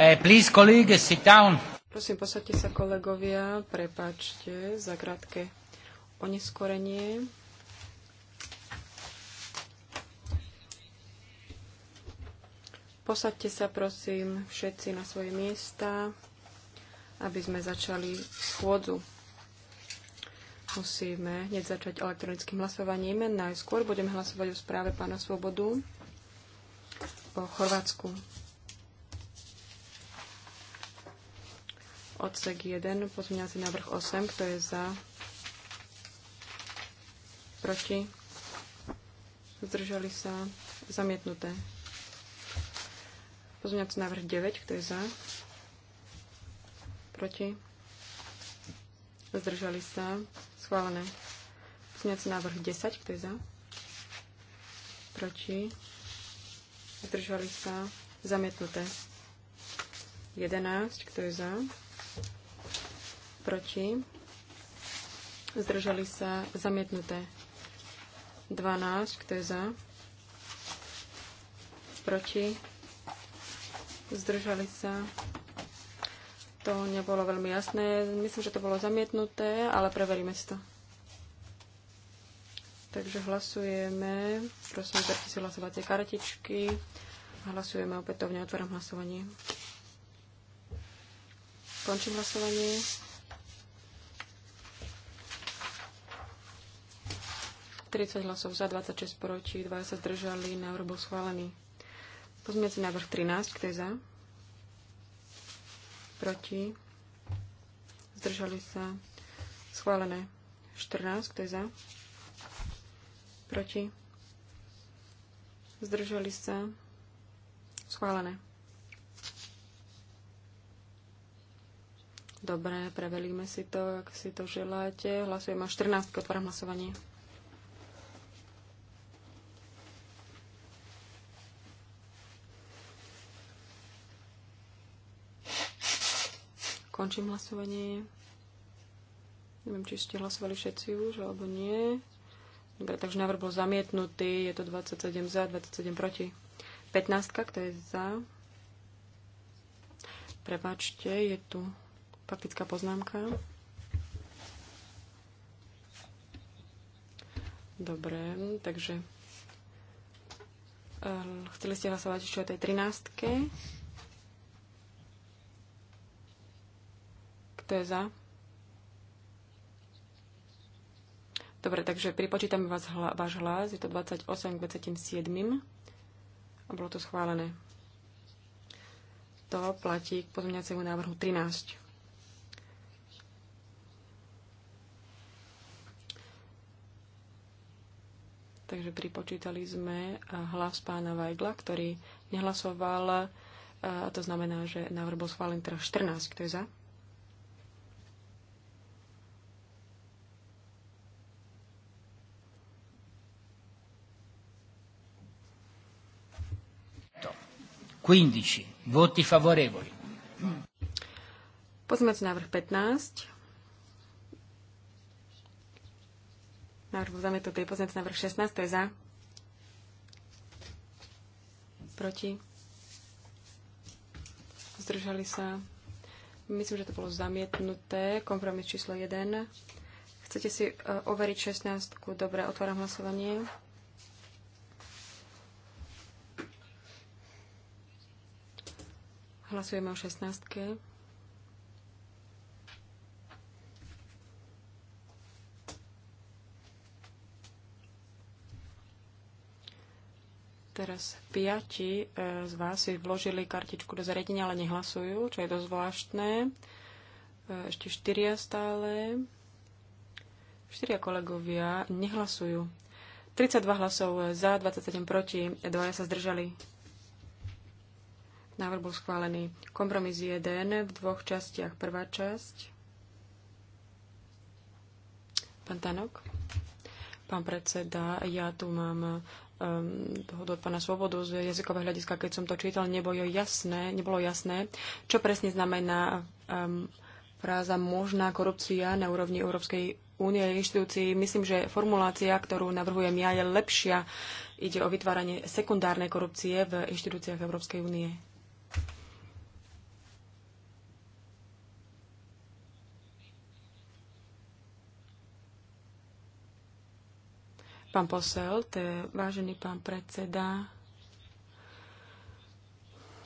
Eh, please, sit down. Prosím, posadte sa kolegovia, prepáčte za krátke oneskorenie. Posadte sa prosím všetci na svoje miesta, aby sme začali schôdzu. Musíme hneď začať elektronickým hlasovaním. Najskôr budeme hlasovať o správe pána Svobodu o Chorvátsku. odsek 1, pozmeňovací návrh 8, kto je za, proti, zdržali sa, zamietnuté. Pozmeňovací návrh 9, kto je za, proti, zdržali sa, schválené. Pozmeňovací návrh 10, kto je za, proti, zdržali sa, zamietnuté. 11, kto je za, proti, zdržali sa zamietnuté. 12, kto je za, proti, zdržali sa. To nebolo veľmi jasné. Myslím, že to bolo zamietnuté, ale preveríme si to. Takže hlasujeme. Prosím, berte si hlasovacie kartičky. Hlasujeme opätovne. Otváram hlasovanie. Končím hlasovanie. 30 hlasov za, 26 proti, 2 sa zdržali, návrh bol schválený. si návrh 13, kto je za? Proti. Zdržali sa. Schválené. 14, kto je za? Proti. Zdržali sa. Schválené. Dobre, prevelíme si to, ak si to želáte. Hlasujem o 14, otváram hlasovanie. Končím hlasovanie. Neviem, či ste hlasovali všetci už, alebo nie. Dobre, takže návrh bol zamietnutý. Je to 27 za, 27 proti. 15, kto je za? Prepačte, je tu faktická poznámka. Dobre, takže eh, chceli ste hlasovať ešte o tej 13. Kto je za? Dobre, takže pripočítam vás, hla, váš hlas. Je to 28 k 27. A bolo to schválené. To platí k pozmeňacemu návrhu 13. Takže pripočítali sme eh, hlas pána Vajgla, ktorý nehlasoval. Eh, a to znamená, že návrh bol schválený teraz 14. Kto je za? 15. Voti favorevoli. Pozmec návrh 15. Návrh bol zamietnutý. Pozmec návrh 16. To je za. Proti. Zdržali sa. Myslím, že to bolo zamietnuté. Kompromis číslo 1. Chcete si e, overiť 16? Dobre, otváram hlasovanie. Hlasujeme o 16. Teraz piati e, z vás si vložili kartičku do zariadenia, ale nehlasujú, čo je dosť zvláštne. E, ešte štyria stále. Štyria kolegovia nehlasujú. 32 hlasov za, 27 proti, dvaja sa zdržali. Návrh bol schválený. Kompromis 1 v dvoch častiach. Prvá časť. Pán Tanok. Pán predseda, ja tu mám um, dohodu od pána Svobodu z jazykového hľadiska, keď som to čítal, nebolo jasné, nebolo jasné čo presne znamená um, fráza možná korupcia na úrovni Európskej únie inštitúcií. Myslím, že formulácia, ktorú navrhujem ja, je lepšia. Ide o vytváranie sekundárnej korupcie v inštitúciách Európskej únie. Pán posel, to je vážený pán predseda.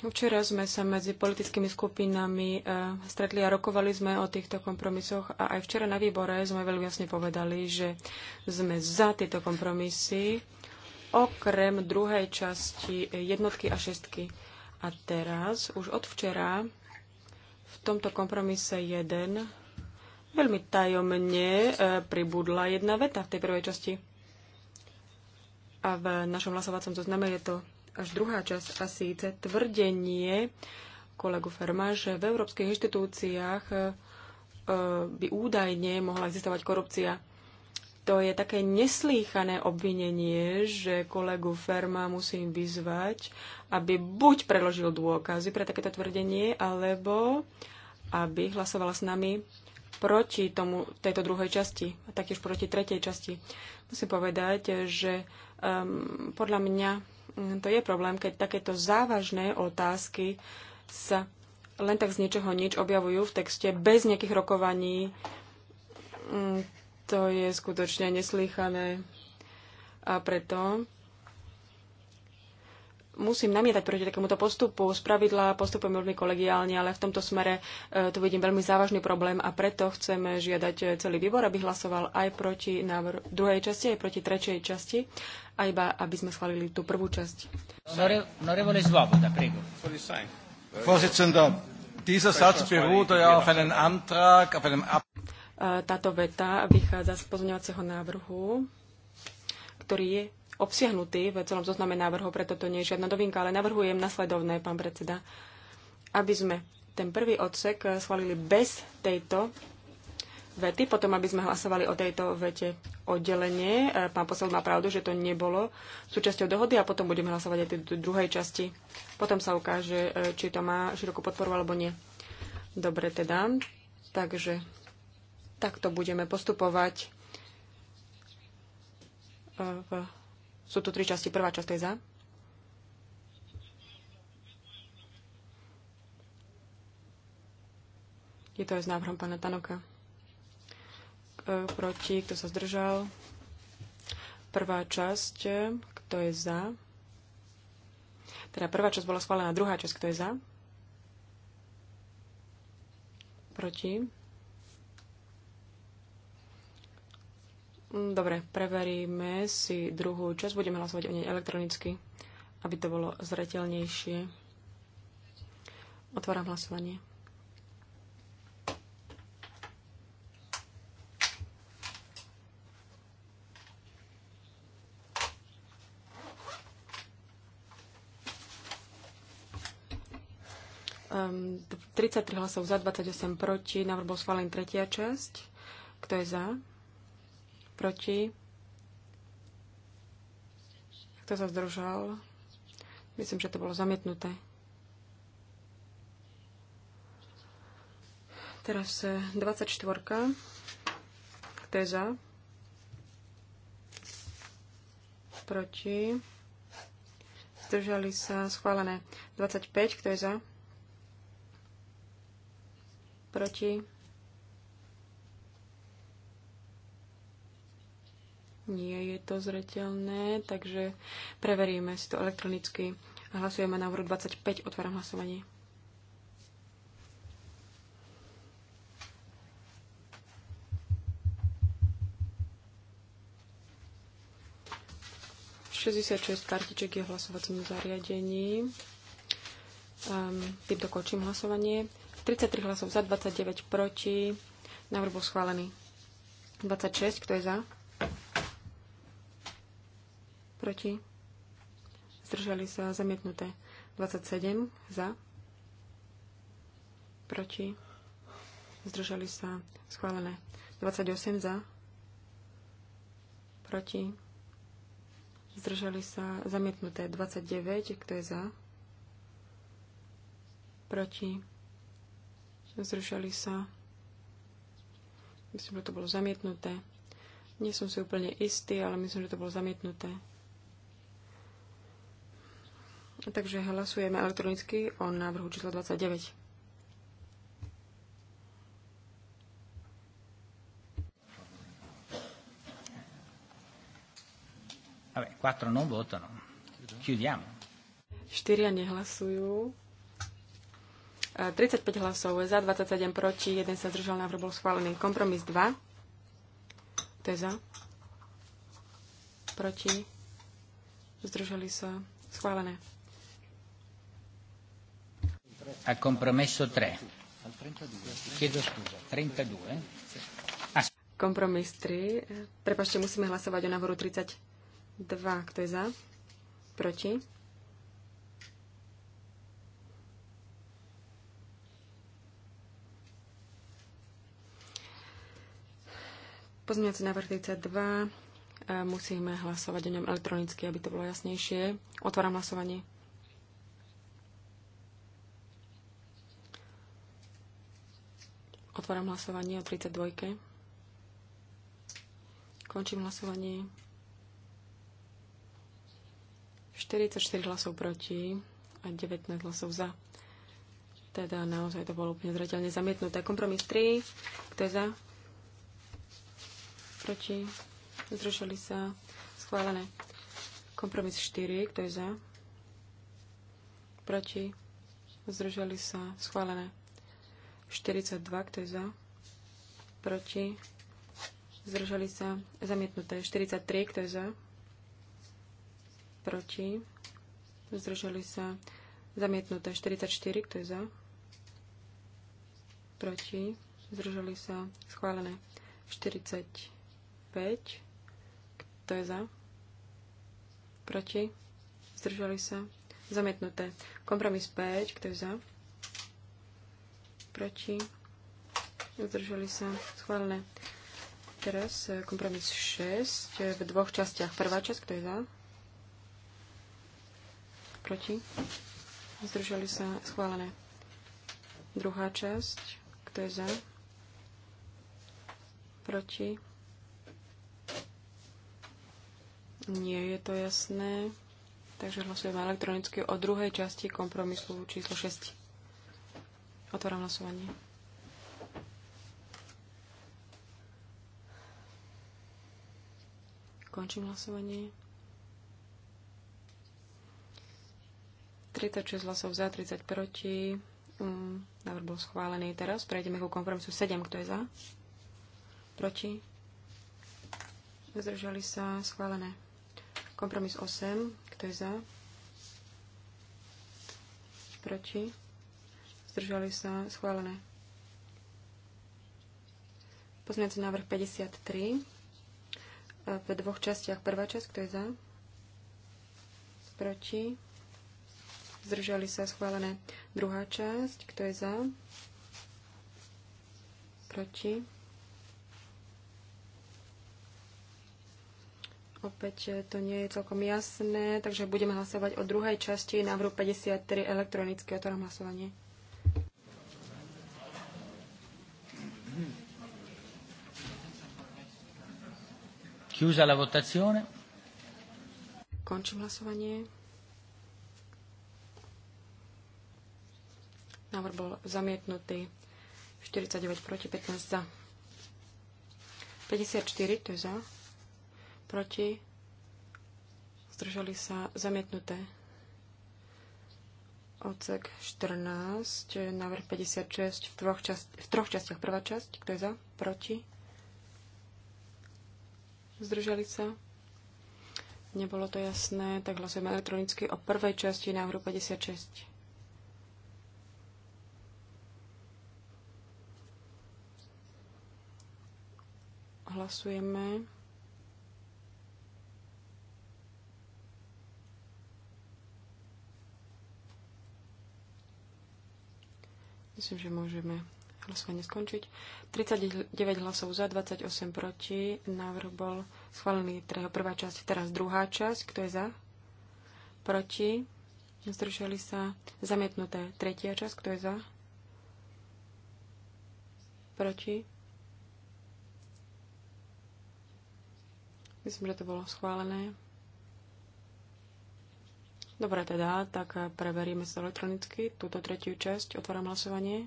Včera sme sa medzi politickými skupinami eh, stretli a rokovali sme o týchto kompromisoch a aj včera na výbore sme veľmi jasne povedali, že sme za tieto kompromisy okrem druhej časti jednotky a šestky. A teraz, už od včera, v tomto kompromise jeden, veľmi tajomne eh, pribudla jedna veta v tej prvej časti a v našom hlasovacom zozname je to až druhá časť a síce tvrdenie kolegu Ferma, že v európskych inštitúciách e, by údajne mohla existovať korupcia. To je také neslýchané obvinenie, že kolegu Ferma musím vyzvať, aby buď preložil dôkazy pre takéto tvrdenie, alebo aby hlasovala s nami proti tomu, tejto druhej časti a taktiež proti tretej časti. Musím povedať, že um, podľa mňa mm, to je problém, keď takéto závažné otázky sa len tak z ničoho nič objavujú v texte bez nejakých rokovaní. Um, to je skutočne neslýchané. A preto musím namietať proti takémuto postupu. Spravidla postupujem veľmi kolegiálne, ale v tomto smere e, tu vidím veľmi závažný problém a preto chcem žiadať celý výbor, aby hlasoval aj proti návr- druhej časti, aj proti tretej časti, a iba aby sme schválili tú prvú časť. táto e, veta vychádza z pozmeňovacieho návrhu, ktorý je obsiahnutý v celom zozname návrhov, preto to nie je žiadna novinka, ale navrhujem nasledovné, pán predseda, aby sme ten prvý odsek eh, schválili bez tejto vety, potom aby sme hlasovali o tejto vete oddelenie. Eh, pán posel má pravdu, že to nebolo súčasťou dohody a potom budeme hlasovať aj tej druhej časti. Potom sa ukáže, eh, či to má širokú podporu alebo nie. Dobre teda, takže takto budeme postupovať v sú tu tri časti. Prvá časť je za. Je to aj s návrhom pána Tanoka. Proti, kto sa zdržal. Prvá časť, kto je za. Teda prvá časť bola schválená, druhá časť, kto je za. Proti. Mm, dobre, preveríme si druhú časť. Budeme hlasovať o nej elektronicky, aby to bolo zretelnejšie. Otváram hlasovanie. Um, ehm, 33 hlasov za, 28 proti. Návrh bol schválený tretia časť. Kto je za? proti, kto sa zdržal, myslím, že to bolo zamietnuté. Teraz 24. E, kto je za? Proti. Zdržali sa schválené. 25. Kto je za? Proti. Nie je to zreteľné, takže preveríme si to elektronicky. Hlasujeme na úru 25, otváram hlasovanie. 66 kartiček je hlasovacím zariadením. Ehm, um, týmto končím hlasovanie. 33 hlasov za, 29 proti. Návrh bol schválený. 26, kto je za? proti, zdržali sa zamietnuté 27 za, proti, zdržali sa schválené 28 za, proti, zdržali sa zamietnuté 29, kto je za, proti, zdržali sa, myslím, že to bolo zamietnuté, nie som si úplne istý, ale myslím, že to bolo zamietnuté Takže hlasujeme elektronicky o návrhu číslo 29. Vabbè, 4 non votano. Chiudiamo. 4 nehlasujú. 35 e, hlasov za, 27 proti, 1 sa zdržal, návrh bol schválený. Kompromis 2. To je za. Proti. Zdržali sa. Schválené al compromesso 3. Chiedo scusa, 32. Ah, Kompromis 3. Prepašte, musíme hlasovať o návoru 32. Kto je za? Proti? Pozmeňovací návrh 32. Musíme hlasovať o ňom elektronicky, aby to bolo jasnejšie. Otváram hlasovanie. Otváram hlasovanie o 32. Končím hlasovanie. 44 hlasov proti a 19 hlasov za. Teda naozaj to bolo úplne zreteľne zamietnuté. Kompromis 3. Kto je za? Proti? zrušili sa? Schválené. Kompromis 4. Kto je za? Proti? Zdržali sa? Schválené. 42, kto je za? Proti? Zdržali sa? Zamietnuté. 43, kto je za? Proti? Zdržali sa? Zamietnuté. 44, kto je za? Proti? Zdržali sa? Schválené. 45, kto je za? Proti? Zdržali sa? Zamietnuté. Kompromis 5, kto je za? proti, zdržali sa, schválené. Teraz e, kompromis 6 e, v dvoch častiach. Prvá časť, kto je za? Proti? Zdržali sa, schválené. Druhá časť, kto je za? Proti? Nie je to jasné. Takže hlasujeme elektronicky o druhej časti kompromisu číslo 6. Otváram hlasovanie. Končím hlasovanie. 36 hlasov za, 30 proti. Mm, návrh bol schválený. Teraz prejdeme ku kompromisu 7. Kto je za? Proti? Zdržali sa. Schválené. Kompromis 8. Kto je za? Proti? zdržali sa, schválené. Pozmeňujúci návrh 53 e, v dvoch častiach. Prvá časť, kto je za? Proti? Zdržali sa, schválené. Druhá časť, kto je za? Proti? Opäť e, to nie je celkom jasné, takže budeme hlasovať o druhej časti návrhu 53 elektronicky. Otváram hlasovanie. Chiusa la votazione. Končím hlasovanie. Návrh bol zamietnutý. 49 proti 15 za. 54, to je za. Proti. Zdržali sa zamietnuté. Ocek 14, návrh 56 v, časti, v troch častiach. Prvá časť, kto je za? Proti Zdržali sa? Nebolo to jasné, tak hlasujeme elektronicky o prvej časti návrhu 56. Hlasujeme. Myslím, že môžeme hlasovanie skončiť. 39 hlasov za, 28 proti. Návrh bol schválený teda prvá časť, teraz druhá časť. Kto je za? Proti. Zdržali sa. Zamietnuté tretia časť. Kto je za? Proti. Myslím, že to bolo schválené. Dobre teda, tak preveríme sa elektronicky. Túto tretiu časť otváram hlasovanie.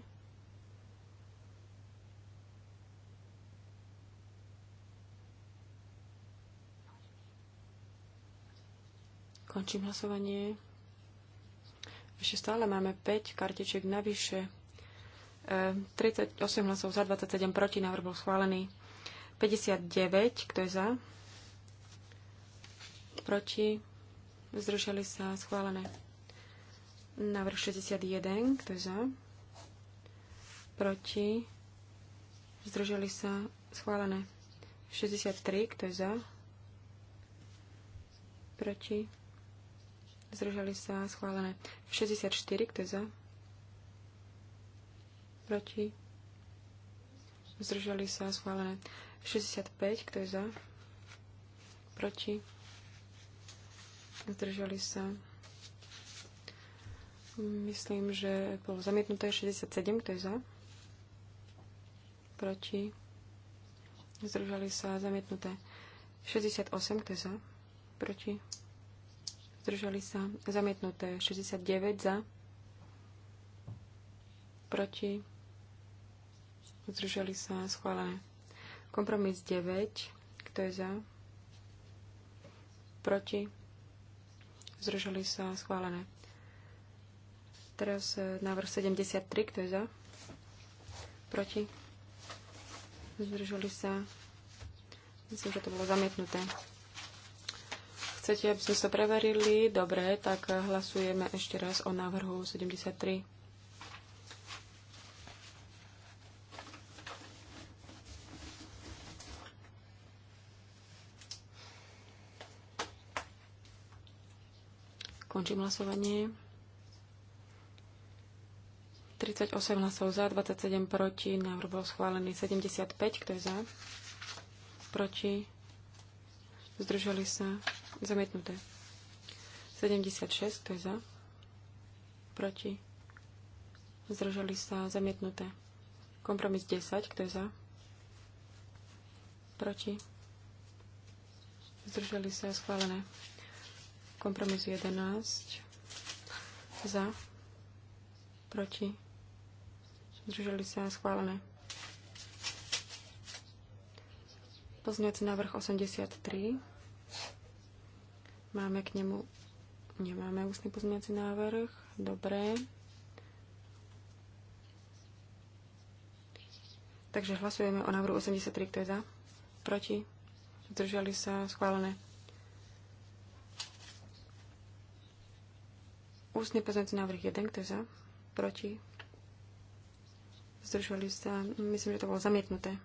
Končím hlasovanie. Ešte stále máme 5 kartičiek navyše. 38 e, hlasov za, 27 proti, návrh bol schválený. 59, kto je za? Proti, zdržali sa, schválené. Návrh 61, kto je za? Proti, zdržali sa, schválené. 63, kto je za? Proti, zdržali sa, schválené. 64, kto je za? Proti? Zdržali sa, schválené. 65, kto je za? Proti? Zdržali sa. Myslím, že bolo zamietnuté 67, kto je za? Proti? Zdržali sa, zamietnuté. 68, kto je za? Proti? zdržali sa, zamietnuté 69 za, proti, zdržali sa, schválené. Kompromis 9, kto je za, proti, zdržali sa, schválené. Teraz e, návrh 73, kto je za, proti, zdržali sa, myslím, že to bolo zamietnuté. Chcete, aby sme sa preverili? Dobre, tak hlasujeme ešte raz o návrhu 73. Končím hlasovanie. 38 hlasov za, 27 proti. Návrh bol schválený 75. Kto je za? Proti? Zdržali sa? Zamietnuté. 76, kto je za? Proti. Zdržali sa. Zamietnuté. Kompromis 10, kto je za? Proti. Zdržali sa. Schválené. Kompromis 11. Za. Proti. Zdržali sa. Schválené. Pozňujúci návrh 83. Máme k nemu... Nemáme ústny pozmeňací návrh. Dobre. Takže hlasujeme o návrhu 83, kto je za? Proti? Zdržali sa? Schválené. Ústny pozmeňací návrh 1, kto je za? Proti? Zdržali sa? Myslím, že to bolo zamietnuté.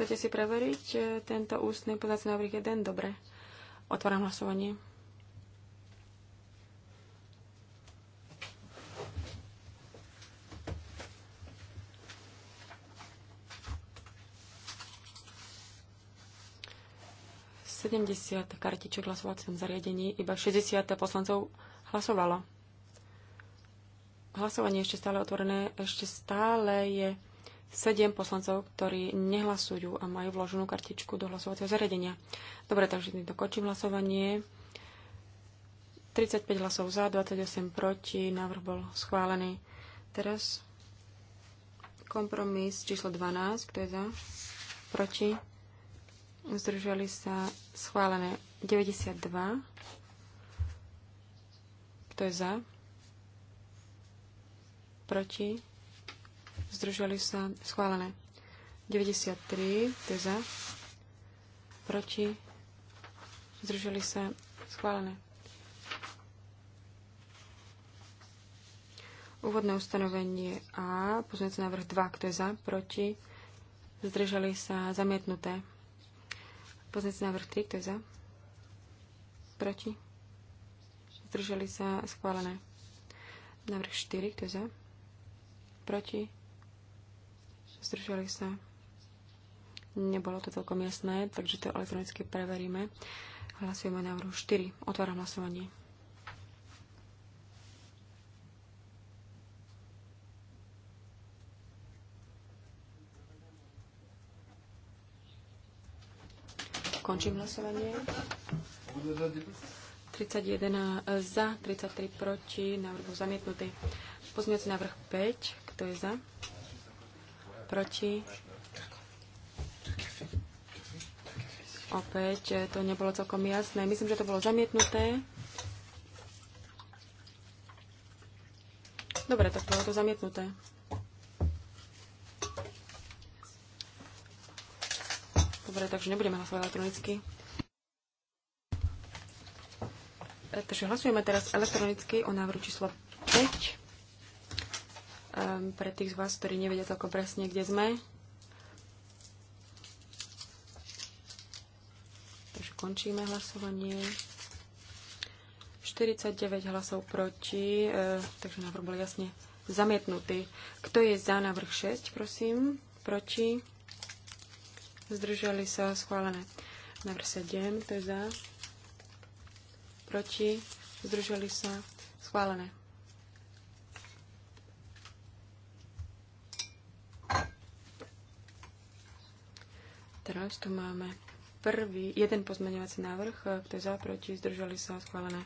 Chcete si preveriť e, tento ústny podací návrh 1? Dobre. Otváram hlasovanie. Sedemdesiat kartiček hlasovacím hlasovacom zariadení, iba 60 poslancov hlasovalo. Hlasovanie je ešte stále otvorené, ešte stále je sedem poslancov, ktorí nehlasujú a majú vloženú kartičku do hlasovacieho zariadenia. Dobre, takže týmto končím hlasovanie. 35 hlasov za, 28 proti, návrh bol schválený. Teraz kompromis číslo 12, kto je za, proti, zdržali sa schválené 92, kto je za, proti, zdržali sa, schválené. 93, Teza. je za, proti, zdržali sa, schválené. Úvodné ustanovenie A, pozmeňujúci návrh 2, kto je za, proti, zdržali sa, zamietnuté. Pozmeňujúci návrh 3, kto je za, proti, zdržali sa, schválené. Návrh 4, kto je za, proti, Zdržali sa. Nebolo to celkom jasné, takže to elektronicky preveríme. Hlasujeme návrhu 4. Otváram hlasovanie. Končím hlasovanie. 31 eh, za, 33 proti, návrh bol zamietnutý. Pozmiaci návrh 5, kto je za? proti. Opäť eh, to nebolo celkom jasné. Myslím, že to bolo zamietnuté. Dobre, tak bolo to zamietnuté. Dobre, takže nebudeme hlasovať elektronicky. Eh, takže hlasujeme teraz elektronicky o návrhu číslo 5 um, pre tých z vás, ktorí nevedia toľko presne, kde sme. Takže končíme hlasovanie. 49 hlasov proti, e, takže návrh bol jasne zamietnutý. Kto je za návrh 6, prosím? Proti? Zdržali sa schválené. Návrh 7, kto je za. Proti? Zdržali sa schválené. Tu máme prvý, jeden pozmeňovací návrh, e, kto je za, proti, zdržali sa, schválené.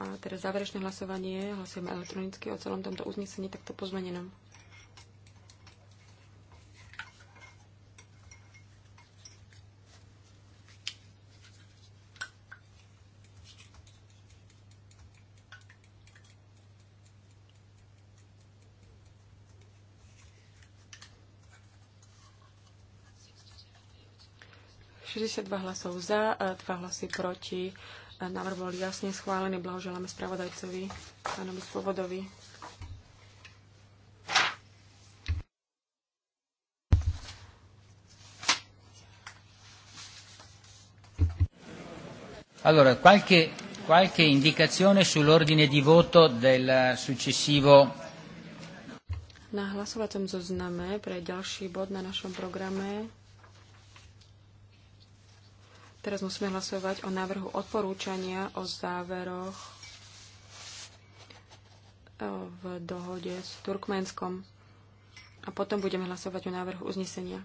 A teraz záverečné hlasovanie, hlasujeme elektronicky o celom tomto uznesení, takto pozmenenom. 62 hlasov za, 2 e, hlasy proti. E, Návrh bol jasne schválený. Blahoželáme spravodajcovi, pánovi Svobodovi. Allora, qualche, qualche indicazione sull'ordine di voto del successivo. Na hlasovacom zozname pre ďalší bod na našom programe Teraz musíme hlasovať o návrhu odporúčania o záveroch e, v dohode s Turkmenskom. A potom budeme hlasovať o návrhu uznesenia.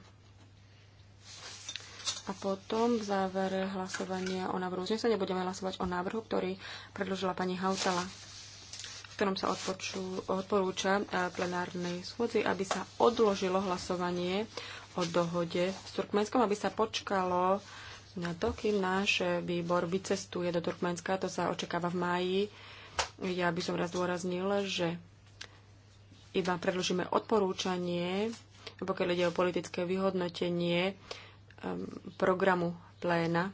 A potom v závere hlasovania o návrhu uznesenia budeme hlasovať o návrhu, ktorý predložila pani Hautala, v ktorom sa odpočú, odporúča e, plenárnej schôdzi, aby sa odložilo hlasovanie o dohode s Turkmenskom, aby sa počkalo na to, kým náš výbor vycestuje do Turkmenska, to sa očakáva v máji, ja by som raz dôraznil, že iba predložíme odporúčanie, pokiaľ ide o politické vyhodnotenie um, programu pléna.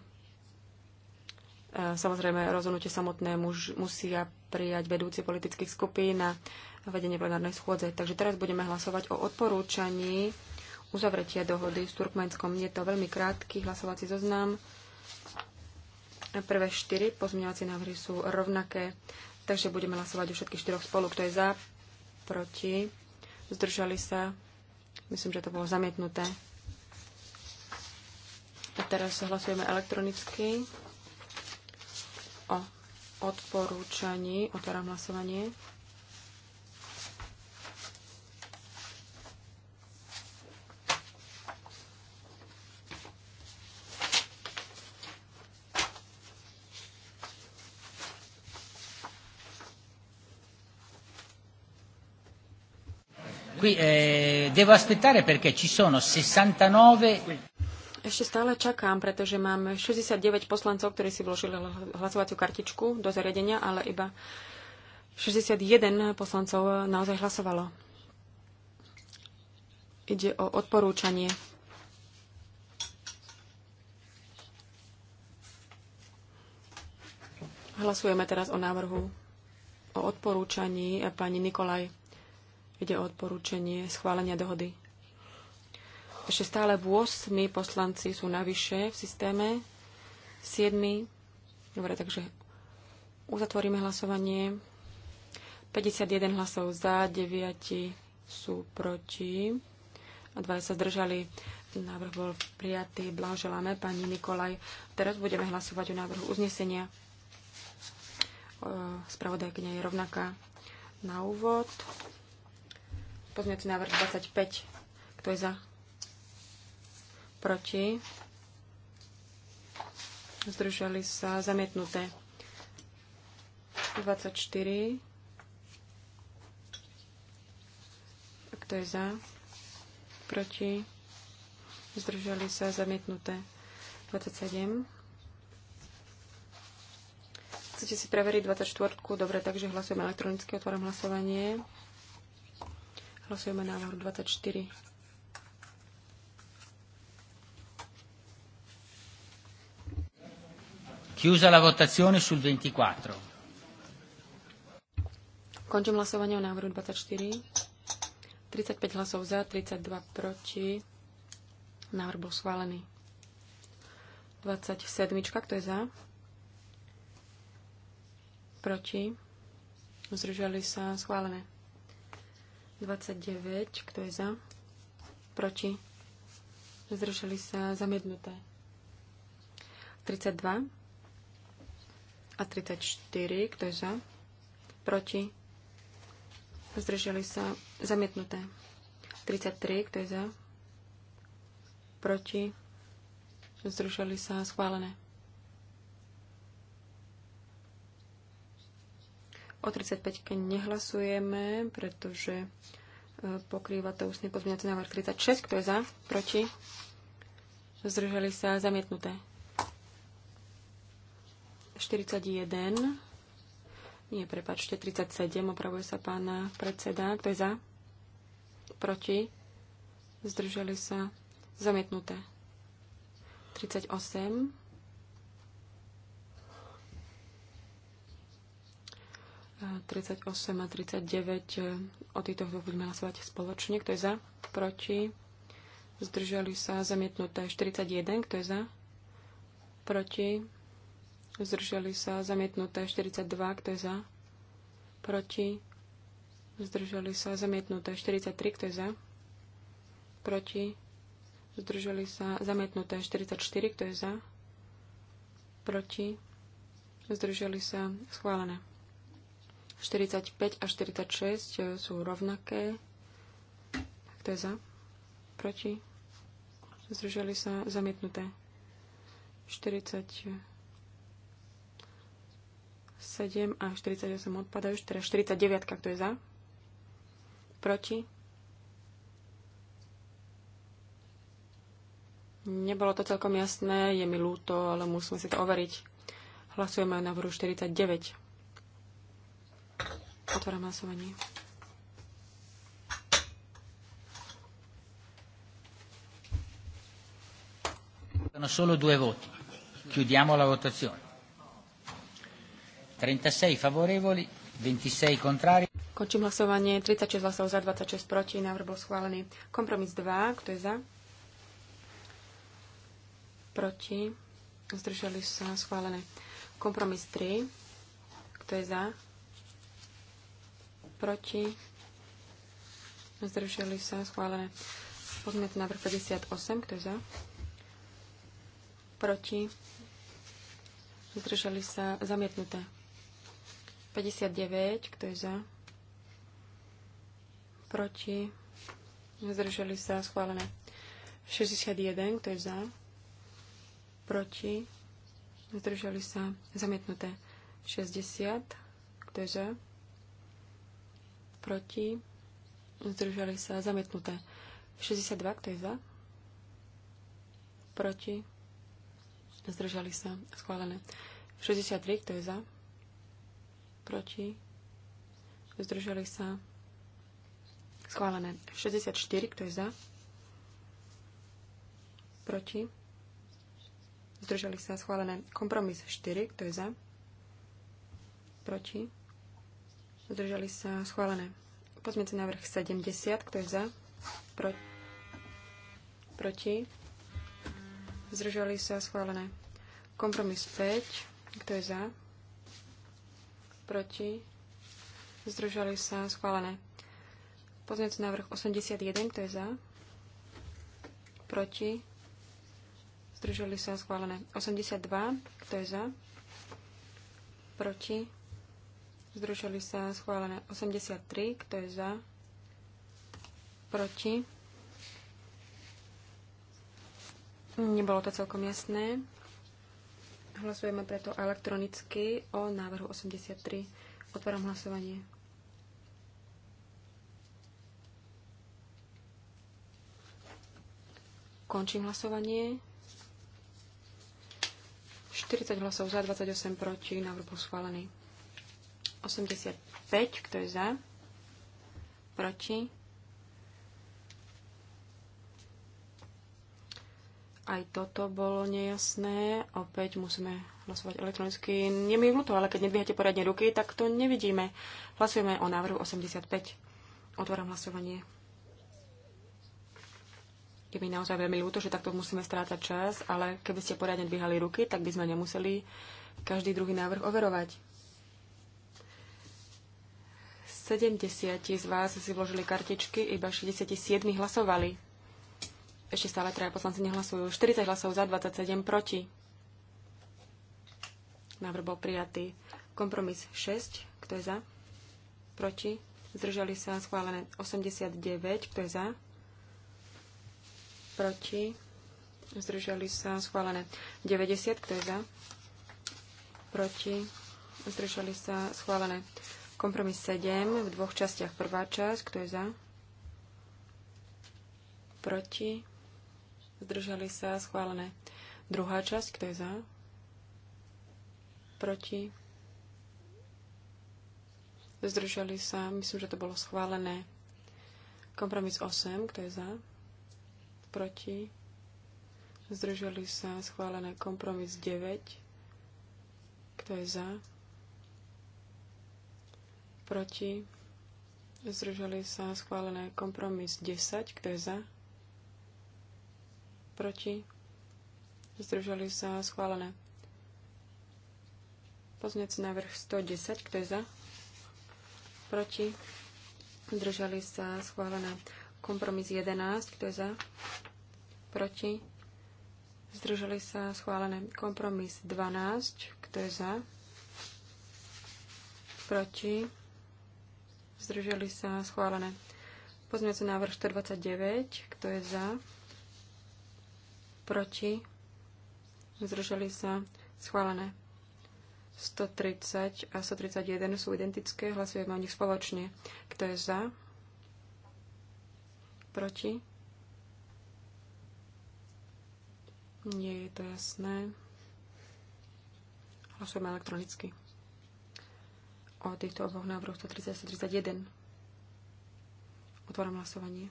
E, samozrejme, rozhodnutie samotné musia prijať vedúci politických skupín a vedenie plenárnej schôdze. Takže teraz budeme hlasovať o odporúčaní uzavretia dohody s Turkmenskom. Je to veľmi krátky hlasovací zoznam. Prvé štyri pozmeňovacie návrhy sú rovnaké, takže budeme hlasovať o všetkých štyroch spolu. Kto je za, proti, zdržali sa. Myslím, že to bolo zamietnuté. A teraz hlasujeme elektronicky o odporúčaní. Otváram hlasovanie. Qui eh, devo aspettare perché ci sono 69 ešte stále čakám, pretože mám 69 poslancov, ktorí si vložili hlasovaciu kartičku do zariadenia, ale iba 61 poslancov naozaj hlasovalo. Ide o odporúčanie. Hlasujeme teraz o návrhu o odporúčaní pani Nikolaj. Ide o odporúčanie schválenia dohody. Ešte stále v 8 poslanci sú navyše v systéme. 7. Dobre, takže uzatvoríme hlasovanie. 51 hlasov za, 9 sú proti a 2 sa zdržali. Návrh bol prijatý. Blahoželáme pani Nikolaj. Teraz budeme hlasovať o návrhu uznesenia. Spravodajkňa je rovnaká na úvod. Pozmiaci návrh 25. Kto je za? Proti? Zdržali sa zamietnuté. 24. Kto je za? Proti? Zdržali sa zamietnuté. 27. Chcete si preveriť 24? Dobre, takže hlasujeme elektronicky. Otváram hlasovanie. Prosíme návrh 24. Chiusa la votazione sul 24. Končím hlasovanie o návrhu 24. 35 hlasov za, 32 proti. Návrh bol schválený. 27. Kto je za? Proti? Zdržali sa schválené. 29. Kto je za? Proti? Zdržali sa zamietnuté. 32 a 34. Kto je za? Proti? Zdržali sa zamietnuté. 33. Kto je za? Proti? Zdržali sa schválené. O 35 nehlasujeme, pretože e, pokrýva to ústne pozmeňovací návrh 36. Kto je za? Proti? Zdržali sa zamietnuté. 41. Nie, prepačte, 37. Opravuje sa pán predseda. Kto je za? Proti? Zdržali sa zamietnuté. 38. 38 a 39. E, o týchto dvoch budeme hlasovať spoločne. Kto je za? Proti? Zdržali sa zamietnuté 41. Kto je za? Proti? Zdržali sa zamietnuté 42. Kto je za? Proti? Zdržali sa zamietnuté 43. Kto je za? Proti? Zdržali sa zamietnuté 44. Kto je za? Proti? Zdržali sa schválené. 45 a 46 e, sú rovnaké. Kto je za? Proti? Zdržali sa zamietnuté. 47 a 48 odpadajú. Teda 49, to je za? Proti? Nebolo to celkom jasné, je mi ľúto, ale musíme si to overiť. Hlasujeme na návrhu 49. Otváram hlasovanie. Sono solo due voti. Chiudiamo la votazione. 36 favorevoli, 26 contrari. Končím hlasovanie. 36 hlasov za, 26 proti. Návrh bol schválený. Kompromis 2. Kto je za? Proti. Zdržali sa. Schválené. Kompromis 3. Kto je za? proti, zdržali sa, schválené. Pozmiete návrh 58, kto je za, proti, zdržali sa, zamietnuté. 59, kto je za, proti, zdržali sa, schválené. 61, kto je za, proti, zdržali sa, zamietnuté. 60, kto je za, proti, zdržali sa, zamietnuté. 62, kto je za, proti, zdržali sa, schválené. 63, kto je za, proti, zdržali sa, schválené. 64, kto je za, proti, zdržali sa, schválené. Kompromis 4, kto je za, proti, Zdržali sa schválené. Pozmite návrh 70. Kto je za? Pro... Proti? Zdržali sa schválené. Kompromis 5. Kto je za? Proti? Zdržali sa schválené. Pozmeňujúci návrh 81. Kto je za? Proti? Zdržali sa schválené. 82. Kto je za? Proti? Zdržali sa schválené 83, kto je za? Proti? Nebolo to celkom jasné. Hlasujeme preto elektronicky o návrhu 83. Otváram hlasovanie. Končím hlasovanie. 40 hlasov za, 28 proti, návrh bol schválený. 85, kto je za? Proti? Aj toto bolo nejasné. Opäť musíme hlasovať elektronicky. Nie mi ľúto, ale keď nedvíhate poriadne ruky, tak to nevidíme. Hlasujeme o návrhu 85. Otváram hlasovanie. Je mi naozaj veľmi ľúto, že takto musíme strácať čas, ale keby ste poriadne dvíhali ruky, tak by sme nemuseli každý druhý návrh overovať. 70 z vás si vložili kartičky, iba 67 hlasovali. Ešte stále traja poslanci nehlasujú. 40 hlasov za, 27 proti. Návrh bol prijatý. Kompromis 6. Kto je za? Proti. Zdržali sa schválené 89. Kto je za? Proti. Zdržali sa schválené 90. Kto je za? Proti. Zdržali sa schválené Kompromis 7 v dvoch častiach. Prvá časť, kto je za? Proti? Zdržali sa? Schválené. Druhá časť, kto je za? Proti? Zdržali sa? Myslím, že to bolo schválené. Kompromis 8, kto je za? Proti? Zdržali sa? Schválené. Kompromis 9, kto je za? proti, zdržali sa schválené kompromis 10, kto je za, proti, zdržali sa schválené. Poznec návrh 110, kto je za, proti, zdržali sa schválené. Kompromis 11, kto je za, proti, zdržali sa schválené. Kompromis 12, kto je za, proti, zdržali sa, schválené. sa návrh 129, kto je za, proti, zdržali sa, schválené. 130 a 131 sú identické, hlasujeme o nich spoločne. Kto je za? Proti? Nie je to jasné. Hlasujeme elektronicky o týchto oboch návrhoch 130 a 131. Otváram hlasovanie.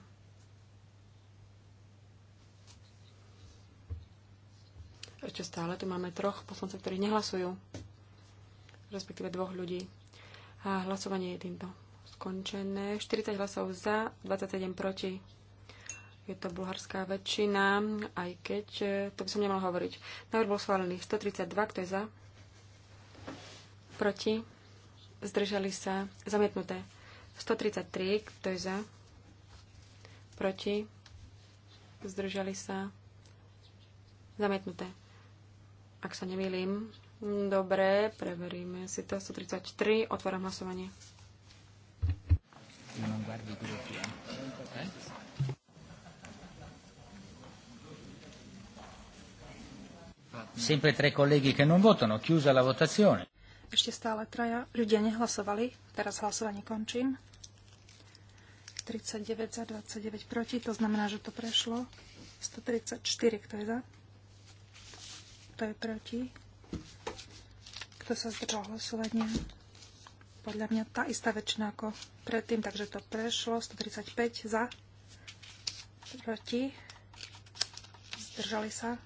Ešte stále tu máme troch poslancov, ktorí nehlasujú, respektíve dvoch ľudí. A hlasovanie je týmto skončené. 40 hlasov za, 27 proti. Je to bulharská väčšina, aj keď e, to by som nemal hovoriť. Návrh bol schválený 132, kto je za? Proti? zdržali sa, zamietnuté. 133, kto je za, proti, zdržali sa, zamietnuté. Ak sa nemýlim, dobre, preveríme si to. 133, otváram hlasovanie. Sempre tre colleghi che non votano, chiusa la votazione. Ešte stále traja ľudia nehlasovali. Teraz hlasovanie končím. 39 za 29 proti, to znamená, že to prešlo. 134, kto je za? Kto je proti? Kto sa zdržal hlasovania? Podľa mňa tá istá väčšina ako predtým, takže to prešlo. 135 za, proti, zdržali sa,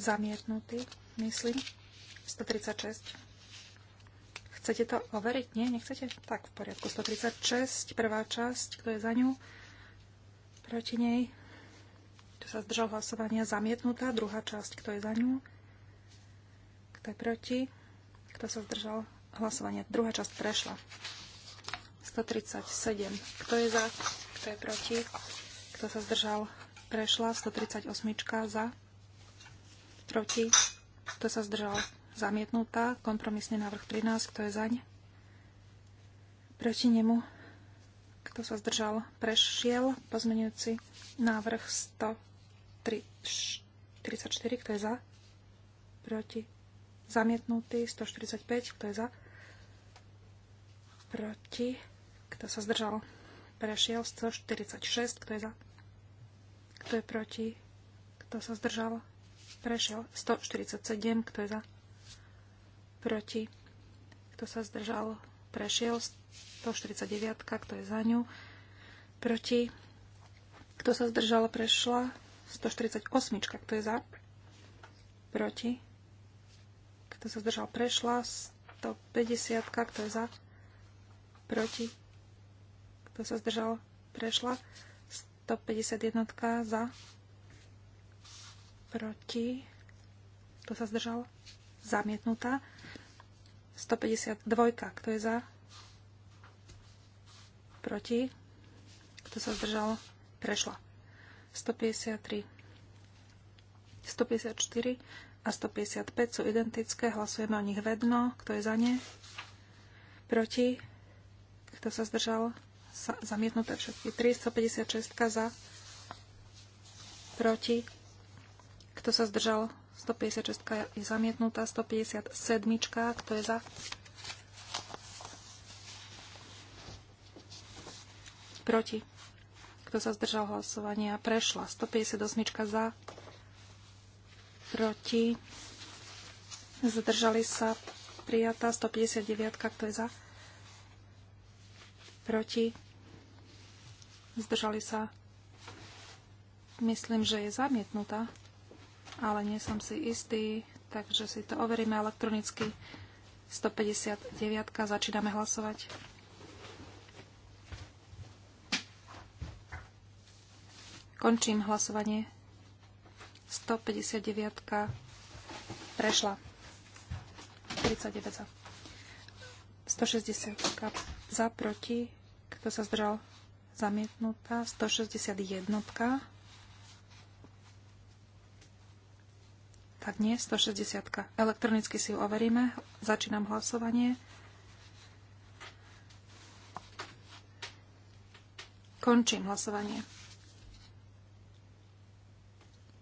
zamietnutí, myslím. 136. Chcete to overiť? Nie, nechcete? Tak, v poriadku. 136, prvá časť. Kto je za ňu? Proti nej. Kto sa zdržal hlasovania? Zamietnutá. Druhá časť. Kto je za ňu? Kto je proti? Kto sa zdržal hlasovania? Druhá časť prešla. 137. Kto je za? Kto je proti? Kto sa zdržal? Prešla. 138. Za? Proti? Kto sa zdržal? zamietnutá. Kompromisný návrh 13, kto je zaň? Proti nemu, kto sa zdržal, prešiel. Pozmenujúci návrh 144, kto je za? Proti. Zamietnutý 145, kto je za? Proti. Kto sa zdržal? Prešiel 146, kto je za? Kto je proti? Kto sa zdržal? Prešiel 147, kto je za? proti, kto sa zdržal, prešiel 149, kto je za ňu, proti, kto sa zdržal, prešla 148, kto je za, proti, kto sa zdržal, prešla 150, kto je za, proti, kto sa zdržal, prešla 151 za, proti, kto sa zdržal, zamietnutá 152. Kto je za? Proti? Kto sa zdržal? Prešla. 153. 154 a 155 sú identické. Hlasujeme o nich vedno. Kto je za ne? Proti? Kto sa zdržal? Sa, zamietnuté všetky. 356 za. Proti? Kto sa zdržal? 156 je zamietnutá, 157, kto je za? Proti. Kto sa zdržal hlasovania? Prešla. 158 za. Proti. Zdržali sa. Prijatá. 159. Kto je za? Proti. Zdržali sa. Myslím, že je zamietnutá ale nie som si istý, takže si to overíme elektronicky. 159. Začíname hlasovať. Končím hlasovanie. 159. Prešla. 39 za. 160 za proti. Kto sa zdržal? Zamietnutá. 161. tak nie, 160. Elektronicky si ju overíme. Začínam hlasovanie. Končím hlasovanie.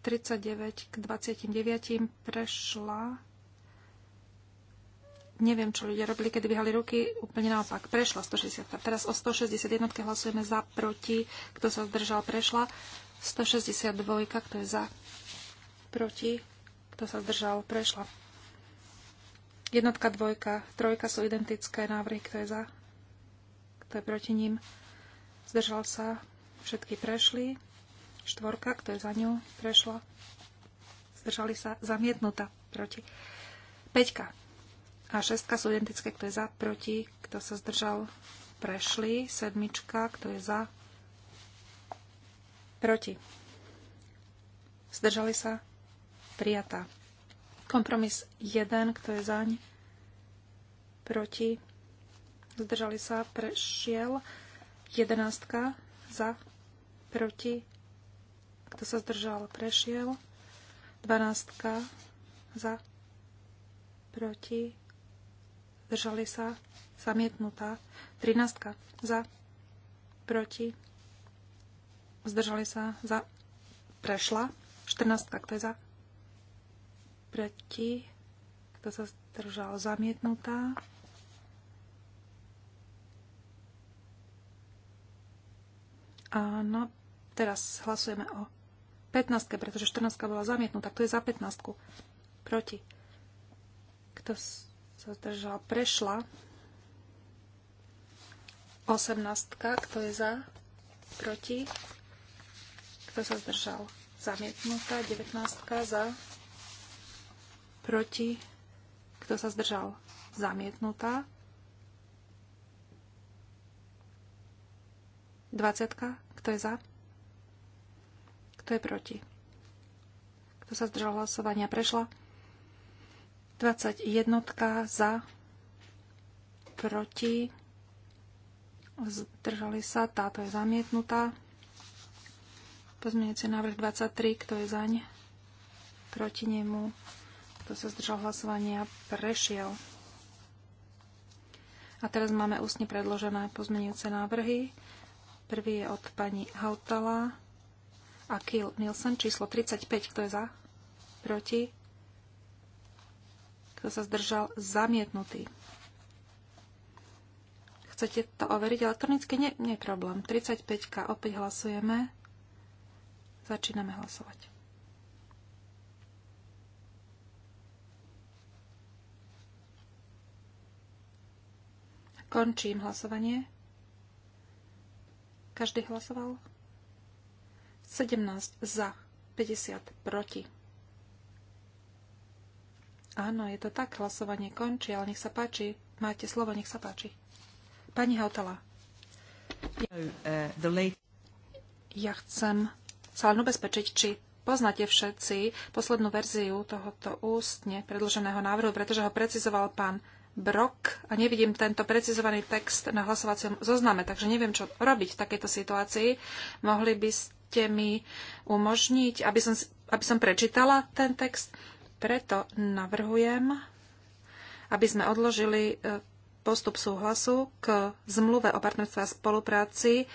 39 k 29 prešla. Neviem, čo ľudia robili, keď vyhali ruky. Úplne naopak. Prešla 160. Teraz o 161 hlasujeme za, proti. Kto sa zdržal, prešla. 162, kto je za, proti kto sa zdržal? Prešla. Jednotka, dvojka, trojka sú identické návrhy. Kto je za? Kto je proti ním? Zdržal sa. Všetky prešli. Štvorka, kto je za ňou? Prešla. Zdržali sa. Zamietnutá. Proti. Peťka. A šestka sú identické. Kto je za? Proti. Kto sa zdržal? Prešli. Sedmička. Kto je za? Proti. Zdržali sa? prijatá. Kompromis 1, kto je zaň, proti, zdržali sa, prešiel. 11 za, proti, kto sa zdržal, prešiel. 12 za, proti, zdržali sa, zamietnutá. 13 za, proti, zdržali sa, za, prešla. 14 kto je za, proti, kto sa zdržal, zamietnutá. Áno, teraz hlasujeme o 15, pretože 14 bola zamietnutá. Kto je za 15? Proti. Kto sa zdržal? Prešla. 18. Kto je za? Proti. Kto sa zdržal? Zamietnutá. 19. Za proti, kto sa zdržal, zamietnutá. 20. Kto je za? Kto je proti? Kto sa zdržal hlasovania? Prešla. 21. Za. Proti. Zdržali sa. Táto je zamietnutá. Pozmienujúci návrh 23. Kto je zaň? Proti nemu kto sa zdržal hlasovania? Prešiel. A teraz máme ústne predložené pozmenujúce návrhy. Prvý je od pani Hautala a Kiel Nielsen, číslo 35. Kto je za? Proti? Kto sa zdržal? Zamietnutý. Chcete to overiť elektronicky? Nie, nie je problém. 35. Opäť hlasujeme. Začíname hlasovať. Končím hlasovanie. Každý hlasoval? 17 za, 50 proti. Áno, je to tak, hlasovanie končí, ale nech sa páči. Máte slovo, nech sa páči. Pani Hautala. Uh, ja chcem sa len ubezpečiť, či poznáte všetci poslednú verziu tohoto ústne predloženého návrhu, pretože ho precizoval pán Brok a nevidím tento precizovaný text na hlasovacom zozname, takže neviem, čo robiť v takejto situácii. Mohli by ste mi umožniť, aby som, aby som prečítala ten text? Preto navrhujem, aby sme odložili e, postup súhlasu k zmluve o partnerstve a spolupráci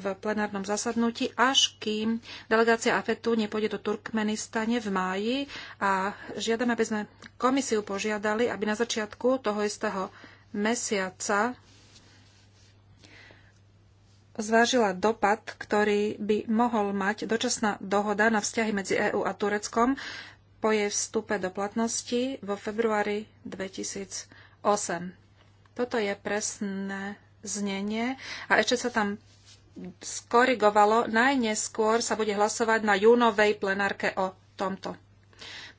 v plenárnom zasadnutí, až kým delegácia AFETu nepôjde do Turkmenistane v máji a žiadame, aby sme komisiu požiadali, aby na začiatku toho istého mesiaca zvážila dopad, ktorý by mohol mať dočasná dohoda na vzťahy medzi EÚ a Tureckom po jej vstupe do platnosti vo februári 2008. Toto je presné znenie a ešte sa tam skorigovalo. Najneskôr sa bude hlasovať na júnovej plenárke o tomto.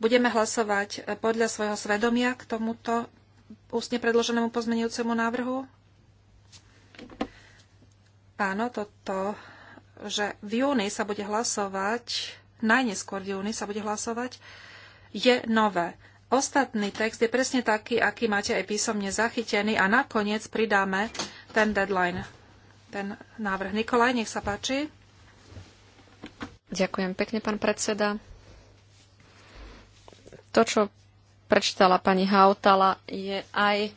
Budeme hlasovať podľa svojho svedomia k tomuto ústne predloženému pozmenujúcemu návrhu? Áno, toto, že v júni sa bude hlasovať, najneskôr v júni sa bude hlasovať, je nové. Ostatný text je presne taký, aký máte aj písomne zachytený a nakoniec pridáme ten deadline ten návrh. Nikolaj, nech sa páči. Ďakujem pekne, pán predseda. To, čo prečítala pani Hautala, je aj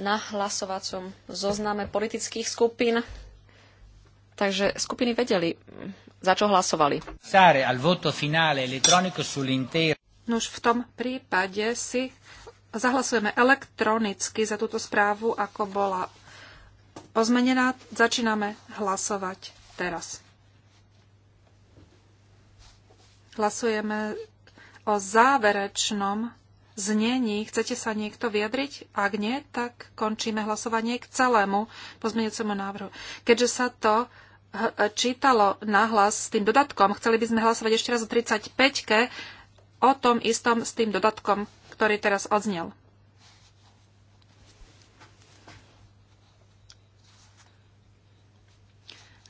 na hlasovacom zozname politických skupín. Takže skupiny vedeli, za čo hlasovali. Nož v tom prípade si zahlasujeme elektronicky za túto správu, ako bola pozmenená. Začíname hlasovať teraz. Hlasujeme o záverečnom znení. Chcete sa niekto vyjadriť? Ak nie, tak končíme hlasovanie k celému pozmeňujúcemu návrhu. Keďže sa to čítalo nahlas s tým dodatkom, chceli by sme hlasovať ešte raz o 35-ke o tom istom s tým dodatkom, ktorý teraz odznel.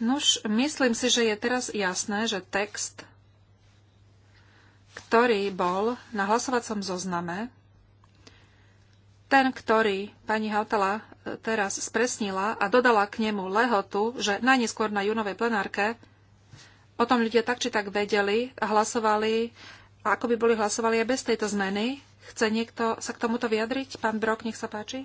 Nož, myslím si, že je teraz jasné, že text, ktorý bol na hlasovacom zozname, ten, ktorý pani Hautala e, teraz spresnila a dodala k nemu lehotu, že najneskôr na junovej plenárke o tom ľudia tak či tak vedeli a hlasovali, a ako by boli hlasovali aj bez tejto zmeny. Chce niekto sa k tomuto vyjadriť? Pán Brok, nech sa páči.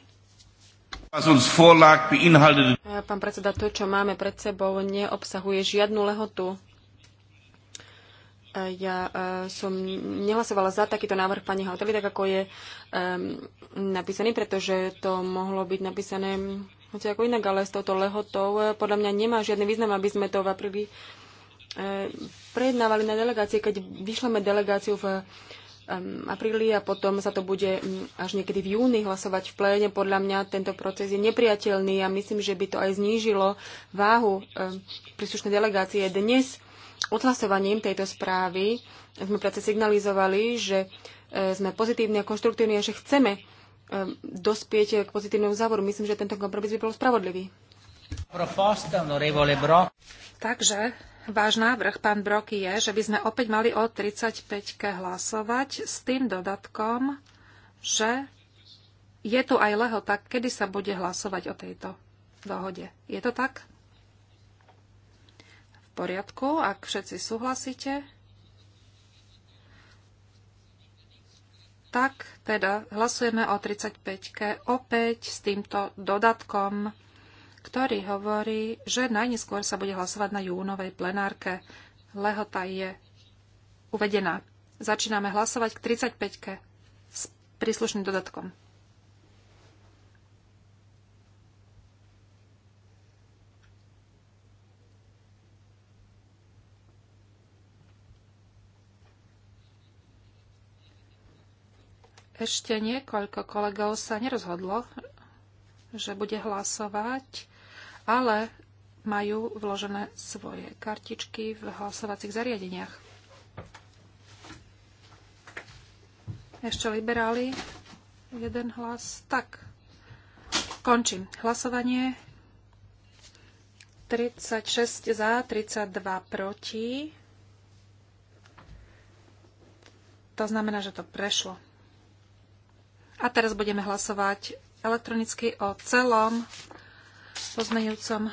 Pán predseda, to, čo máme pred sebou, neobsahuje žiadnu lehotu. Ja e, som nehlasovala za takýto návrh pani Halteli, tak ako je napísaný, pretože to mohlo byť napísané hoci ako inak, ale s touto lehotou e, podľa mňa nemá žiadny význam, aby sme to v apríli e, prejednávali na delegácie. Keď vyšleme delegáciu v Um, apríli a potom sa to bude mm, až niekedy v júni hlasovať v pléne. Podľa mňa tento proces je nepriateľný a myslím, že by to aj znížilo váhu um, príslušnej delegácie. Dnes odhlasovaním tejto správy sme práce signalizovali, že uh, sme pozitívni a konštruktívni a že chceme um, dospieť k pozitívnemu závoru. Myslím, že tento kompromis by bol spravodlivý. Takže Váš návrh, pán broky je, že by sme opäť mali o 35-ke hlasovať s tým dodatkom, že je tu aj leho tak, kedy sa bude hlasovať o tejto dohode. Je to tak? V poriadku, ak všetci súhlasíte. Tak teda hlasujeme o 35-ke opäť s týmto dodatkom ktorý hovorí, že najneskôr sa bude hlasovať na júnovej plenárke. Lehota je uvedená. Začíname hlasovať k 35-ke s príslušným dodatkom. Ešte niekoľko kolegov sa nerozhodlo, že bude hlasovať ale majú vložené svoje kartičky v hlasovacích zariadeniach. Ešte liberáli. Jeden hlas. Tak. Končím hlasovanie. 36 za, 32 proti. To znamená, že to prešlo. A teraz budeme hlasovať elektronicky o celom pozmeňujúcom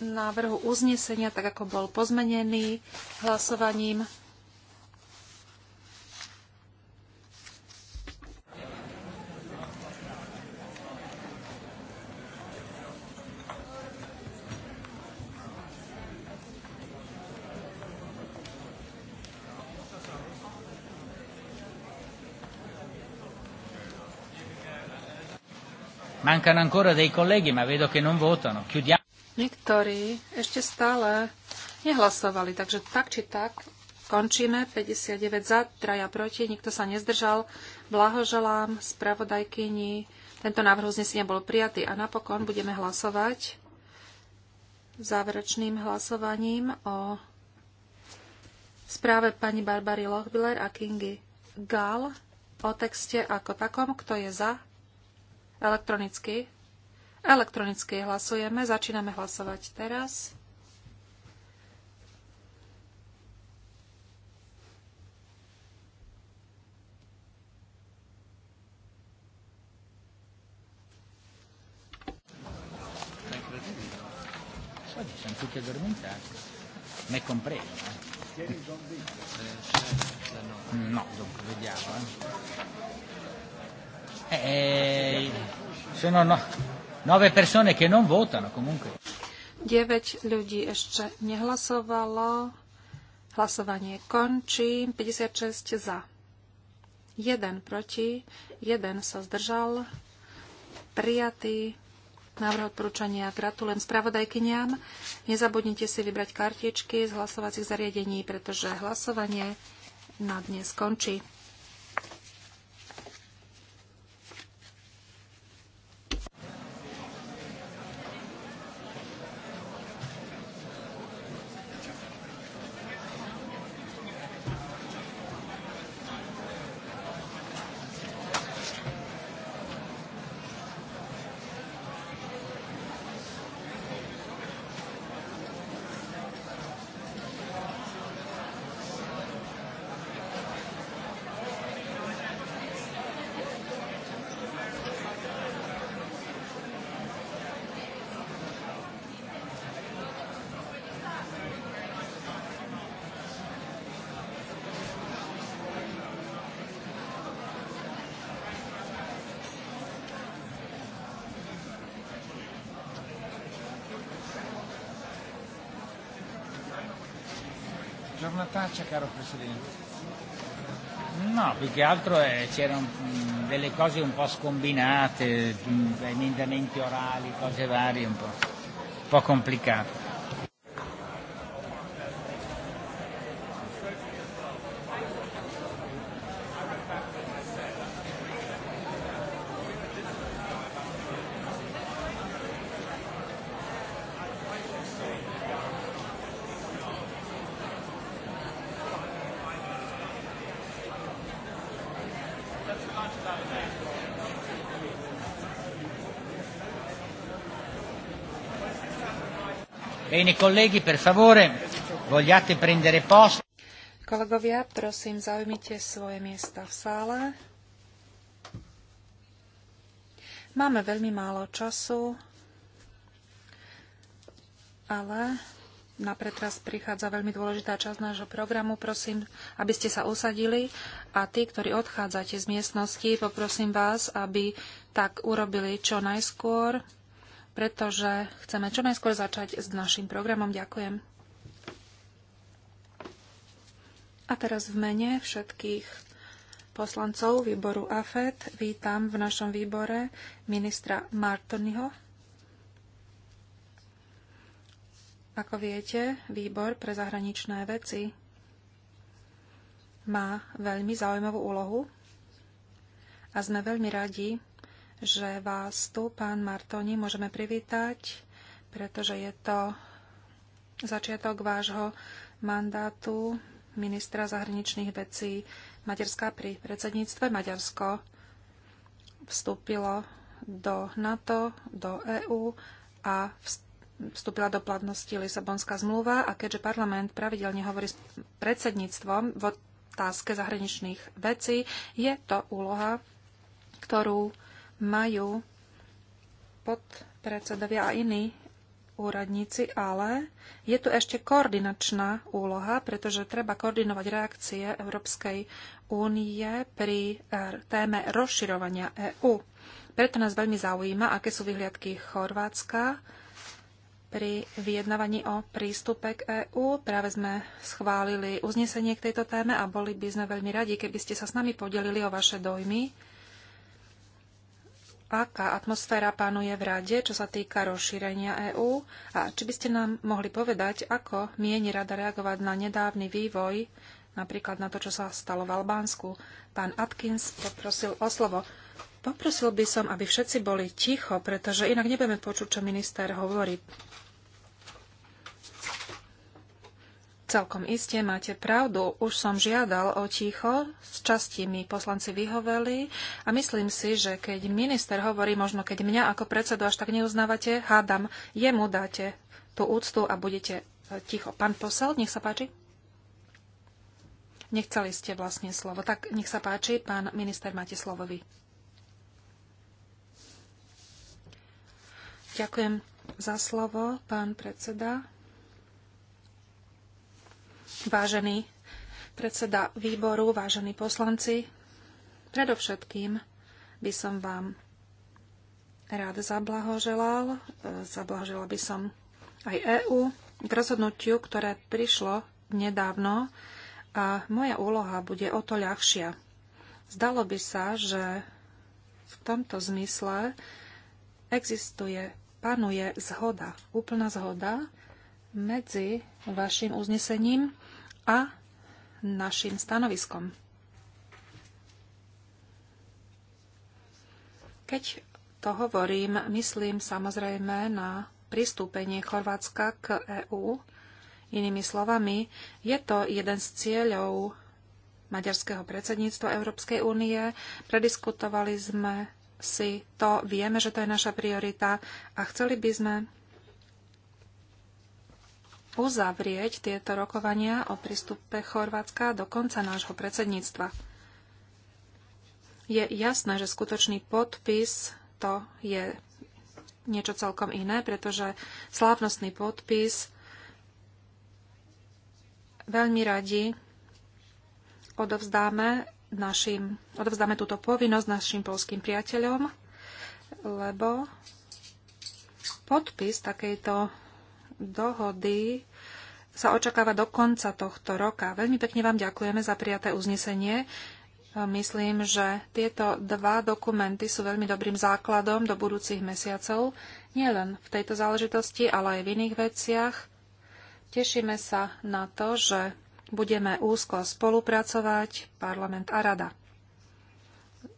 návrhu uznesenia, tak ako bol pozmenený hlasovaním. Mancano ancora dei colleghi, ma vedo che non votano. Chiudiamo. Niektorí ešte stále nehlasovali, takže tak či tak končíme. 59 za, traja proti, nikto sa nezdržal. Blahoželám spravodajkyni. Tento návrh uznesenia bol prijatý a napokon budeme hlasovať záverečným hlasovaním o správe pani Barbary Lochbiller a Kingy Gal o texte ako takom, kto je za, Elektronicky. Elektronicky hlasujeme. Začíname hlasovať teraz. No, dunque, vediamo. Eh. Eh, eh, sono no, nove persone che non votano comunque. 9 ľudí ešte nehlasovalo. Hlasovanie končí. 56 za. 1 proti. 1 sa zdržal. Prijatý návrh odporúčania. Gratulujem spravodajkyniam. Nezabudnite si vybrať kartičky z hlasovacích zariadení, pretože hlasovanie na dnes končí. faccia, caro Presidente. No, più che altro eh, c'erano mm, delle cose un po' scombinate, mh, mm, emendamenti orali, cose varie, un po', un po complicate. Bene, colleghi, per favore, vogliate prendere posto. Kolegovia, prosím, zaujmite svoje miesta v sále. Máme veľmi málo času, ale na pretras prichádza veľmi dôležitá časť nášho programu. Prosím, aby ste sa usadili a tí, ktorí odchádzate z miestnosti, poprosím vás, aby tak urobili čo najskôr, pretože chceme čo najskôr začať s našim programom. Ďakujem. A teraz v mene všetkých poslancov výboru AFET vítam v našom výbore ministra Martonyho. Ako viete, výbor pre zahraničné veci má veľmi zaujímavú úlohu a sme veľmi radi, že vás tu, pán Martoni, môžeme privítať, pretože je to začiatok vášho mandátu ministra zahraničných vecí Maďarska pri predsedníctve. Maďarsko vstúpilo do NATO, do EÚ a vstúpila do platnosti Lisabonská zmluva a keďže parlament pravidelne hovorí s predsedníctvom v otázke zahraničných vecí, je to úloha, ktorú majú podpredsedovia a iní úradníci, ale je tu ešte koordinačná úloha, pretože treba koordinovať reakcie Európskej únie pri eh, téme rozširovania EÚ. Preto nás veľmi zaujíma, aké sú vyhliadky Chorvátska pri vyjednávaní o prístupe k EÚ. Práve sme schválili uznesenie k tejto téme a boli by sme veľmi radi, keby ste sa s nami podelili o vaše dojmy aká atmosféra panuje v Rade, čo sa týka rozšírenia EÚ a či by ste nám mohli povedať, ako mieni Rada reagovať na nedávny vývoj, napríklad na to, čo sa stalo v Albánsku. Pán Atkins poprosil o slovo. Poprosil by som, aby všetci boli ticho, pretože inak nebudeme počuť, čo minister hovorí. Celkom iste máte pravdu. Už som žiadal o ticho, s časti mi poslanci vyhoveli a myslím si, že keď minister hovorí, možno keď mňa ako predsedu až tak neuznávate, hádam, jemu dáte tú úctu a budete e, ticho. Pán posel, nech sa páči. Nechceli ste vlastne slovo. Tak nech sa páči, pán minister, máte slovo vy. Ďakujem za slovo, pán predseda. Vážený predseda výboru, vážení poslanci, predovšetkým by som vám rád zablahoželal. Zablahoželal by som aj EÚ k rozhodnutiu, ktoré prišlo nedávno a moja úloha bude o to ľahšia. Zdalo by sa, že v tomto zmysle existuje, panuje zhoda, úplná zhoda medzi vašim uznesením a našim stanoviskom. Keď to hovorím, myslím samozrejme na pristúpenie Chorvátska k EÚ. Inými slovami, je to jeden z cieľov maďarského predsedníctva Európskej únie. Prediskutovali sme si to, vieme, že to je naša priorita a chceli by sme uzavrieť tieto rokovania o prístupe Chorvátska do konca nášho predsedníctva. Je jasné, že skutočný podpis to je niečo celkom iné, pretože slávnostný podpis veľmi radi odovzdáme, našim, odovzdáme túto povinnosť našim polským priateľom, lebo podpis takejto dohody sa očakáva do konca tohto roka. Veľmi pekne vám ďakujeme za prijaté uznesenie. Myslím, že tieto dva dokumenty sú veľmi dobrým základom do budúcich mesiacov, nielen v tejto záležitosti, ale aj v iných veciach. Tešíme sa na to, že budeme úzko spolupracovať parlament a rada.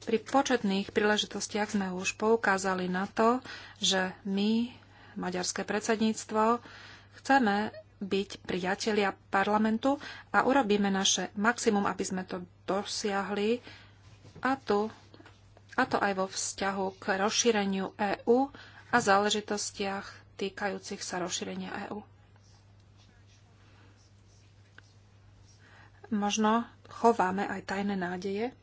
Pri početných príležitostiach sme už poukázali na to, že my maďarské predsedníctvo. Chceme byť priatelia parlamentu a urobíme naše maximum, aby sme to dosiahli a, tu, a to aj vo vzťahu k rozšíreniu EÚ a záležitostiach týkajúcich sa rozšírenia EÚ. Možno chováme aj tajné nádeje,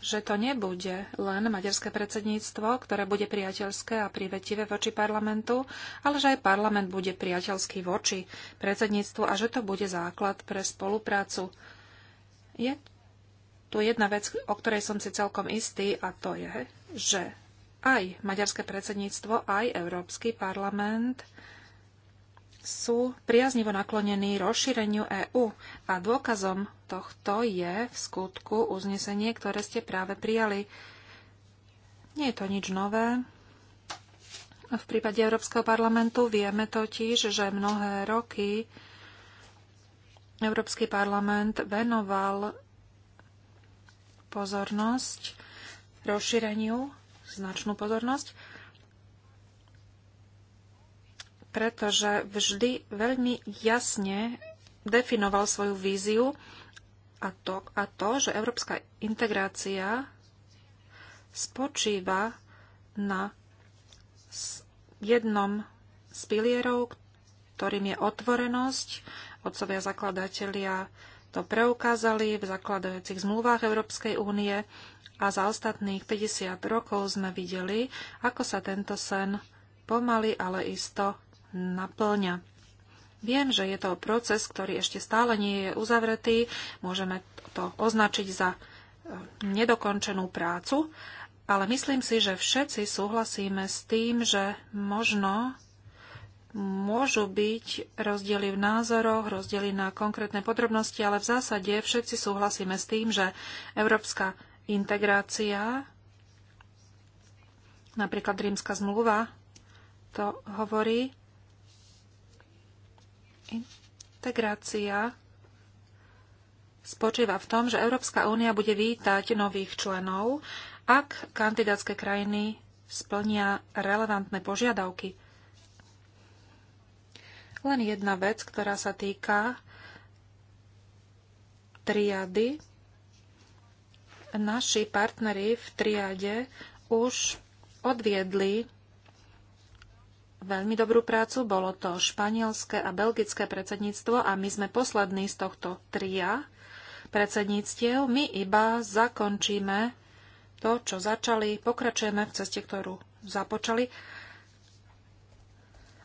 že to nebude len maďarské predsedníctvo, ktoré bude priateľské a privetivé voči parlamentu, ale že aj parlament bude priateľský voči predsedníctvu a že to bude základ pre spoluprácu. Je tu jedna vec, o ktorej som si celkom istý, a to je, že aj maďarské predsedníctvo, aj Európsky parlament sú priaznivo naklonení rozšíreniu EÚ a dôkazom tohto je v skutku uznesenie, ktoré ste práve prijali. Nie je to nič nové. V prípade Európskeho parlamentu vieme totiž, že mnohé roky Európsky parlament venoval pozornosť rozšíreniu, značnú pozornosť pretože vždy veľmi jasne definoval svoju víziu a to, a to že európska integrácia spočíva na jednom z pilierov, ktorým je otvorenosť. Otcovia zakladatelia to preukázali v zakladajúcich zmluvách Európskej únie a za ostatných 50 rokov sme videli, ako sa tento sen pomaly, ale isto naplňa. Viem, že je to proces, ktorý ešte stále nie je uzavretý. Môžeme to označiť za e, nedokončenú prácu, ale myslím si, že všetci súhlasíme s tým, že možno môžu byť rozdiely v názoroch, rozdiely na konkrétne podrobnosti, ale v zásade všetci súhlasíme s tým, že európska integrácia, napríklad rímska zmluva, to hovorí, Integrácia spočíva v tom, že Európska únia bude vítať nových členov, ak kandidátske krajiny splnia relevantné požiadavky. Len jedna vec, ktorá sa týka triady. Naši partneri v triade už odviedli veľmi dobrú prácu. Bolo to španielské a belgické predsedníctvo a my sme poslední z tohto tria predsedníctiev. My iba zakončíme to, čo začali, pokračujeme v ceste, ktorú započali.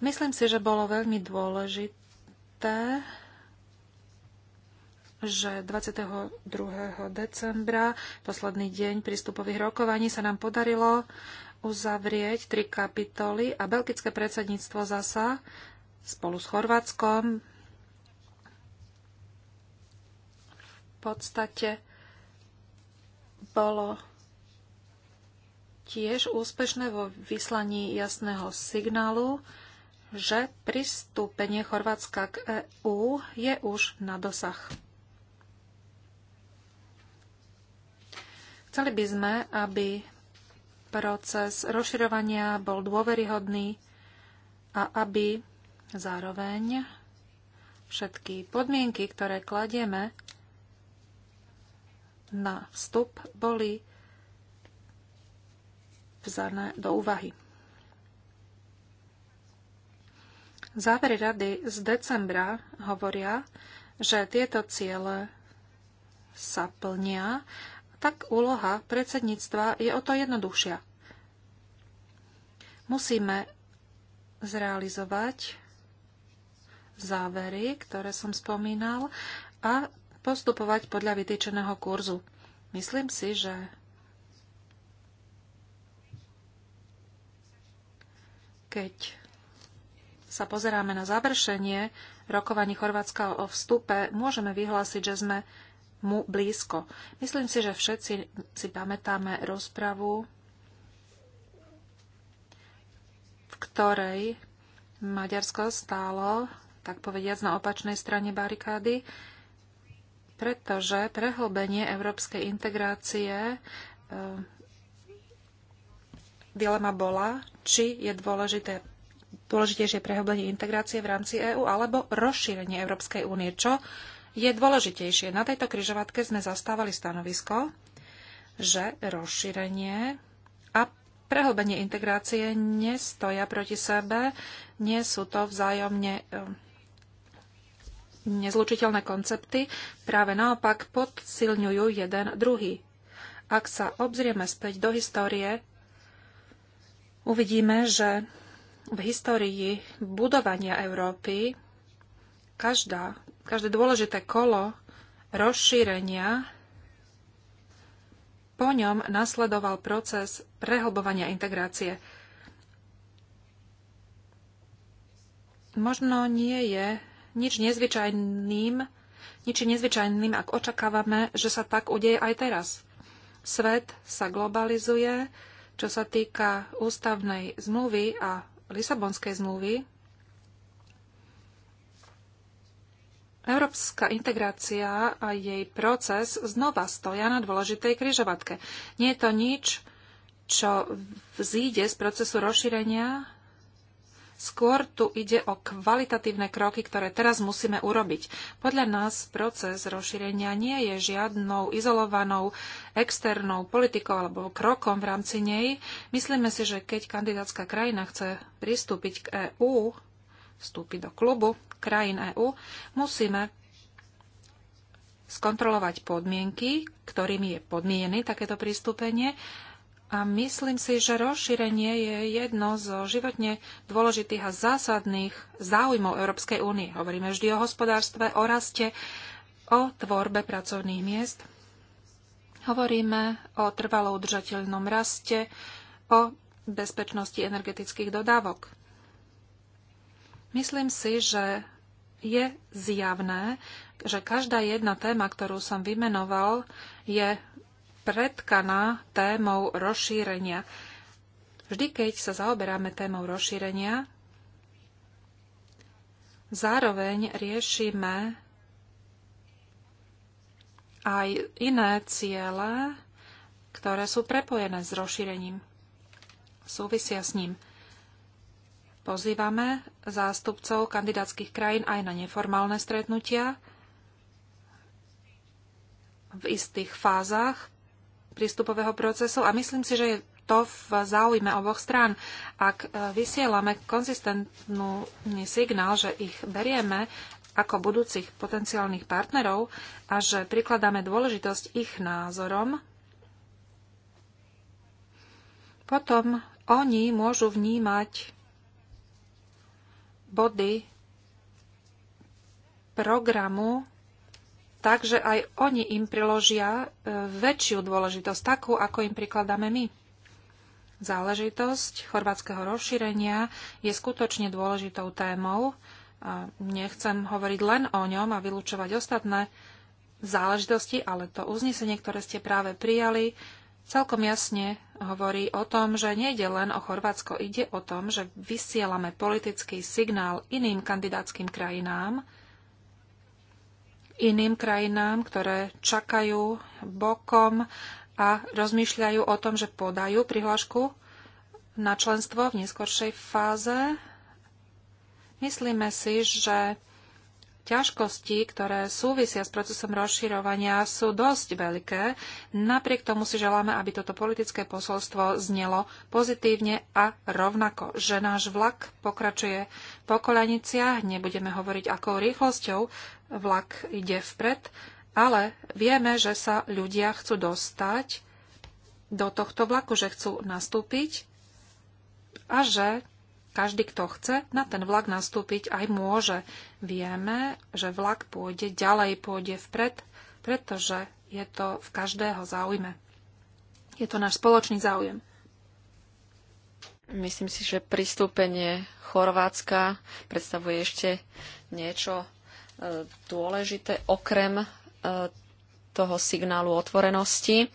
Myslím si, že bolo veľmi dôležité, že 22. decembra, posledný deň prístupových rokovaní, sa nám podarilo uzavrieť tri kapitoly a belgické predsedníctvo zasa spolu s Chorvátskom v podstate bolo tiež úspešné vo vyslaní jasného signálu, že pristúpenie Chorvátska k EÚ je už na dosah. Chceli by sme, aby proces rozširovania bol dôveryhodný a aby zároveň všetky podmienky, ktoré kladieme na vstup, boli vzané do úvahy. Závery rady z decembra hovoria, že tieto ciele sa plnia tak úloha predsedníctva je o to jednoduchšia. Musíme zrealizovať závery, ktoré som spomínal, a postupovať podľa vytýčeného kurzu. Myslím si, že keď sa pozeráme na završenie rokovaní Chorvátska o vstupe, môžeme vyhlásiť, že sme mu blízko. Myslím si, že všetci si pamätáme rozpravu, v ktorej Maďarsko stálo, tak povediac, na opačnej strane barikády, pretože prehlbenie európskej integrácie e, dilema bola, či je dôležité dôležitejšie prehlbenie integrácie v rámci EÚ alebo rozšírenie Európskej únie, čo je dôležitejšie. Na tejto kryžovatke sme zastávali stanovisko, že rozšírenie a prehlbenie integrácie nestoja proti sebe, nie sú to vzájomne um, nezlučiteľné koncepty, práve naopak podsilňujú jeden druhý. Ak sa obzrieme späť do histórie, uvidíme, že v histórii budovania Európy každá každé dôležité kolo rozšírenia po ňom nasledoval proces prehlbovania integrácie. Možno nie je nič nezvyčajným, nič nezvyčajným, ak očakávame, že sa tak udeje aj teraz. Svet sa globalizuje, čo sa týka ústavnej zmluvy a Lisabonskej zmluvy, Európska integrácia a jej proces znova stoja na dôležitej kryžovatke. Nie je to nič, čo vzíde z procesu rozšírenia. Skôr tu ide o kvalitatívne kroky, ktoré teraz musíme urobiť. Podľa nás proces rozšírenia nie je žiadnou izolovanou externou politikou alebo krokom v rámci nej. Myslíme si, že keď kandidátska krajina chce pristúpiť k EÚ, vstúpiť do klubu, krajín EÚ, musíme skontrolovať podmienky, ktorými je podmienené takéto pristúpenie. A myslím si, že rozšírenie je jedno zo životne dôležitých a zásadných záujmov Európskej únie. Hovoríme vždy o hospodárstve, o raste, o tvorbe pracovných miest. Hovoríme o trvalo udržateľnom raste, o bezpečnosti energetických dodávok. Myslím si, že je zjavné, že každá jedna téma, ktorú som vymenoval, je predkaná témou rozšírenia. Vždy, keď sa zaoberáme témou rozšírenia, zároveň riešime aj iné ciele, ktoré sú prepojené s rozšírením. Súvisia s ním. Pozývame zástupcov kandidátskych krajín aj na neformálne stretnutia v istých fázach prístupového procesu a myslím si, že je to v záujme oboch strán. Ak e, vysielame konzistentný signál, že ich berieme ako budúcich potenciálnych partnerov a že prikladáme dôležitosť ich názorom, potom oni môžu vnímať body programu, takže aj oni im priložia e, väčšiu dôležitosť, takú, ako im prikladáme my. Záležitosť chorvátskeho rozšírenia je skutočne dôležitou témou. A nechcem hovoriť len o ňom a vylúčovať ostatné záležitosti, ale to uznesenie, ktoré ste práve prijali, celkom jasne hovorí o tom, že nejde len o Chorvátsko, ide o tom, že vysielame politický signál iným kandidátským krajinám, iným krajinám, ktoré čakajú bokom a rozmýšľajú o tom, že podajú prihlášku na členstvo v neskoršej fáze. Myslíme si, že ťažkosti, ktoré súvisia s procesom rozširovania, sú dosť veľké. Napriek tomu si želáme, aby toto politické posolstvo znelo pozitívne a rovnako, že náš vlak pokračuje po kolaniciach, nebudeme hovoriť, akou rýchlosťou vlak ide vpred, ale vieme, že sa ľudia chcú dostať do tohto vlaku, že chcú nastúpiť a že každý, kto chce, na ten vlak nastúpiť aj môže. Vieme, že vlak pôjde ďalej, pôjde vpred, pretože je to v každého záujme. Je to náš spoločný záujem. Myslím si, že pristúpenie Chorvátska predstavuje ešte niečo e, dôležité, okrem e, toho signálu otvorenosti.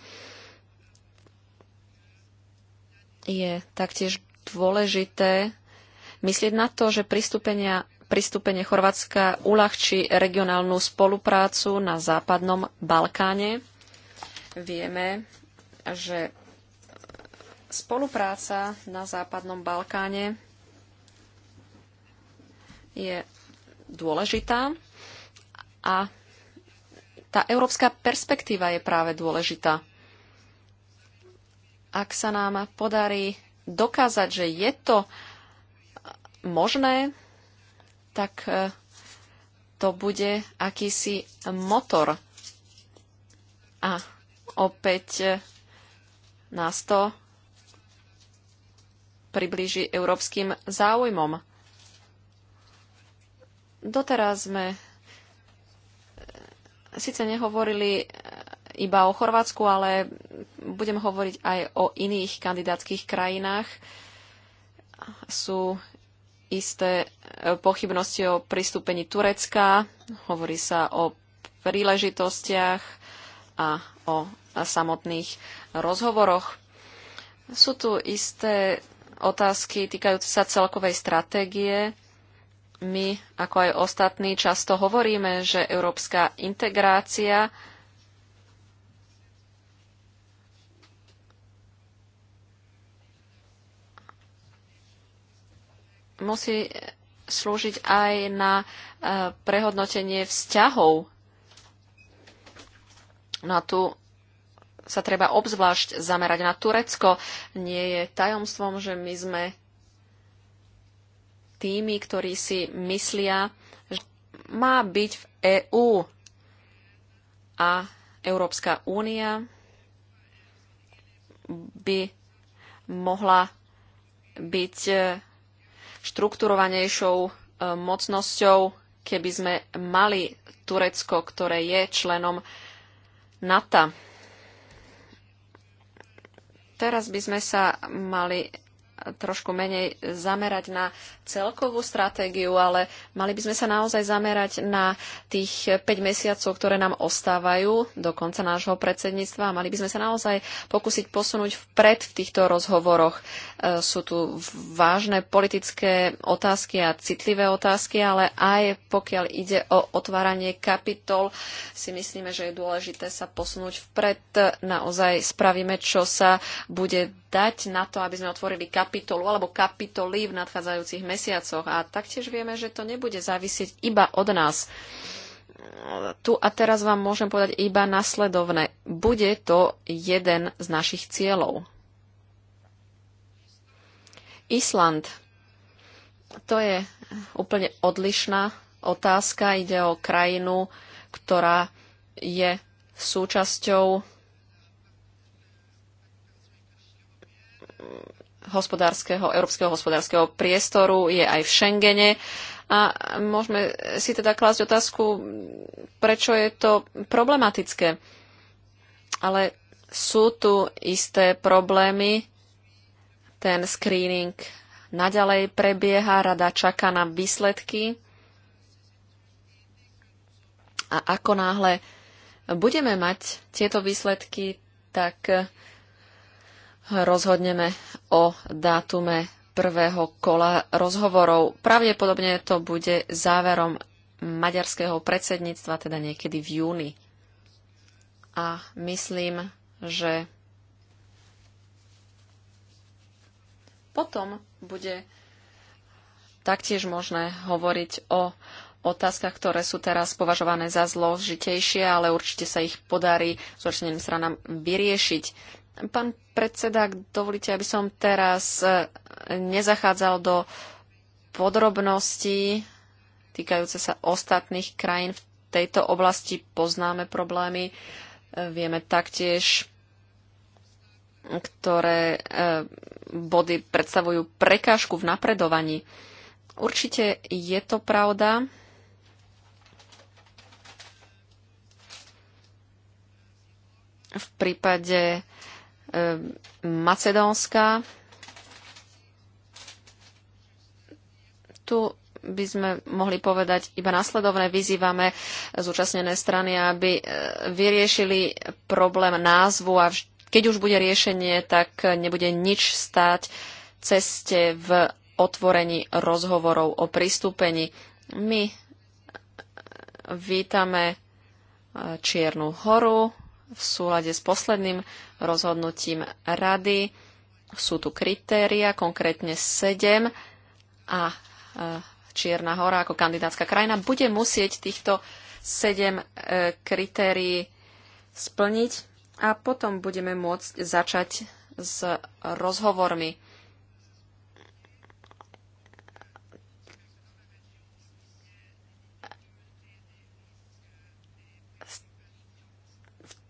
Je taktiež dôležité myslieť na to, že pristúpenia pristúpenie Chorvátska uľahčí regionálnu spoluprácu na západnom Balkáne. Vieme, že spolupráca na západnom Balkáne je dôležitá a tá európska perspektíva je práve dôležitá. Ak sa nám podarí dokázať, že je to možné, tak e, to bude akýsi motor. A opäť e, nás to priblíži európskym záujmom. Doteraz sme e, síce nehovorili iba o Chorvátsku, ale budem hovoriť aj o iných kandidátskych krajinách. Sú isté e, pochybnosti o pristúpení Turecka. Hovorí sa o príležitostiach a o samotných rozhovoroch. Sú tu isté otázky týkajúce sa celkovej stratégie. My, ako aj ostatní, často hovoríme, že európska integrácia musí slúžiť aj na e, prehodnotenie vzťahov. No a tu sa treba obzvlášť zamerať na Turecko. Nie je tajomstvom, že my sme tými, ktorí si myslia, že má byť v EÚ a Európska únia by mohla byť e, štrukturovanejšou e, mocnosťou, keby sme mali Turecko, ktoré je členom NATO. Teraz by sme sa mali trošku menej zamerať na celkovú stratégiu, ale mali by sme sa naozaj zamerať na tých 5 mesiacov, ktoré nám ostávajú do konca nášho predsedníctva a mali by sme sa naozaj pokúsiť posunúť vpred v týchto rozhovoroch. E, sú tu vážne politické otázky a citlivé otázky, ale aj pokiaľ ide o otváranie kapitol, si myslíme, že je dôležité sa posunúť vpred. Naozaj spravíme, čo sa bude dať na to, aby sme otvorili kapitolu alebo kapitoly v nadchádzajúcich mesiacoch. A taktiež vieme, že to nebude závisieť iba od nás. Tu a teraz vám môžem povedať iba nasledovné. Bude to jeden z našich cieľov. Island. To je úplne odlišná otázka. Ide o krajinu, ktorá je súčasťou hospodárskeho, európskeho hospodárskeho priestoru, je aj v Schengene. A môžeme si teda klásť otázku, prečo je to problematické. Ale sú tu isté problémy. Ten screening naďalej prebieha, rada čaká na výsledky. A ako náhle budeme mať tieto výsledky, tak rozhodneme o dátume prvého kola rozhovorov. Pravdepodobne to bude záverom maďarského predsedníctva, teda niekedy v júni. A myslím, že potom bude taktiež možné hovoriť o otázkach, ktoré sú teraz považované za zložitejšie, ale určite sa ich podarí zločineným stranám vyriešiť. Pán predseda, dovolíte, aby som teraz e, nezachádzal do podrobností týkajúce sa ostatných krajín. V tejto oblasti poznáme problémy. E, vieme taktiež, ktoré e, body predstavujú prekážku v napredovaní. Určite je to pravda. V prípade Macedónska. Tu by sme mohli povedať iba nasledovné. Vyzývame zúčastnené strany, aby e, vyriešili problém názvu a keď už bude riešenie, tak nebude nič stáť ceste v otvorení rozhovorov o pristúpení. My e, vítame e, Čiernu horu v súlade s posledným rozhodnutím rady. Sú tu kritéria, konkrétne 7 a e, Čierna hora ako kandidátska krajina bude musieť týchto 7 e, kritérií splniť a potom budeme môcť začať s rozhovormi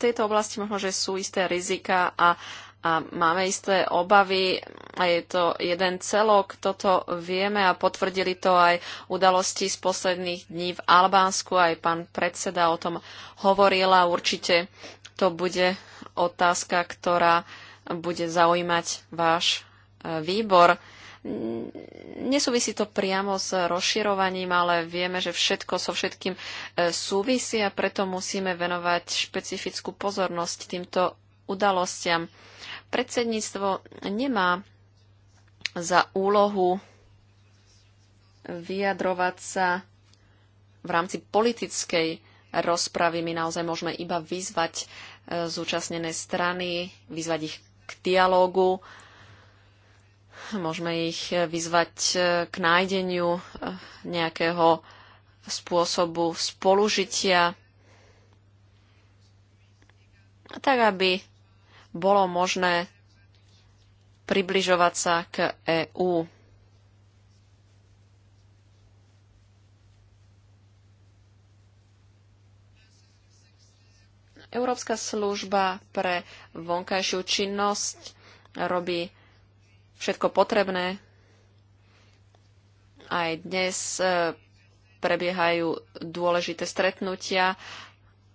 tejto oblasti možno, že sú isté rizika a, a máme isté obavy a je to jeden celok, toto vieme a potvrdili to aj udalosti z posledných dní v Albánsku, aj pán predseda o tom hovorila. určite to bude otázka, ktorá bude zaujímať váš e, výbor. Nesúvisí to priamo s rozširovaním, ale vieme, že všetko so všetkým e, súvisí a preto musíme venovať špecifickú pozornosť týmto udalostiam. Predsedníctvo nemá za úlohu vyjadrovať sa v rámci politickej rozpravy. My naozaj môžeme iba vyzvať e, zúčastnené strany, vyzvať ich k dialógu Môžeme ich eh, vyzvať eh, k nájdeniu eh, nejakého spôsobu spolužitia, tak aby bolo možné približovať sa k EÚ. Európska služba pre vonkajšiu činnosť robí všetko potrebné. Aj dnes e, prebiehajú dôležité stretnutia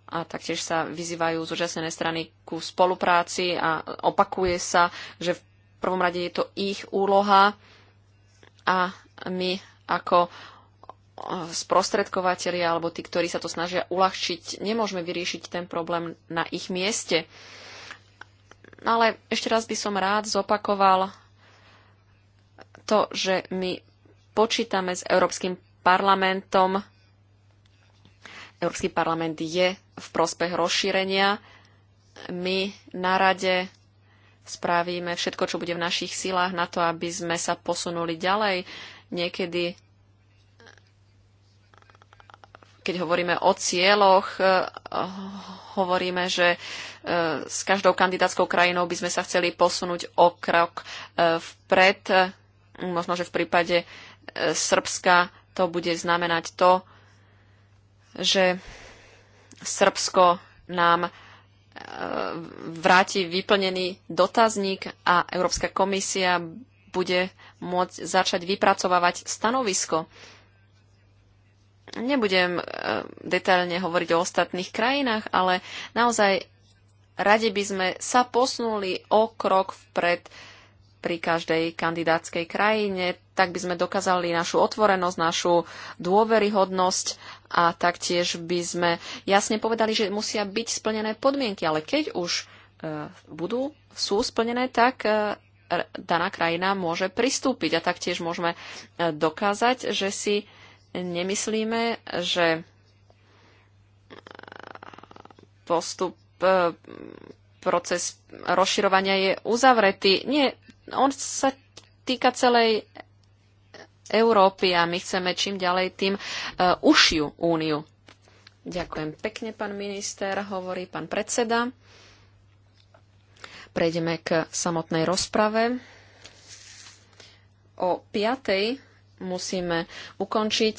a taktiež sa vyzývajú zúčastnené strany ku spolupráci a opakuje sa, že v prvom rade je to ich úloha a my ako e, sprostredkovateľi alebo tí, ktorí sa to snažia uľahčiť, nemôžeme vyriešiť ten problém na ich mieste. Ale ešte raz by som rád zopakoval to, že my počítame s Európskym parlamentom. Európsky parlament je v prospech rozšírenia. My na rade spravíme všetko, čo bude v našich silách na to, aby sme sa posunuli ďalej. Niekedy, keď hovoríme o cieľoch, eh, hovoríme, že eh, s každou kandidátskou krajinou by sme sa chceli posunúť o krok eh, vpred Možno, že v prípade e, Srbska to bude znamenať to, že Srbsko nám e, vráti vyplnený dotazník a Európska komisia bude môcť začať vypracovávať stanovisko. Nebudem e, detailne hovoriť o ostatných krajinách, ale naozaj radi by sme sa posunuli o krok vpred pri každej kandidátskej krajine, tak by sme dokázali našu otvorenosť, našu dôveryhodnosť a taktiež by sme jasne povedali, že musia byť splnené podmienky, ale keď už e, budú, sú splnené, tak e, daná krajina môže pristúpiť a taktiež môžeme e, dokázať, že si nemyslíme, že e, postup e, proces rozširovania je uzavretý. Nie, on sa týka celej Európy a my chceme čím ďalej tým uh, e, ušiu úniu. Ďakujem pekne, pán minister, hovorí pán predseda. Prejdeme k samotnej rozprave. O piatej musíme ukončiť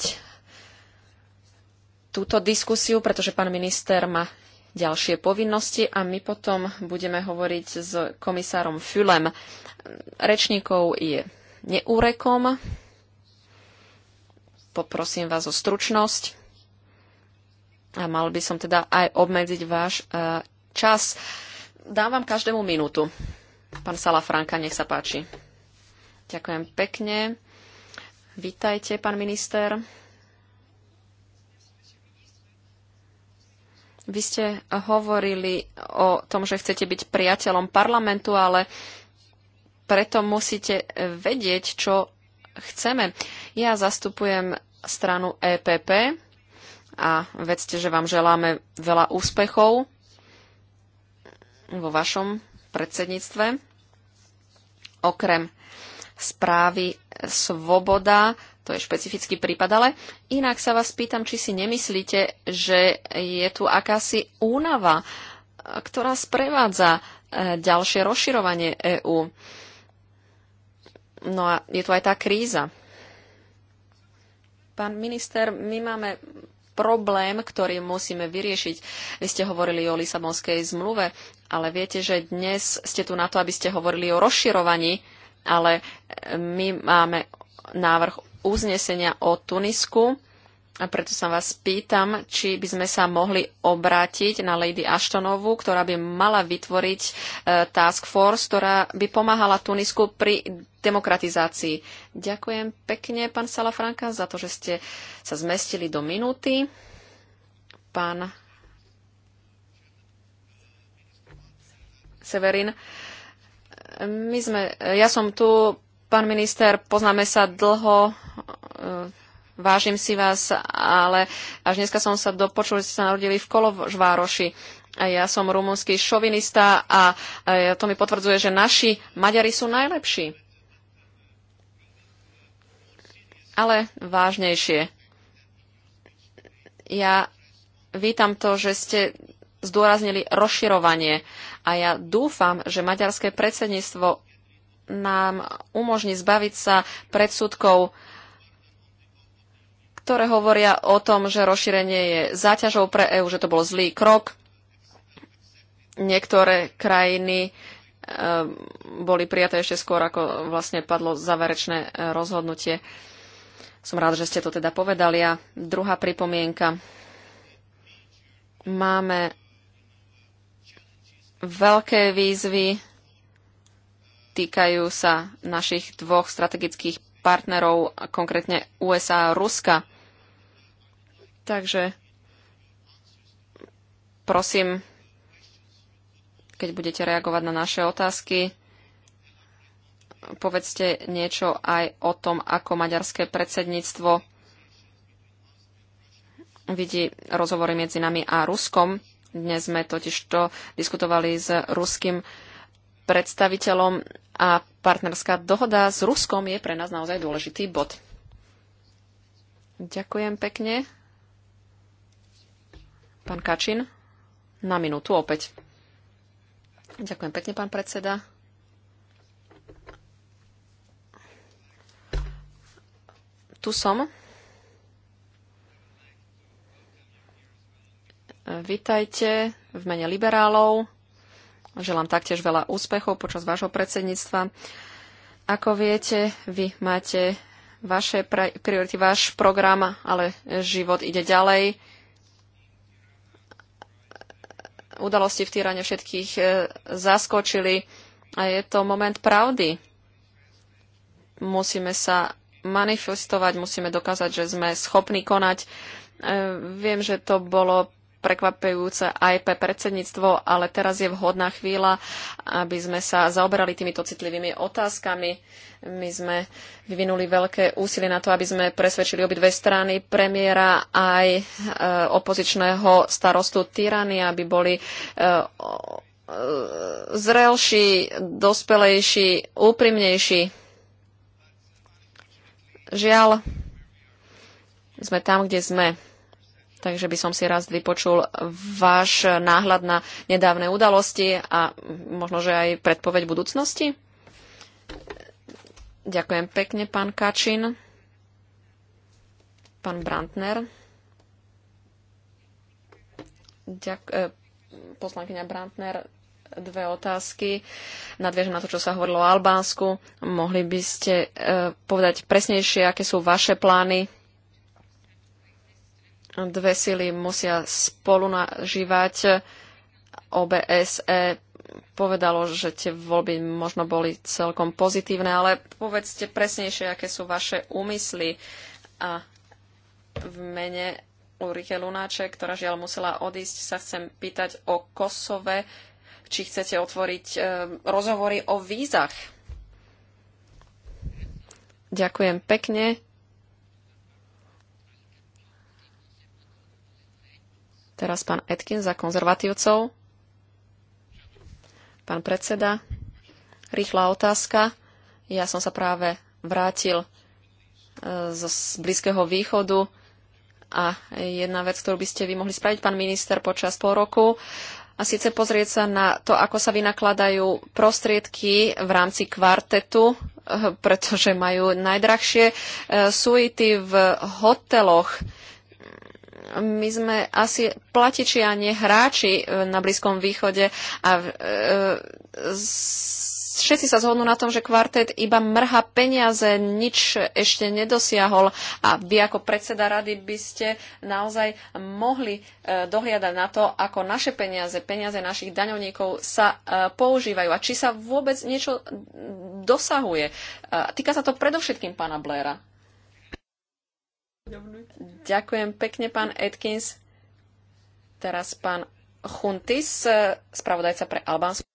túto diskusiu, pretože pán minister má ďalšie povinnosti a my potom budeme hovoriť s komisárom Fülem. Rečníkov je neúrekom. Poprosím vás o stručnosť. A mal by som teda aj obmedziť váš e, čas. Dám vám každému minútu. Pán Sala Franka, nech sa páči. Ďakujem pekne. Vítajte, pán minister. Vy ste hovorili o tom, že chcete byť priateľom parlamentu, ale preto musíte vedieť, čo chceme. Ja zastupujem stranu EPP a vedzte, že vám želáme veľa úspechov vo vašom predsedníctve. Okrem správy Svoboda to je špecifický prípad, ale inak sa vás pýtam, či si nemyslíte, že je tu akási únava, e, ktorá sprevádza e, ďalšie rozširovanie EÚ. No a je tu aj tá kríza. Pán minister, my máme problém, ktorý musíme vyriešiť. Vy ste hovorili o Lisabonskej zmluve, ale viete, že dnes ste tu na to, aby ste hovorili o rozširovaní, ale e, my máme návrh uznesenia o Tunisku. A preto sa vás pýtam, či by sme sa mohli obrátiť na Lady Ashtonovú, ktorá by mala vytvoriť e, task force, ktorá by pomáhala Tunisku pri demokratizácii. Ďakujem pekne, pán Salafranka, za to, že ste sa zmestili do minúty. Pán Severin, my sme, ja som tu Pán minister, poznáme sa dlho, e, vážim si vás, ale až dneska som sa dopočul, že ste sa narodili v Koložvároši. Ja som rumunský šovinista a to mi potvrdzuje, že naši Maďari sú najlepší. Ale vážnejšie. Ja vítam to, že ste zdôraznili rozširovanie a ja dúfam, že maďarské predsedníctvo nám umožní zbaviť sa predsudkov, ktoré hovoria o tom, že rozšírenie je záťažou pre EÚ, že to bol zlý krok. Niektoré krajiny e, boli prijaté ešte skôr, ako vlastne padlo záverečné e, rozhodnutie. Som rád, že ste to teda povedali. A druhá pripomienka. Máme veľké výzvy týkajú sa našich dvoch strategických partnerov, konkrétne USA a Ruska. Takže prosím, keď budete reagovať na naše otázky, povedzte niečo aj o tom, ako maďarské predsedníctvo vidí rozhovory medzi nami a Ruskom. Dnes sme totiž to diskutovali s ruským predstaviteľom a partnerská dohoda s Ruskom je pre nás naozaj dôležitý bod. Ďakujem pekne. Pán Kačin, na minútu opäť. Ďakujem pekne, pán predseda. Tu som. Vítajte v mene liberálov. Želám taktiež veľa úspechov počas vášho predsedníctva. Ako viete, vy máte vaše priority, váš program, ale život ide ďalej. Udalosti v Týrane všetkých e, zaskočili a je to moment pravdy. Musíme sa manifestovať, musíme dokázať, že sme schopní konať. E, viem, že to bolo prekvapujúce aj pre predsedníctvo, ale teraz je vhodná chvíľa, aby sme sa zaoberali týmito citlivými otázkami. My sme vyvinuli veľké úsilie na to, aby sme presvedčili obidve strany premiéra aj e, opozičného starostu Tyrany, aby boli e, e zrelší, dospelejší, úprimnejší. Žiaľ, sme tam, kde sme. Takže by som si raz vypočul váš náhľad na nedávne udalosti a možno, že aj predpoveď budúcnosti. Ďakujem pekne, pán Kačin. Pán Brantner. Ďak- eh, poslankyňa Brantner, dve otázky. Nadviežem na to, čo sa hovorilo o Albánsku. Mohli by ste eh, povedať presnejšie, aké sú vaše plány Dve sily musia spolu nažívať. OBSE povedalo, že tie voľby možno boli celkom pozitívne, ale povedzte presnejšie, aké sú vaše úmysly. A v mene Ulrike Lunáče, ktorá žiaľ musela odísť, sa chcem pýtať o Kosove, či chcete otvoriť e, rozhovory o vízach. Ďakujem pekne. Teraz pán Etkin za konzervatívcov. Pán predseda, rýchla otázka. Ja som sa práve vrátil e, z Blízkeho východu a jedna vec, ktorú by ste vy mohli spraviť, pán minister, počas pol roku, a síce pozrieť sa na to, ako sa vynakladajú prostriedky v rámci kvartetu, e, pretože majú najdrahšie e, suity v hoteloch my sme asi platiči a nie hráči e, na Blízkom východe a e, všetci sa zhodnú na tom, že kvartet iba mrha peniaze, nič ešte nedosiahol a vy ako predseda rady by ste naozaj mohli e, dohliadať na to, ako naše peniaze, peniaze našich daňovníkov sa používajú a či sa vôbec niečo dosahuje. Týka sa to predovšetkým pána Blaira. Ďakujem pekne, pán Atkins. Teraz pán Chuntis, spravodajca pre Albánsko.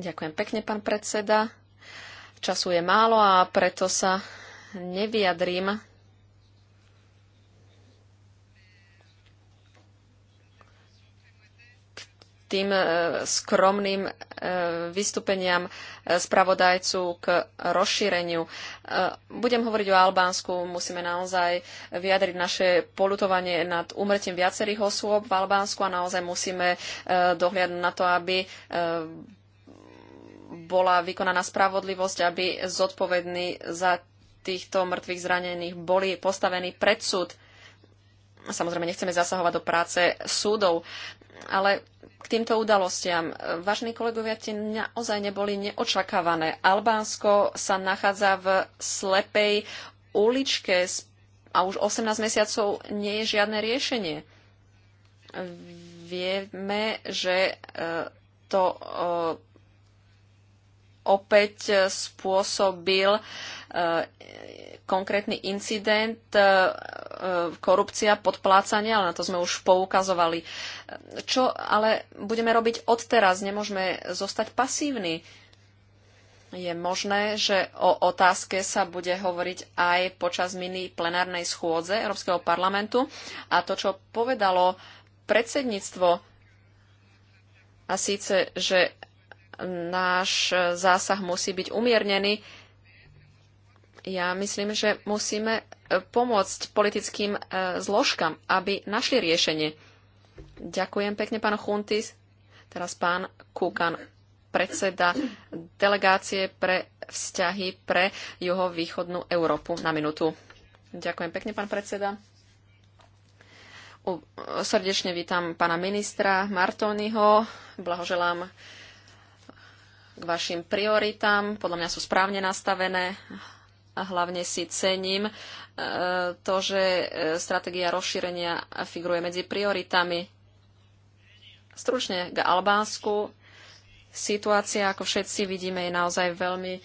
Ďakujem pekne, pán predseda. Času je málo a preto sa nevyjadrím tým e, skromným e, vystúpeniam e, spravodajcu k rozšíreniu. Budem hovoriť o Albánsku. Musíme naozaj vyjadriť naše polutovanie nad umrtím viacerých osôb v Albánsku a naozaj musíme dohliadnúť na to, aby bola vykonaná spravodlivosť, aby zodpovední za týchto mŕtvych zranených boli postavení pred súd. Samozrejme, nechceme zasahovať do práce súdov, ale k týmto udalostiam. Vážení kolegovia, tie naozaj neboli neočakávané. Albánsko sa nachádza v slepej uličke a už 18 mesiacov nie je žiadne riešenie. Vieme, že e, to e, opäť spôsobil e, konkrétny incident, e, e, korupcia, podplácanie, ale na to sme už poukazovali. Čo ale budeme robiť odteraz? Nemôžeme zostať pasívni. Je možné, že o otázke sa bude hovoriť aj počas mini plenárnej schôdze Európskeho parlamentu. A to, čo povedalo predsedníctvo, a síce, že náš zásah musí byť umiernený, ja myslím, že musíme e, pomôcť politickým e, zložkám, aby našli riešenie. Ďakujem pekne, pán Chuntis. Teraz pán Kukan, predseda delegácie pre vzťahy pre juhovýchodnú Európu na minútu. Ďakujem pekne, pán predseda. Srdečne vítam pána ministra Martoniho. Blahoželám k vašim prioritám. Podľa mňa sú správne nastavené a hlavne si cením e, to, že e, stratégia rozšírenia figuruje medzi prioritami. Stručne k Albánsku. Situácia, ako všetci vidíme, je naozaj veľmi e,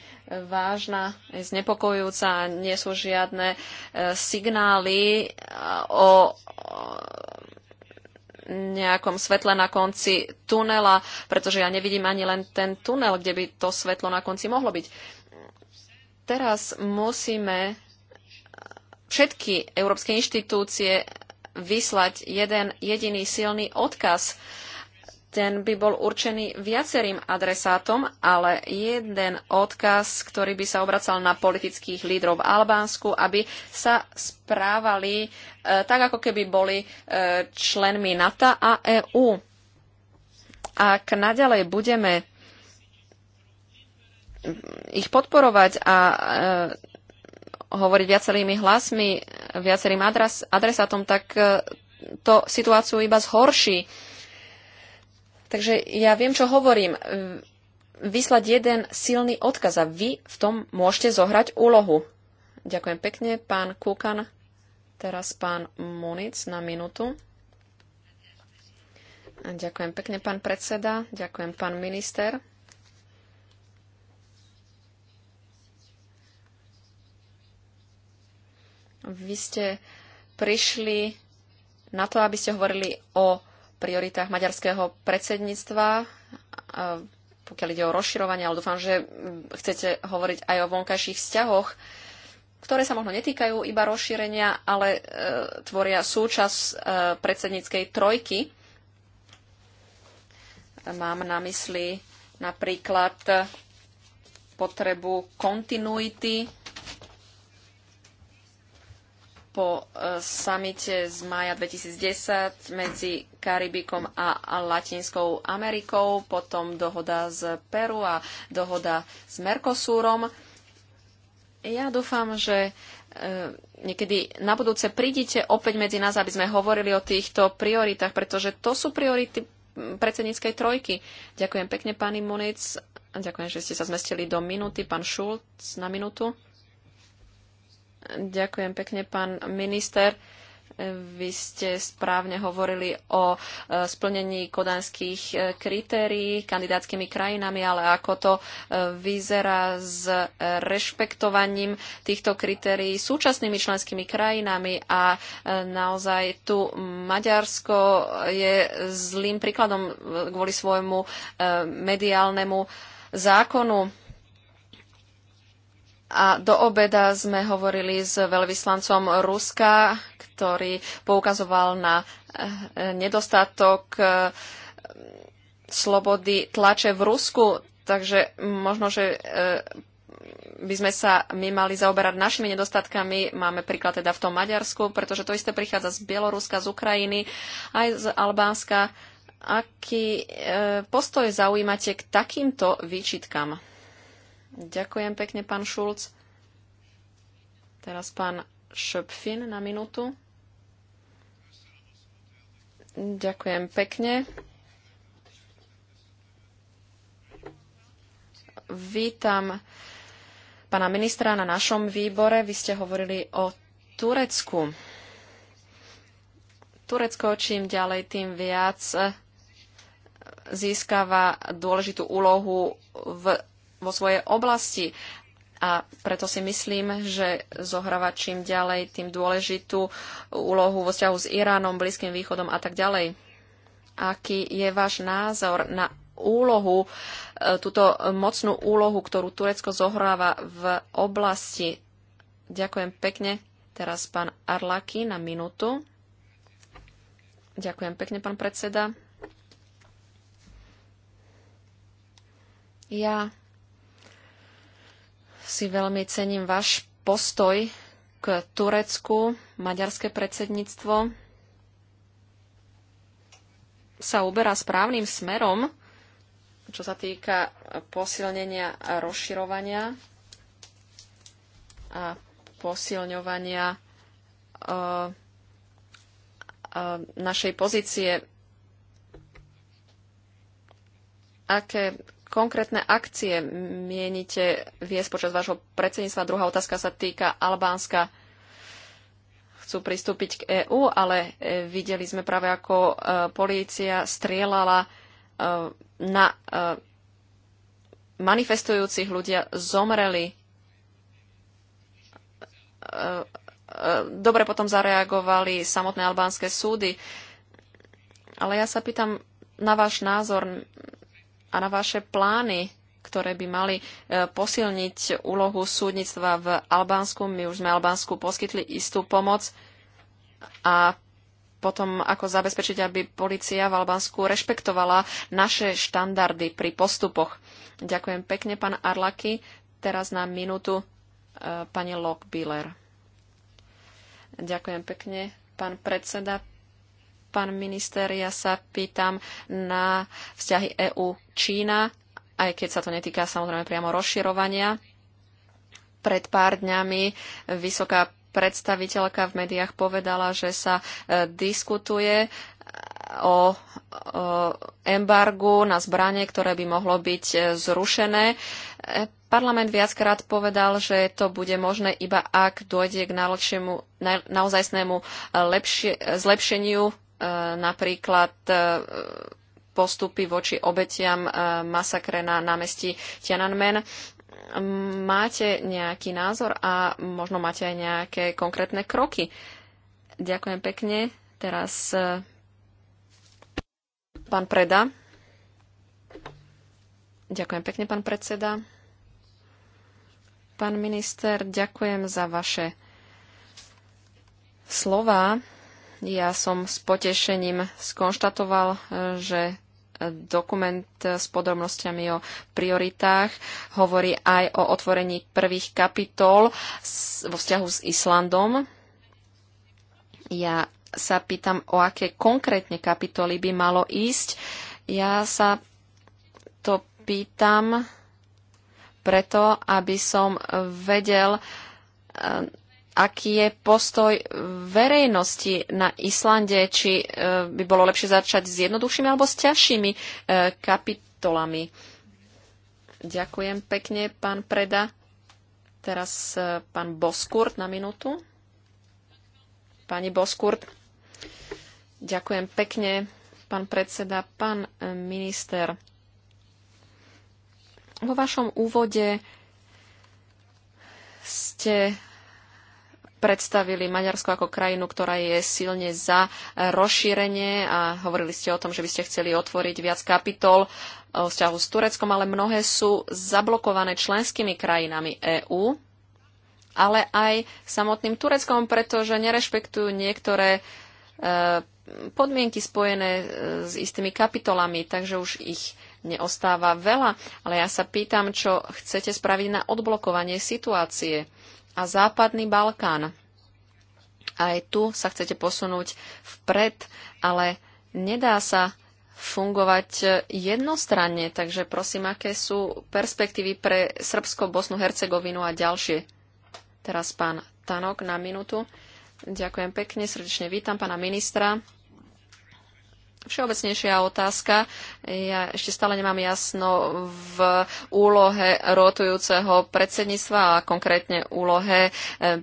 vážna, je znepokojujúca, nie sú žiadne signály o nejakom svetle na konci tunela, pretože ja nevidím ani len ten tunel, kde by to svetlo na konci mohlo byť teraz musíme všetky európske inštitúcie vyslať jeden jediný silný odkaz. Ten by bol určený viacerým adresátom, ale jeden odkaz, ktorý by sa obracal na politických lídrov v Albánsku, aby sa správali e, tak, ako keby boli e, členmi NATO a EÚ. Ak naďalej budeme ich podporovať a e, hovoriť viacerými hlasmi, viacerým adres, adresátom, tak e, to situáciu iba zhorší. Takže ja viem, čo hovorím. Vyslať jeden silný odkaz a vy v tom môžete zohrať úlohu. Ďakujem pekne, pán Kukan. Teraz pán Munic na minútu. Ďakujem pekne, pán predseda. Ďakujem, pán minister. Vy ste prišli na to, aby ste hovorili o prioritách maďarského predsedníctva, pokiaľ ide o rozširovanie, ale dúfam, že chcete hovoriť aj o vonkajších vzťahoch, ktoré sa možno netýkajú iba rozšírenia, ale e, tvoria súčasť e, predsedníckej trojky. Mám na mysli napríklad potrebu kontinuity po eh, samite z mája 2010 medzi Karibikom a Latinskou Amerikou, potom dohoda z Peru a dohoda s Mercosúrom. Ja dúfam, že eh, niekedy na budúce prídite opäť medzi nás, aby sme hovorili o týchto prioritách, pretože to sú priority mm, predsedníckej trojky. Ďakujem pekne, pani Munic. Ďakujem, že ste sa zmestili do minúty. Pán Šulc na minútu. Ďakujem pekne, pán minister. Vy ste správne hovorili o e, splnení kodanských e, kritérií kandidátskymi krajinami, ale ako to e, vyzerá s rešpektovaním týchto kritérií súčasnými členskými krajinami a naozaj tu Maďarsko je zlým príkladom kvôli svojmu mediálnemu zákonu a do obeda sme hovorili s veľvyslancom Ruska, ktorý poukazoval na eh, nedostatok eh, slobody tlače v Rusku. Takže možno, že eh, by sme sa my mali zaoberať našimi nedostatkami. Máme príklad teda v tom Maďarsku, pretože to isté prichádza z Bieloruska, z Ukrajiny, aj z Albánska. Aký postoj zaujímate k takýmto výčitkám? Ďakujem pekne, pán Šulc. Teraz pán Šöpfin na minútu. Ďakujem pekne. Vítam pána ministra na našom výbore. Vy ste hovorili o Turecku. Turecko čím ďalej, tým viac získava dôležitú úlohu v vo svojej oblasti. A preto si myslím, že zohráva čím ďalej tým dôležitú úlohu vo vzťahu s Iránom, Blízkym východom a tak ďalej. Aký je váš názor na úlohu, e, túto mocnú úlohu, ktorú Turecko zohráva v oblasti? Ďakujem pekne. Teraz pán Arlaki na minútu. Ďakujem pekne, pán predseda. Ja si veľmi cením váš postoj k Turecku, maďarské predsedníctvo sa uberá správnym smerom, čo sa týka posilnenia a rozširovania a posilňovania e, e našej pozície. Aké konkrétne akcie mienite viesť počas vášho predsedníctva? Druhá otázka sa týka Albánska. Chcú pristúpiť k EÚ, ale e, videli sme práve, ako e, polícia strieľala e, na manifestujúcich ľudia zomreli. Dobre potom zareagovali samotné albánske súdy. Ale ja sa pýtam na váš názor a na vaše plány, ktoré by mali e, posilniť úlohu súdnictva v Albánsku. My už sme Albánsku poskytli istú pomoc a potom ako zabezpečiť, aby policia v Albánsku rešpektovala naše štandardy pri postupoch. Ďakujem pekne, pán Arlaky. Teraz na minútu e, pani Lockbiller. Ďakujem pekne, pán predseda, Pán minister, ja sa pýtam na vzťahy EU-Čína, aj keď sa to netýka samozrejme priamo rozširovania. Pred pár dňami vysoká predstaviteľka v médiách povedala, že sa e, diskutuje o, embargu na zbranie, ktoré by mohlo byť e, zrušené. E, parlament viackrát povedal, že to bude možné iba ak dojde k naozajstnému lepšie, zlepšeniu E, napríklad e, postupy voči obetiam e, masakre na námestí Tiananmen. Máte nejaký názor a možno máte aj nejaké konkrétne kroky. Ďakujem pekne. Teraz pán Preda. Ďakujem pekne, pán predseda. Pán minister, ďakujem za vaše slova. Ja som s potešením skonštatoval, e, že e, dokument e, s podrobnosťami o prioritách hovorí aj o otvorení prvých kapitol vo vzťahu s Islandom. Ja sa pýtam, o aké konkrétne kapitoly by malo ísť. Ja sa to pýtam preto, aby som vedel, aký je postoj verejnosti na Islande, či e, by bolo lepšie začať s jednoduchšími alebo s ťažšími e, kapitolami. Ďakujem pekne, pán Preda. Teraz e, pán Boskurt na minútu. Pani Boskurt. Ďakujem pekne, pán predseda, pán minister. Vo vašom úvode ste predstavili Maďarsko ako krajinu, ktorá je silne za rozšírenie a hovorili ste o tom, že by ste chceli otvoriť viac kapitol o vzťahu s Tureckom, ale mnohé sú zablokované členskými krajinami EÚ, ale aj samotným Tureckom, pretože nerešpektujú niektoré e, podmienky spojené e, s istými kapitolami, takže už ich neostáva veľa. Ale ja sa pýtam, čo chcete spraviť na odblokovanie situácie a Západný Balkán. Aj tu sa chcete posunúť vpred, ale nedá sa fungovať e, jednostranne, takže prosím, aké sú perspektívy pre Srbsko, Bosnu, Hercegovinu a ďalšie. Teraz pán Tanok na minútu. Ďakujem pekne, srdečne vítam pána ministra. Všeobecnejšia otázka. Ja ešte stále nemám jasno v úlohe rotujúceho predsedníctva a konkrétne úlohe eh,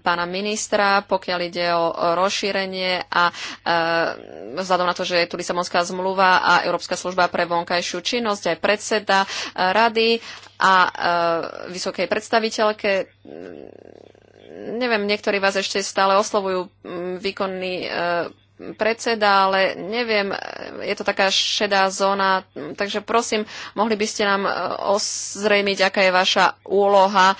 pána ministra, pokiaľ ide o rozšírenie a eh, vzhľadom na to, že je tu Lisabonská zmluva a Európska služba pre vonkajšiu činnosť, aj predseda eh, rady a vysokej predstaviteľke neviem, niektorí vás ešte stále oslovujú mm, výkonný predseda, ale neviem, je to taká šedá zóna, takže prosím, mohli by ste nám e, ozrejmiť, aká je vaša úloha.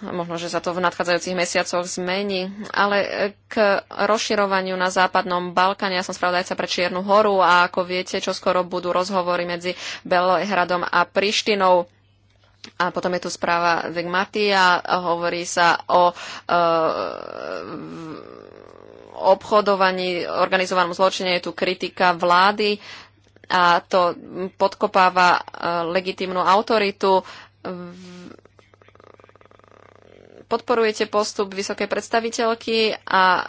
Možno, že sa to v nadchádzajúcich mesiacoch zmení, ale e, k rozširovaniu na západnom Balkáne. Ja som spravodajca pre Čiernu horu a ako viete, čo skoro budú rozhovory medzi Belehradom a Prištinou. A potom je tu správa Degmaty hovorí sa o e, obchodovaní, organizovanom zločine je tu kritika vlády a to podkopáva e, legitímnu autoritu. Podporujete postup vysokej predstaviteľky a e,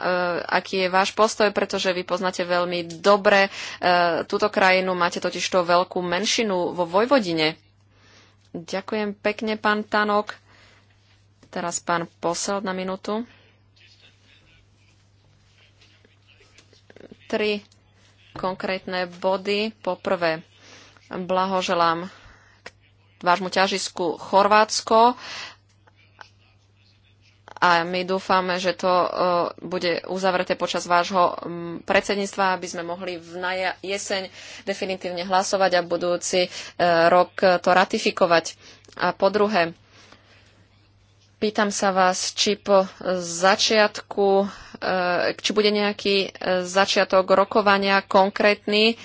aký je váš postoj, pretože vy poznáte veľmi dobre e, túto krajinu, máte totiž to veľkú menšinu vo Vojvodine. Ďakujem pekne, pán Tanok. Teraz pán posel na minútu. tri konkrétne body. Poprvé, blahoželám k vášmu ťažisku Chorvátsko a my dúfame, že to e, bude uzavreté počas vášho predsedníctva, aby sme mohli v na jeseň definitívne hlasovať a budúci e, rok to ratifikovať. A po druhé, Pýtam sa vás, či po začiatku, eh, či bude nejaký eh, začiatok rokovania konkrétny, eh,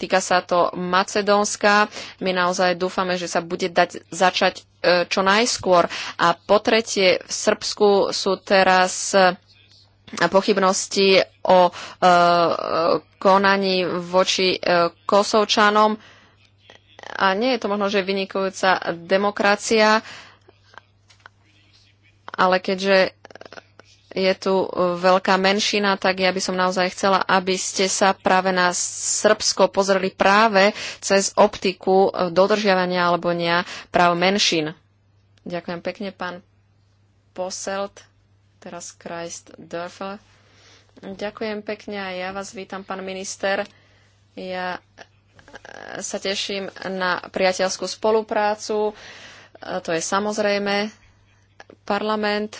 týka sa to Macedónska. My naozaj dúfame, že sa bude dať začať čo najskôr. A po tretie, v Srbsku sú teraz pochybnosti o konaní voči Kosovčanom. A nie je to možno, že vynikujúca demokracia ale keďže je tu e, veľká menšina, tak ja by som naozaj chcela, aby ste sa práve na Srbsko pozreli práve cez optiku e, dodržiavania alebo nie práv menšín. Ďakujem pekne, pán Poselt, teraz Christ Dörfel. Ďakujem pekne a ja vás vítam, pán minister. Ja e, sa teším na priateľskú spoluprácu. To je samozrejme parlament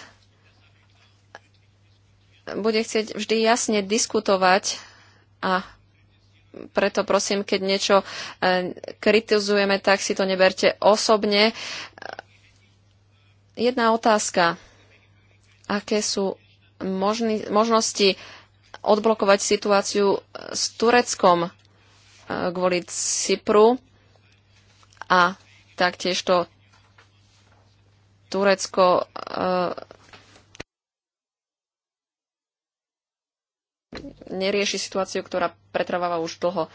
bude chcieť vždy jasne diskutovať a preto prosím, keď niečo e, kritizujeme, tak si to neberte osobne. Jedna otázka. Aké sú možný, možnosti odblokovať situáciu s Tureckom e, kvôli Cypru a taktiež to Turecko eh, nerieši situáciu, ktorá pretrváva už dlho.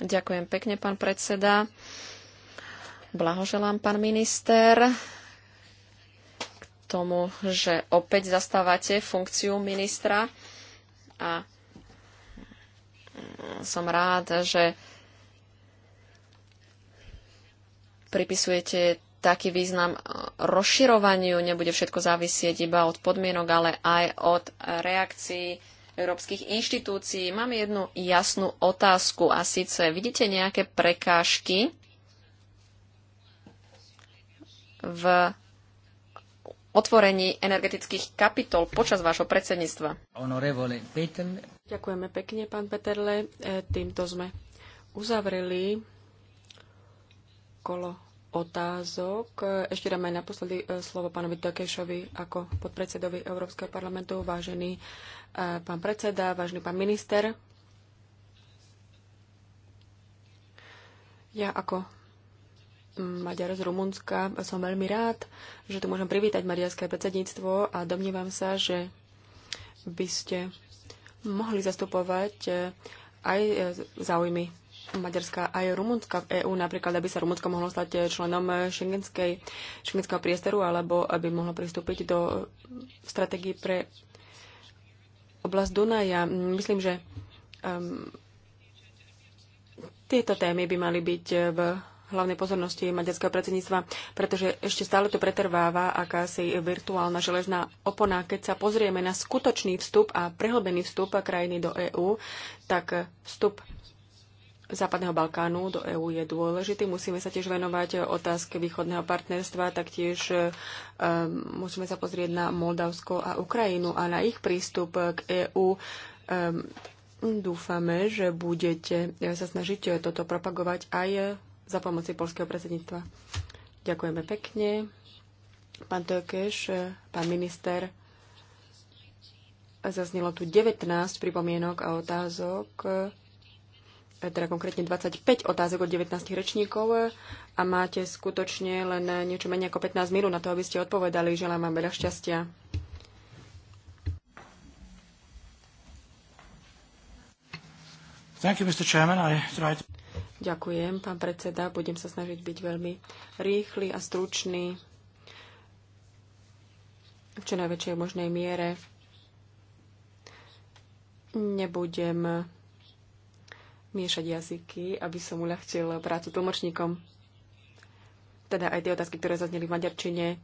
Ďakujem pekne, pán predseda. Blahoželám, pán minister, k tomu, že opäť zastávate funkciu ministra a som rád, že pripisujete taký význam rozširovaniu. Nebude všetko závisieť iba od podmienok, ale aj od reakcií európskych inštitúcií. Mám jednu jasnú otázku a síce vidíte nejaké prekážky v otvorení energetických kapitol počas vášho predsedníctva. Ďakujeme pekne, pán Peterle. E, týmto sme uzavreli kolo otázok. E, ešte dáme naposledy e, slovo pánovi Tokešovi ako podpredsedovi Európskeho parlamentu, vážený pán predseda, vážený pán minister. Ja ako Maďar z Rumunska som veľmi rád, že tu môžem privítať maďarské predsedníctvo a domnívam sa, že by ste mohli zastupovať e, aj e, záujmy Maďarska aj Rumunska v EÚ, napríklad aby sa Rumunsko mohlo stať e, členom šengenského priestoru alebo aby mohlo pristúpiť do stratégie pre oblasť Dunaja. Myslím, že um, tieto témy by mali byť v hlavnej pozornosti maďarského predsedníctva, pretože ešte stále to pretrváva akási virtuálna železná opona. Keď sa pozrieme na skutočný vstup a prehlbený vstup a krajiny do EÚ, tak vstup Západného Balkánu do EÚ je dôležitý. Musíme sa tiež venovať otázke východného partnerstva, taktiež um, musíme sa pozrieť na Moldavsko a Ukrajinu a na ich prístup k EÚ. Um, ehm, dúfame, že budete sa snažiť toto propagovať aj za pomoci polského predsedníctva. Ďakujeme pekne. Pán Tökeš, pán minister, zaznelo tu 19 pripomienok a otázok, teda konkrétne 25 otázok od 19 rečníkov a máte skutočne len niečo menej ako 15 minút na to, aby ste odpovedali. Želám vám veľa šťastia. Thank you, Mr. Chairman. I tried... Ďakujem, pán predseda. Budem sa snažiť byť veľmi rýchly a stručný v čo najväčšej možnej miere. Nebudem miešať jazyky, aby som uľahčil prácu tlmočníkom. Teda aj tie otázky, ktoré zazneli v maďarčine,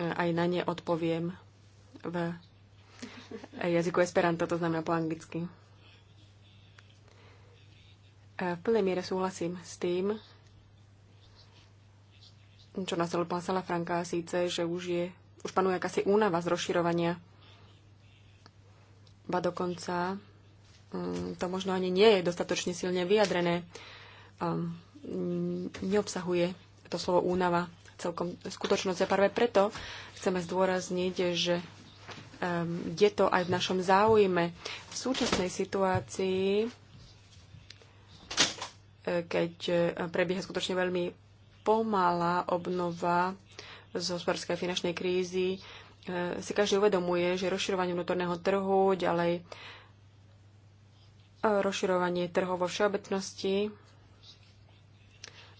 aj na ne odpoviem v jazyku Esperanto, to znamená po anglicky. V plnej miere súhlasím s tým, čo nastavil pán Salafranka, síce, že už, je, už panuje akási únava z rozširovania. Ba dokonca mm, to možno ani nie je dostatočne silne vyjadrené. Um, neobsahuje to slovo únava celkom skutočnosť. A práve preto chceme zdôrazniť, že um, je to aj v našom záujme. V súčasnej situácii keď e, prebieha skutočne veľmi pomalá obnova z hospodárskej a finančnej krízy, e, si každý uvedomuje, že rozširovanie vnútorného trhu, ďalej e, rozširovanie trhov vo všeobecnosti,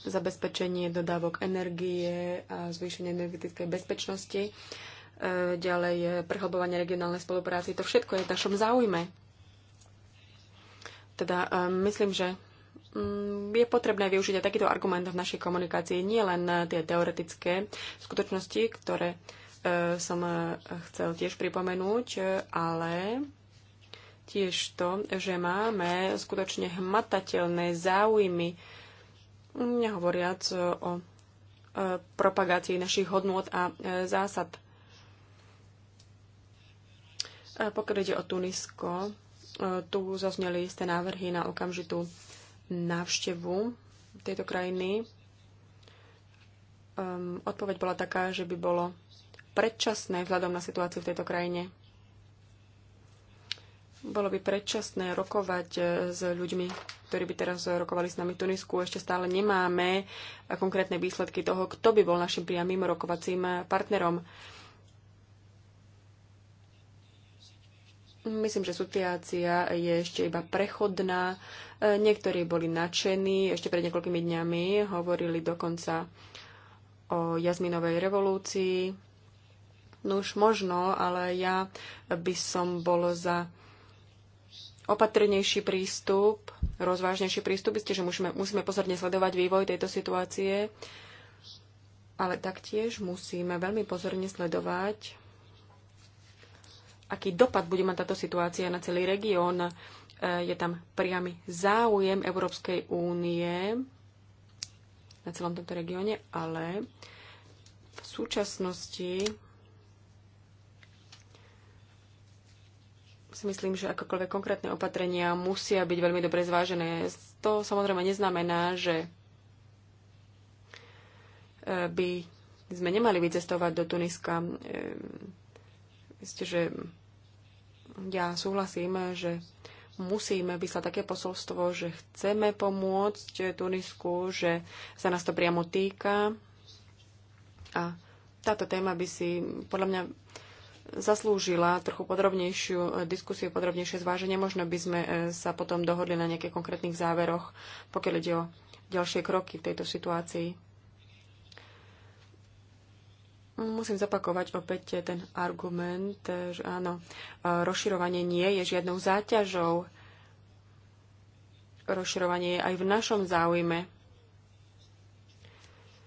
zabezpečenie dodávok energie a zvýšenie energetickej bezpečnosti, ďalej prehlbovanie regionálnej spolupráce. To všetko je v našom záujme. Teda myslím, že Mm, je potrebné využiť aj takýto argument v našej komunikácii, nie len eh, tie teoretické skutočnosti, ktoré eh, som eh, chcel tiež pripomenúť, ale tiež to, že máme skutočne hmatateľné záujmy, nehovoriac o propagácii našich hodnôt a zásad. Pokiaľ ide o Tunisko, tu zazneli isté návrhy na okamžitú návštevu tejto krajiny, um, odpoveď bola taká, že by bolo predčasné vzhľadom na situáciu v tejto krajine. Bolo by predčasné rokovať eh, s ľuďmi, ktorí by teraz rokovali s nami v Tunisku. Ešte stále nemáme eh, konkrétne výsledky toho, kto by bol našim priamým rokovacím eh, partnerom. Myslím, že situácia je ešte iba prechodná. E, niektorí boli nadšení, ešte pred niekoľkými dňami hovorili dokonca o jazminovej revolúcii. No už možno, ale ja by som bol za opatrnejší prístup, rozvážnejší prístup. Isté, že musíme, musíme pozorne sledovať vývoj tejto situácie, ale taktiež musíme veľmi pozorne sledovať aký dopad bude mať táto situácia na celý región. E, je tam priamy záujem Európskej únie na celom tomto regióne, ale v súčasnosti si myslím, že akokoľvek konkrétne opatrenia musia byť veľmi dobre zvážené. To samozrejme neznamená, že e, by sme nemali vycestovať do Tuniska. E, myslím, že ja súhlasím, že musíme vyslať také posolstvo, že chceme pomôcť Tunisku, že sa nás to priamo týka. A táto téma by si podľa mňa zaslúžila trochu podrobnejšiu eh, diskusiu, podrobnejšie zváženie. Možno by sme eh, sa potom dohodli na nejakých konkrétnych záveroch, pokiaľ ide o ďalšie kroky v tejto situácii. Musím zapakovať opäť ten argument, že áno, rozširovanie nie je žiadnou záťažou. Rozširovanie je aj v našom záujme.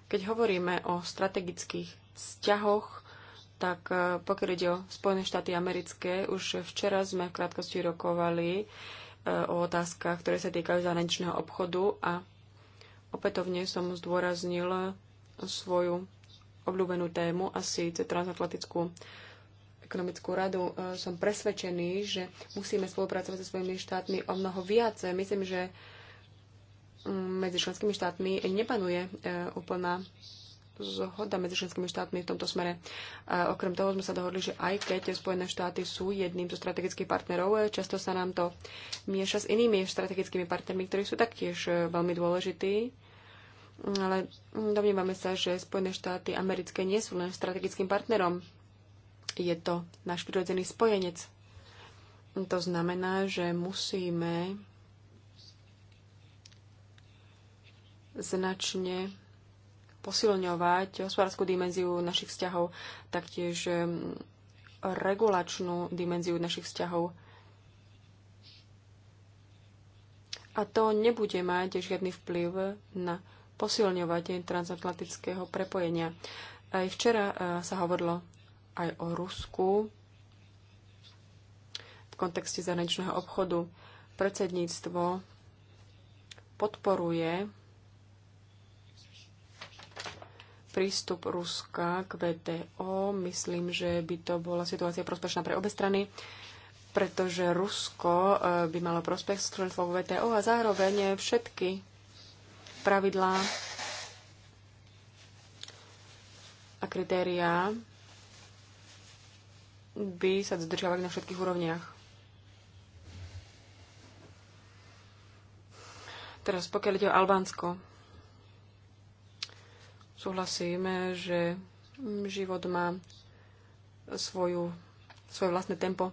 Keď hovoríme o strategických vzťahoch, tak eh, pokiaľ ide o Spojené štáty americké, už včera sme v krátkosti rokovali eh, o otázkach, ktoré sa týkajú zahraničného obchodu a opätovne som zdôraznil svoju obľúbenú tému a síce transatlantickú ekonomickú radu. E, som presvedčený, že musíme spolupracovať so svojimi štátmi o mnoho viac. Myslím, že mm, medzi členskými štátmi nepanuje e, úplná zhoda medzi členskými štátmi v tomto smere. A e, okrem toho sme sa dohodli, že aj keď Spojené štáty sú jedným zo strategických partnerov, často sa nám to mieša s inými strategickými partnermi, ktorí sú taktiež veľmi dôležití ale domnievame sa, že Spojené štáty americké nie sú len strategickým partnerom. Je to náš prirodzený spojenec. To znamená, že musíme značne posilňovať hospodárskú dimenziu našich vzťahov, taktiež mm, regulačnú dimenziu našich vzťahov. A to nebude mať žiadny vplyv na posilňovať transatlantického prepojenia. Aj včera e, sa hovorilo aj o Rusku v kontexte zahraničného obchodu. Predsedníctvo podporuje prístup Ruska k VTO. Myslím, že by to bola situácia prospešná pre obe strany, pretože Rusko e, by malo prospech z členstvom VTO a zároveň všetky pravidlá a kritériá by sa dodržiavali na všetkých úrovniach. Teraz pokiaľ ide o Albánsko, súhlasíme, že život má svoju, svoje vlastné tempo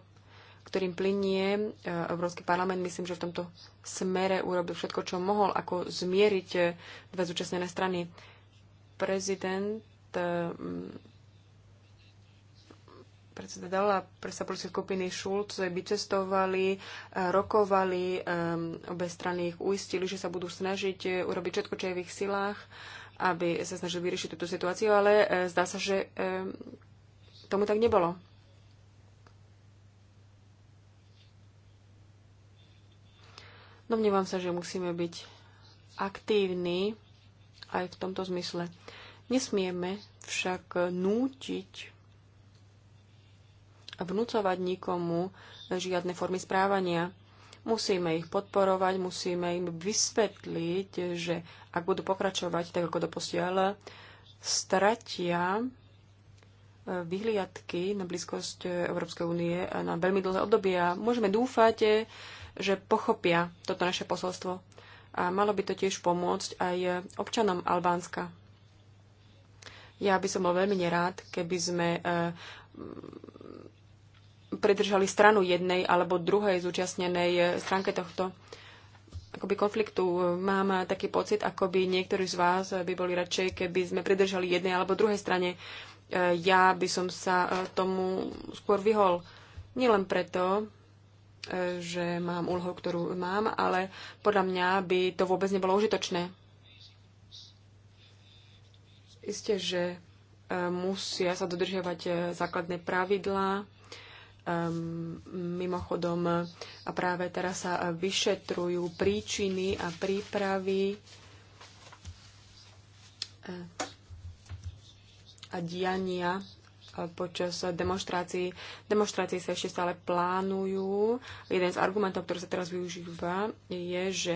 ktorým plinie e, Európsky parlament, myslím, že v tomto smere urobil všetko, čo mohol, ako zmieriť e, dve zúčastnené strany. Prezident e, predseda Dala, predseda politické skupiny Šulc cestovali, rokovali, obe strany ich uistili, že sa budú snažiť urobiť všetko, čo je v ich silách, aby sa snažili vyriešiť túto situáciu, ale zdá sa, že tomu tak nebolo. Domnievam sa, že musíme byť aktívni aj v tomto zmysle. Nesmieme však nútiť a vnúcovať nikomu žiadne formy správania. Musíme ich podporovať, musíme im vysvetliť, že ak budú pokračovať tak ako doposiaľ, stratia e, vyhliadky na blízkosť Európskej únie na veľmi dlhé obdobie. A môžeme dúfať, e, že pochopia toto naše posolstvo. A malo by to tiež pomôcť aj občanom Albánska. Ja by som bol veľmi nerád, keby sme eh, predržali stranu jednej alebo druhej zúčastnenej eh, stránke tohto akoby konfliktu. Eh, mám taký pocit, ako by niektorí z vás by boli radšej, keby sme pridržali jednej alebo druhej strane. Ja by som sa tomu skôr vyhol. Nielen preto, že mám úlohu, ktorú mám, ale podľa mňa by to vôbec nebolo užitočné. Isté, že e, musia sa dodržiavať e, základné pravidlá. Ehm, mimochodom, e, a práve teraz sa vyšetrujú príčiny a prípravy a diania počas demonstrácií. Demonstrácie sa ešte stále plánujú. Jeden z argumentov, ktorý sa teraz využíva, je, že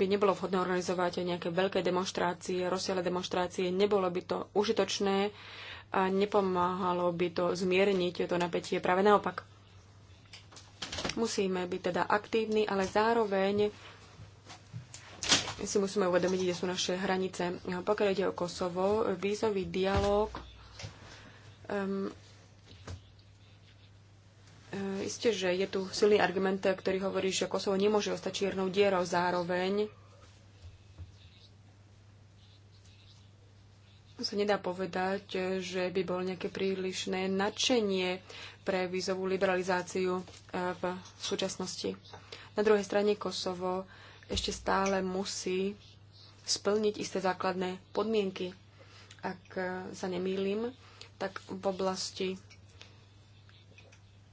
by nebolo vhodné organizovať nejaké veľké demonstrácie, rozsiahle demonstrácie, nebolo by to užitočné a nepomáhalo by to zmierniť to napätie. Práve naopak. Musíme byť teda aktívni, ale zároveň si musíme uvedomiť, kde sú naše hranice. Pokiaľ ide o Kosovo, vízový dialog. Um, e, Isté, že je tu silný argument, ktorý hovorí, že Kosovo nemôže ostať čiernou dierou zároveň. sa nedá povedať, že by bolo nejaké prílišné nadšenie pre vízovú liberalizáciu e, v súčasnosti. Na druhej strane Kosovo ešte stále musí splniť isté základné podmienky. Ak e, sa nemýlim, tak v oblasti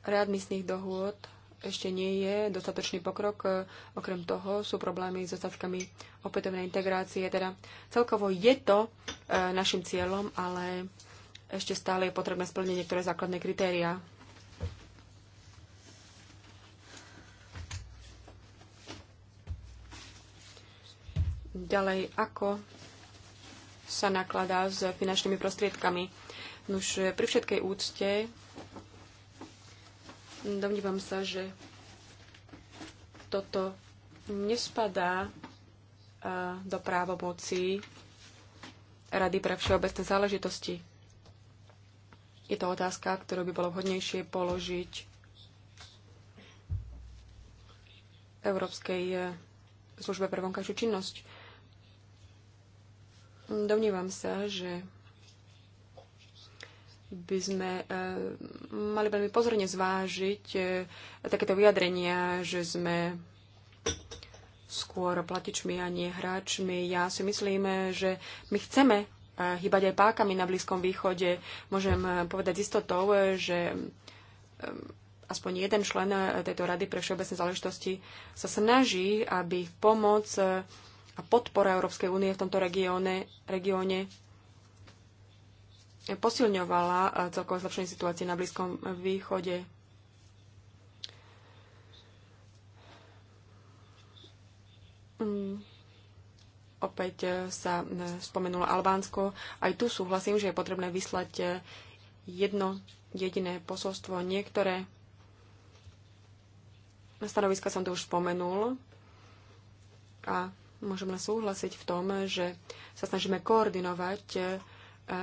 readmisných dohôd ešte nie je dostatočný pokrok. E, okrem toho sú problémy s dostatkami opätovnej integrácie. Teda celkovo je to e, našim cieľom, ale ešte stále je potrebné splniť niektoré základné kritériá. Ďalej, ako sa nakladá s finančnými prostriedkami. Nuž pri všetkej úcte domnívam sa, že toto nespadá do právomocí Rady pre všeobecné záležitosti. Je to otázka, ktorú by bolo vhodnejšie položiť Európskej e, službe pre vonkajšiu činnosť Domnívam sa, že by sme e, mali veľmi pozorne zvážiť e, takéto vyjadrenia, že sme skôr platičmi a nie hráčmi. Ja si myslím, že my chceme e, hýbať aj pákami na Blízkom východe. Môžem povedať s istotou, že aspoň jeden člen tejto rady pre všeobecné záležitosti sa snaží, aby pomoc a podpora Európskej únie v tomto regióne, regióne posilňovala eh, celkové zlepšenie situácie na Blízkom východe. Mm. Opäť eh, sa eh, spomenulo Albánsko. Aj tu súhlasím, že je potrebné vyslať jedno jediné posolstvo. Niektoré stanoviska som tu už spomenul a môžem len súhlasiť v tom, že sa snažíme koordinovať eh,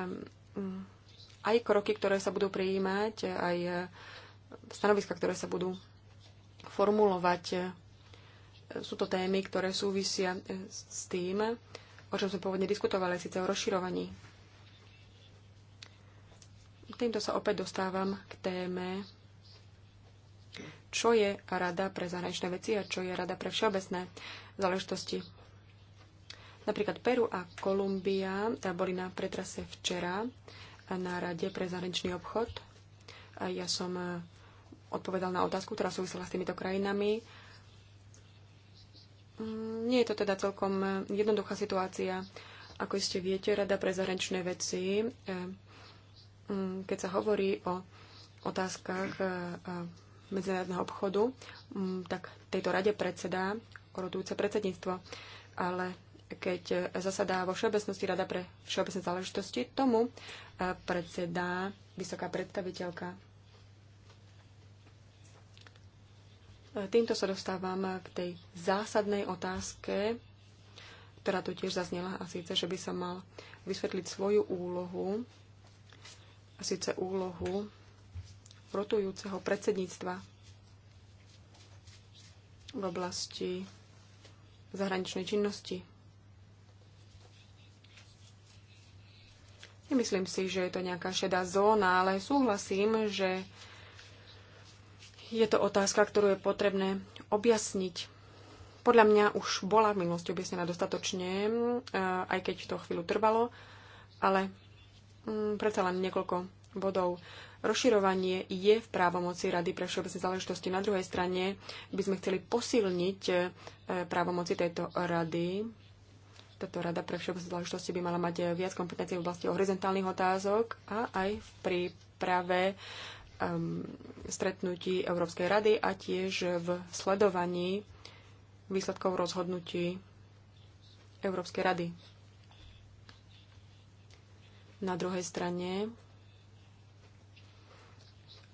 aj kroky, ktoré sa budú prijímať, aj eh, stanoviska, ktoré sa budú formulovať. Sú to témy, ktoré súvisia eh, s tým, o čom sme pôvodne diskutovali, síce o rozširovaní. Týmto sa opäť dostávam k téme, čo je Rada pre zahraničné veci a čo je Rada pre všeobecné záležitosti. Napríklad Peru a Kolumbia boli na pretrase včera na Rade pre zahraničný obchod. Ja som e, odpovedal na otázku, ktorá súvisela s týmito krajinami. Mm, nie je to teda celkom e, jednoduchá situácia. Ako ste viete, Rada pre zahraničné veci, e, mm, keď sa hovorí o otázkach medzinárodného obchodu, mm, tak tejto rade predsedá rotujúce predsedníctvo. Ale keď zasadá vo Všeobecnosti Rada pre všeobecné záležitosti, tomu e, predsedá vysoká predstaviteľka. E, týmto sa dostávam k tej zásadnej otázke, ktorá tu tiež zaznela, a síce, že by som mal vysvetliť svoju úlohu, a síce úlohu rotujúceho predsedníctva v oblasti zahraničnej činnosti Nemyslím si, že je to nejaká šedá zóna, ale súhlasím, že je to otázka, ktorú je potrebné objasniť. Podľa mňa už bola v minulosti objasnená dostatočne, e, aj keď to chvíľu trvalo, ale mm, predsa len niekoľko bodov. Rozširovanie je v právomoci Rady pre všeobecné záležitosti. Na druhej strane by sme chceli posilniť e, právomoci tejto rady táto Rada pre všeobecné záležitosti by mala mať viac kompetencií v oblasti horizontálnych otázok a aj v príprave um, stretnutí Európskej rady a tiež v sledovaní výsledkov rozhodnutí Európskej rady. Na druhej strane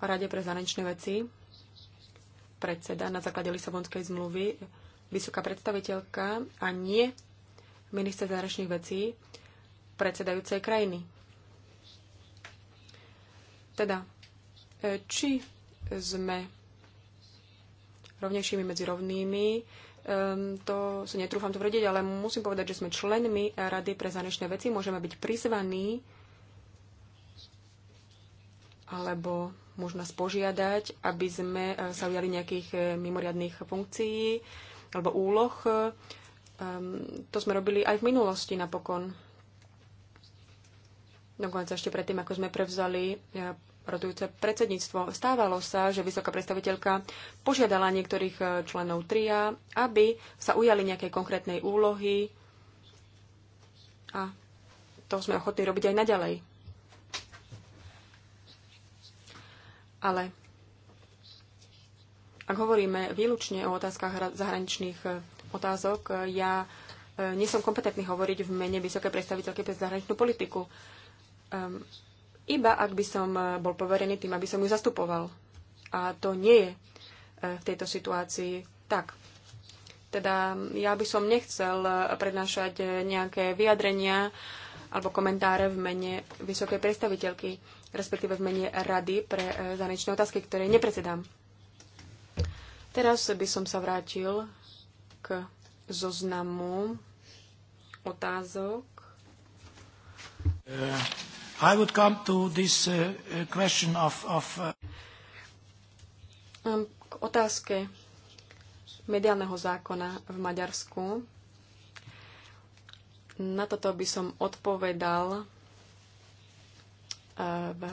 Rade pre zahraničné veci predseda na základe Lisabonskej zmluvy vysoká predstaviteľka a nie minister zahraničných vecí predsedajúcej krajiny. Teda, e, či sme rovnejšími medzi rovnými, ehm, to si netrúfam tvrdiť, ale musím povedať, že sme členmi Rady pre zahraničné veci, môžeme byť prizvaní alebo možno nás požiadať, aby sme e, sa ujali nejakých e, mimoriadných funkcií alebo úloh. Um, to sme robili aj v minulosti napokon. Dokonca ešte predtým, ako sme prevzali eh, rotujúce predsedníctvo. Stávalo sa, že vysoká predstaviteľka požiadala niektorých eh, členov tria, aby sa ujali nejakej konkrétnej úlohy a to sme ochotní robiť aj naďalej. Ale ak hovoríme výlučne o otázkach zahraničných eh, otázok. Ja e, nie som kompetentný hovoriť v mene vysoké predstaviteľky pre zahraničnú politiku. Um, iba ak by som e, bol poverený tým, aby som ju zastupoval. A to nie je e, v tejto situácii tak. Teda ja by som nechcel prednášať nejaké vyjadrenia alebo komentáre v mene vysokej predstaviteľky, respektíve v mene Rady pre zahraničné otázky, ktoré nepredsedám. Teraz by som sa vrátil k zoznamu otázok. Uh, I would come to this uh, uh question of, of uh... Um, k otázke mediálneho zákona v Maďarsku. Na toto by som odpovedal uh, v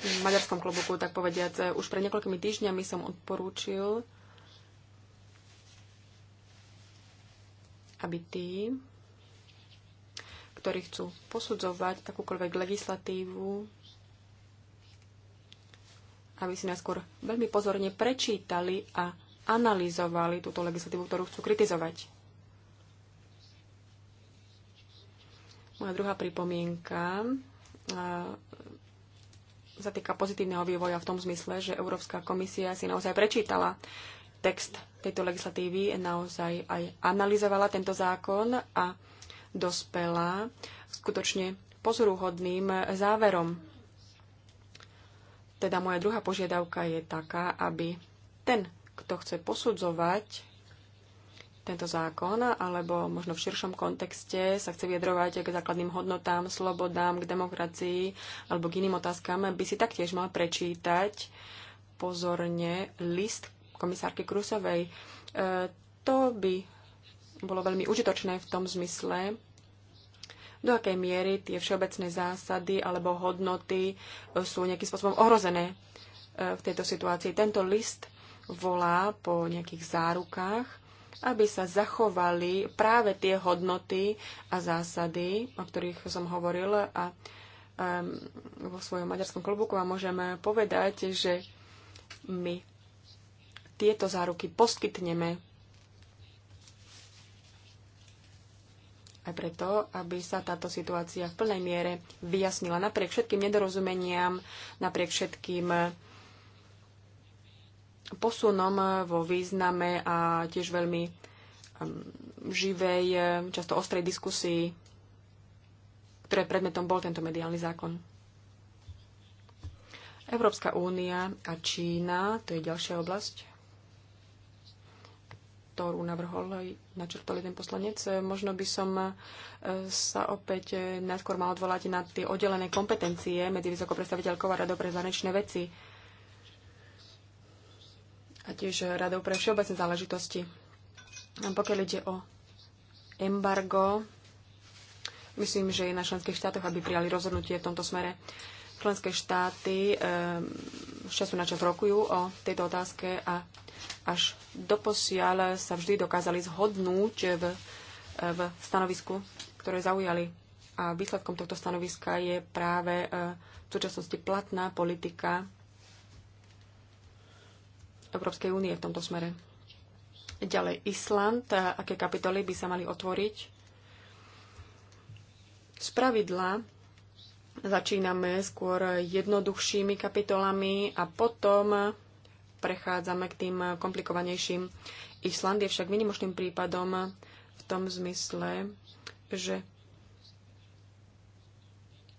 V maďarskom klobuku, tak povediať. E, už pred niekoľkými týždňami som odporúčil, aby tí, ktorí chcú posudzovať akúkoľvek legislatívu, aby si najskôr veľmi pozorne prečítali a analyzovali túto legislatívu, ktorú chcú kritizovať. Moja druhá pripomienka sa týka pozitívneho vývoja v tom zmysle, že Európska komisia si naozaj prečítala text tejto legislatívy, naozaj aj analyzovala tento zákon a dospela skutočne pozoruhodným záverom. Teda moja druhá požiadavka je taká, aby ten, kto chce posudzovať tento zákon, alebo možno v širšom kontexte sa chce vyjadrovať k základným hodnotám, slobodám, k demokracii alebo k iným otázkam, by si taktiež mal prečítať pozorne list komisárky Krusovej. E, to by bolo veľmi užitočné v tom zmysle, do akej miery tie všeobecné zásady alebo hodnoty e, sú nejakým spôsobom ohrozené e, v tejto situácii. Tento list volá po nejakých zárukách, aby sa zachovali práve tie hodnoty a zásady, o ktorých som hovoril a um, vo svojom maďarskom klobúku vám môžeme povedať, že my tieto záruky poskytneme aj preto, aby sa táto situácia v plnej miere vyjasnila napriek všetkým nedorozumeniam, napriek všetkým posunom eh, vo význame a tiež veľmi živej, eh, často ostrej diskusii, ktoré predmetom bol tento mediálny zákon. Európska únia a Čína, to je ďalšia oblasť, ktorú navrhol, načrtol jeden poslanec. Eh, možno by som sa opäť najskôr mal odvolať na tie oddelené kompetencie medzi vysokou predstaviteľkou a radou pre zahraničné veci a tiež Radou pre všeobecné záležitosti. A pokiaľ ide o embargo, myslím, že je na členských štátoch, aby prijali rozhodnutie v tomto smere. Členské štáty e, času na čas rokujú o tejto otázke a až doposiaľ sa vždy dokázali zhodnúť v, v stanovisku, ktoré zaujali. A výsledkom tohto stanoviska je práve e, v súčasnosti platná politika Európskej únie v tomto smere. Ďalej Island, aké kapitoly by sa mali otvoriť. Z pravidla začíname skôr jednoduchšími kapitolami a potom prechádzame k tým komplikovanejším. Island je však vynimočným prípadom v tom zmysle, že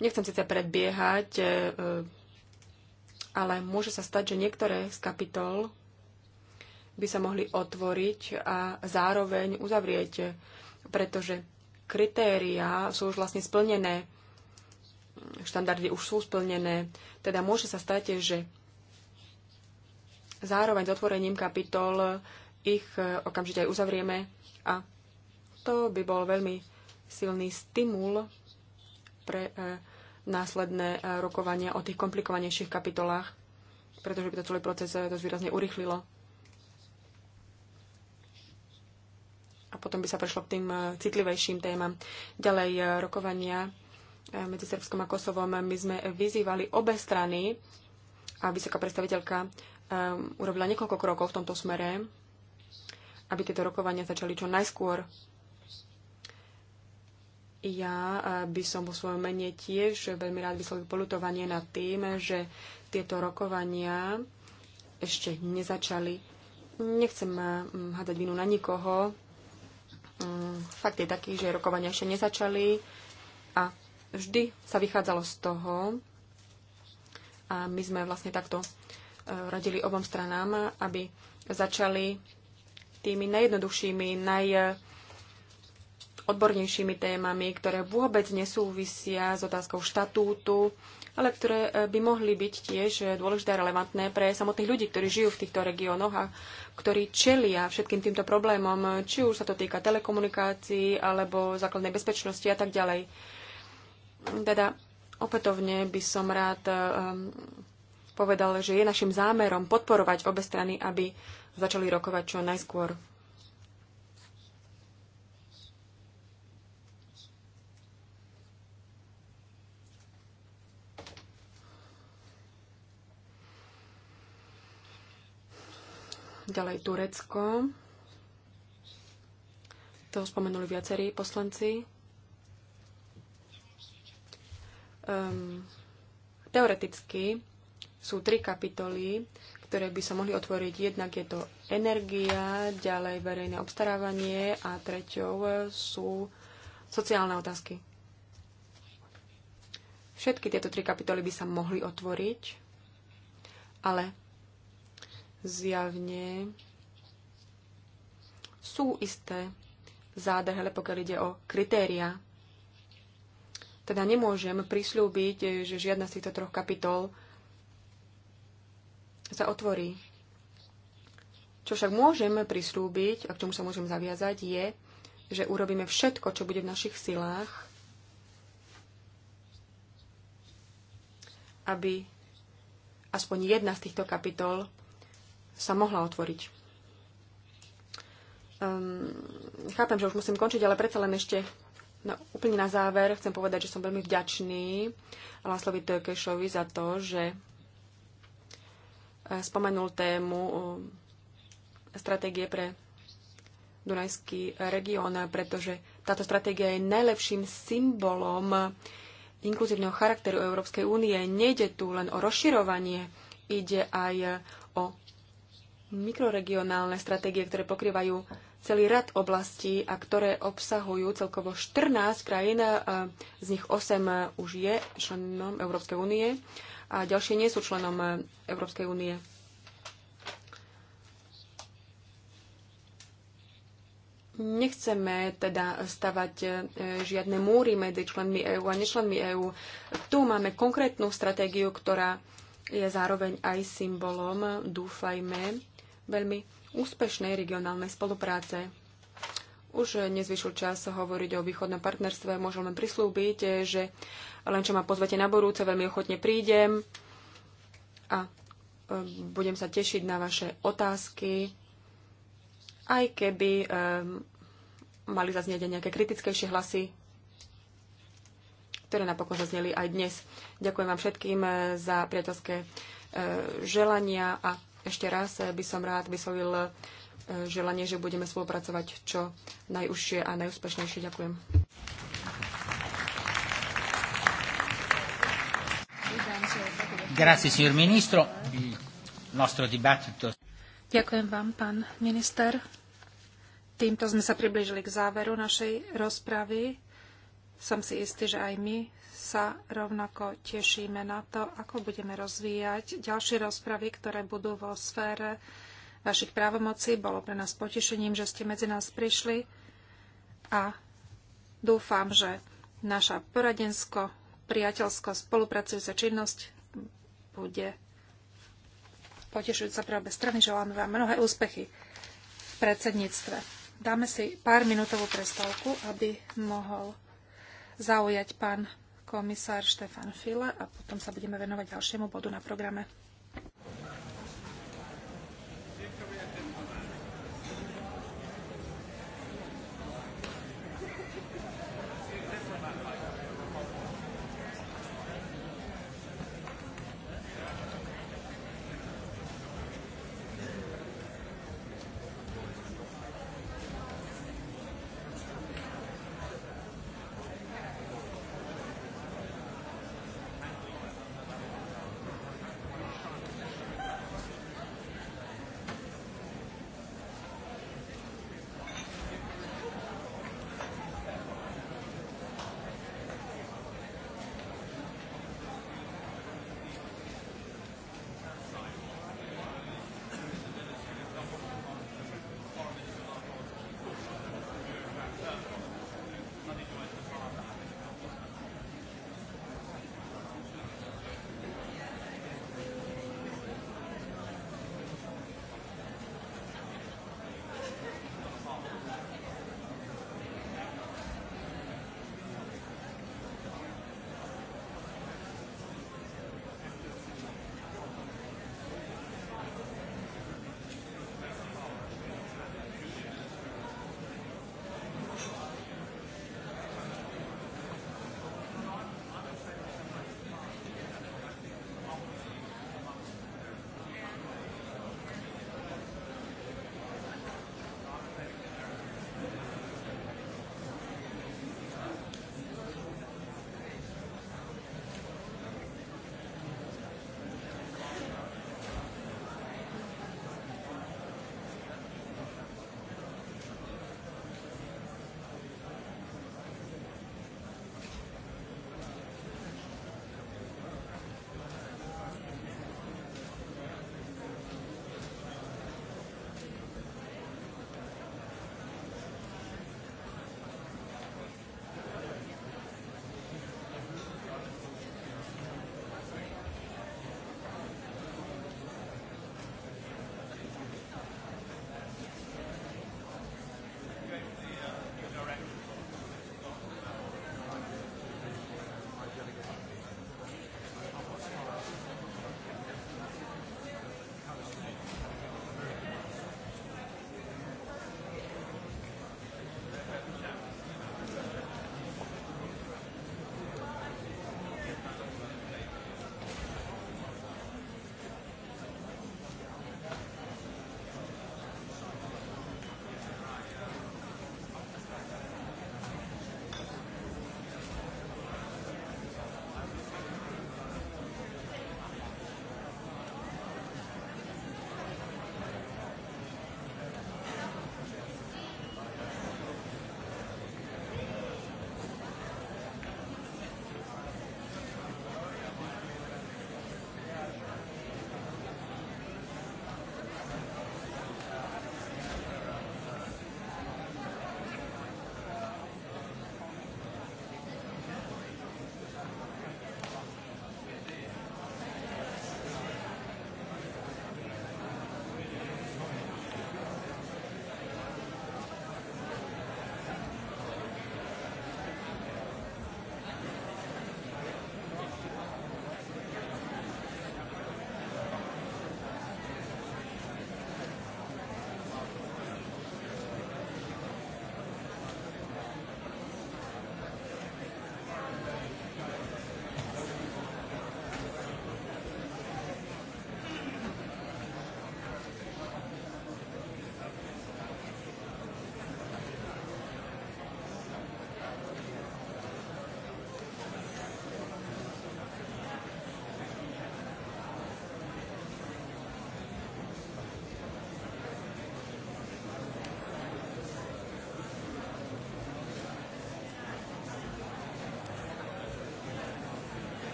nechcem síce predbiehať, e, ale môže sa stať, že niektoré z kapitol by sa mohli otvoriť a zároveň uzavrieť, pretože kritériá sú už vlastne splnené, štandardy už sú splnené, teda môže sa stať, že zároveň s otvorením kapitol ich okamžite aj uzavrieme a to by bol veľmi silný stimul pre e, následné e, rokovania o tých komplikovanejších kapitolách, pretože by to celý proces e, dosť výrazne urychlilo. a potom by sa prešlo k tým e, citlivejším témam. Ďalej e, rokovania e, medzi Srbskom a Kosovom. My sme vyzývali obe strany a vysoká predstaviteľka urobila niekoľko krokov v tomto smere, aby tieto rokovania začali čo najskôr. Ja by som vo svojom mene tiež veľmi rád vyslovil polutovanie nad tým, že tieto rokovania ešte nezačali. Nechcem hádať vinu na nikoho, fakt je taký, že rokovania ešte nezačali a vždy sa vychádzalo z toho a my sme vlastne takto e, radili obom stranám, aby začali tými najjednoduchšími, najodbornejšími témami, ktoré vôbec nesúvisia s otázkou štatútu ale ktoré e, by mohli byť tiež e, dôležité a relevantné pre samotných ľudí, ktorí žijú v týchto regiónoch a ktorí čelia všetkým týmto problémom, či už sa to týka telekomunikácií alebo základnej bezpečnosti a tak ďalej. Teda opätovne by som rád e, povedal, že je našim zámerom podporovať obe strany, aby začali rokovať čo najskôr. Ďalej Turecko. To spomenuli viacerí poslanci. Um, teoreticky sú tri kapitoly, ktoré by sa mohli otvoriť. Jednak je to energia, ďalej verejné obstarávanie a treťou e, sú sociálne otázky. Všetky tieto tri kapitoly by sa mohli otvoriť, ale zjavne sú isté zádrhele, pokiaľ ide o kritéria. Teda nemôžem prislúbiť, že žiadna z týchto troch kapitol sa otvorí. Čo však môžeme prislúbiť, a k čomu sa môžem zaviazať, je, že urobíme všetko, čo bude v našich silách, aby aspoň jedna z týchto kapitol sa mohla otvoriť. Um, chápem, že už musím končiť, ale predsa len ešte no, úplne na záver chcem povedať, že som veľmi vďačný Láslovi Tökešovi za to, že eh, spomenul tému eh, stratégie pre Dunajský región, pretože táto stratégia je najlepším symbolom inkluzívneho charakteru Európskej únie. Nejde tu len o rozširovanie, ide aj o mikroregionálne stratégie, ktoré pokrývajú celý rad oblastí a ktoré obsahujú celkovo 14 krajín, z nich 8 už je členom Európskej únie a ďalšie nie sú členom Európskej únie. Nechceme teda stavať e, žiadne múry medzi členmi EÚ a nečlenmi EÚ. Tu máme konkrétnu stratégiu, ktorá je zároveň aj symbolom, dúfajme, veľmi úspešnej regionálnej spolupráce. Už nezvyšil čas hovoriť o východnom partnerstve. Môžem len prislúbiť, že len čo ma pozvete na borúce, veľmi ochotne prídem a e, budem sa tešiť na vaše otázky, aj keby um, mali zaznieť aj nejaké kritickejšie hlasy, ktoré napokon zazneli aj dnes. Ďakujem vám všetkým e, za priateľské uh, želania a ešte raz eh, by som rád vyslovil eh, želanie, že budeme spolupracovať čo najúžšie a najúspešnejšie. Ďakujem. Grazie, signor ministro. Il nostro dibattito... Ďakujem vám, pán minister. Týmto sme sa približili k záveru našej rozpravy. Som si istý, že aj my sa rovnako tešíme na to, ako budeme rozvíjať ďalšie rozpravy, ktoré budú vo sfére vašich právomocí. Bolo pre nás potešením, že ste medzi nás prišli a dúfam, že naša poradensko, priateľsko, spolupracujúca činnosť bude potešujúca pre obe strany. Želáme vám mnohé úspechy v predsedníctve. Dáme si pár minútovú prestávku, aby mohol zaujať pán komisár Štefan Fila a potom sa budeme venovať ďalšiemu bodu na programe.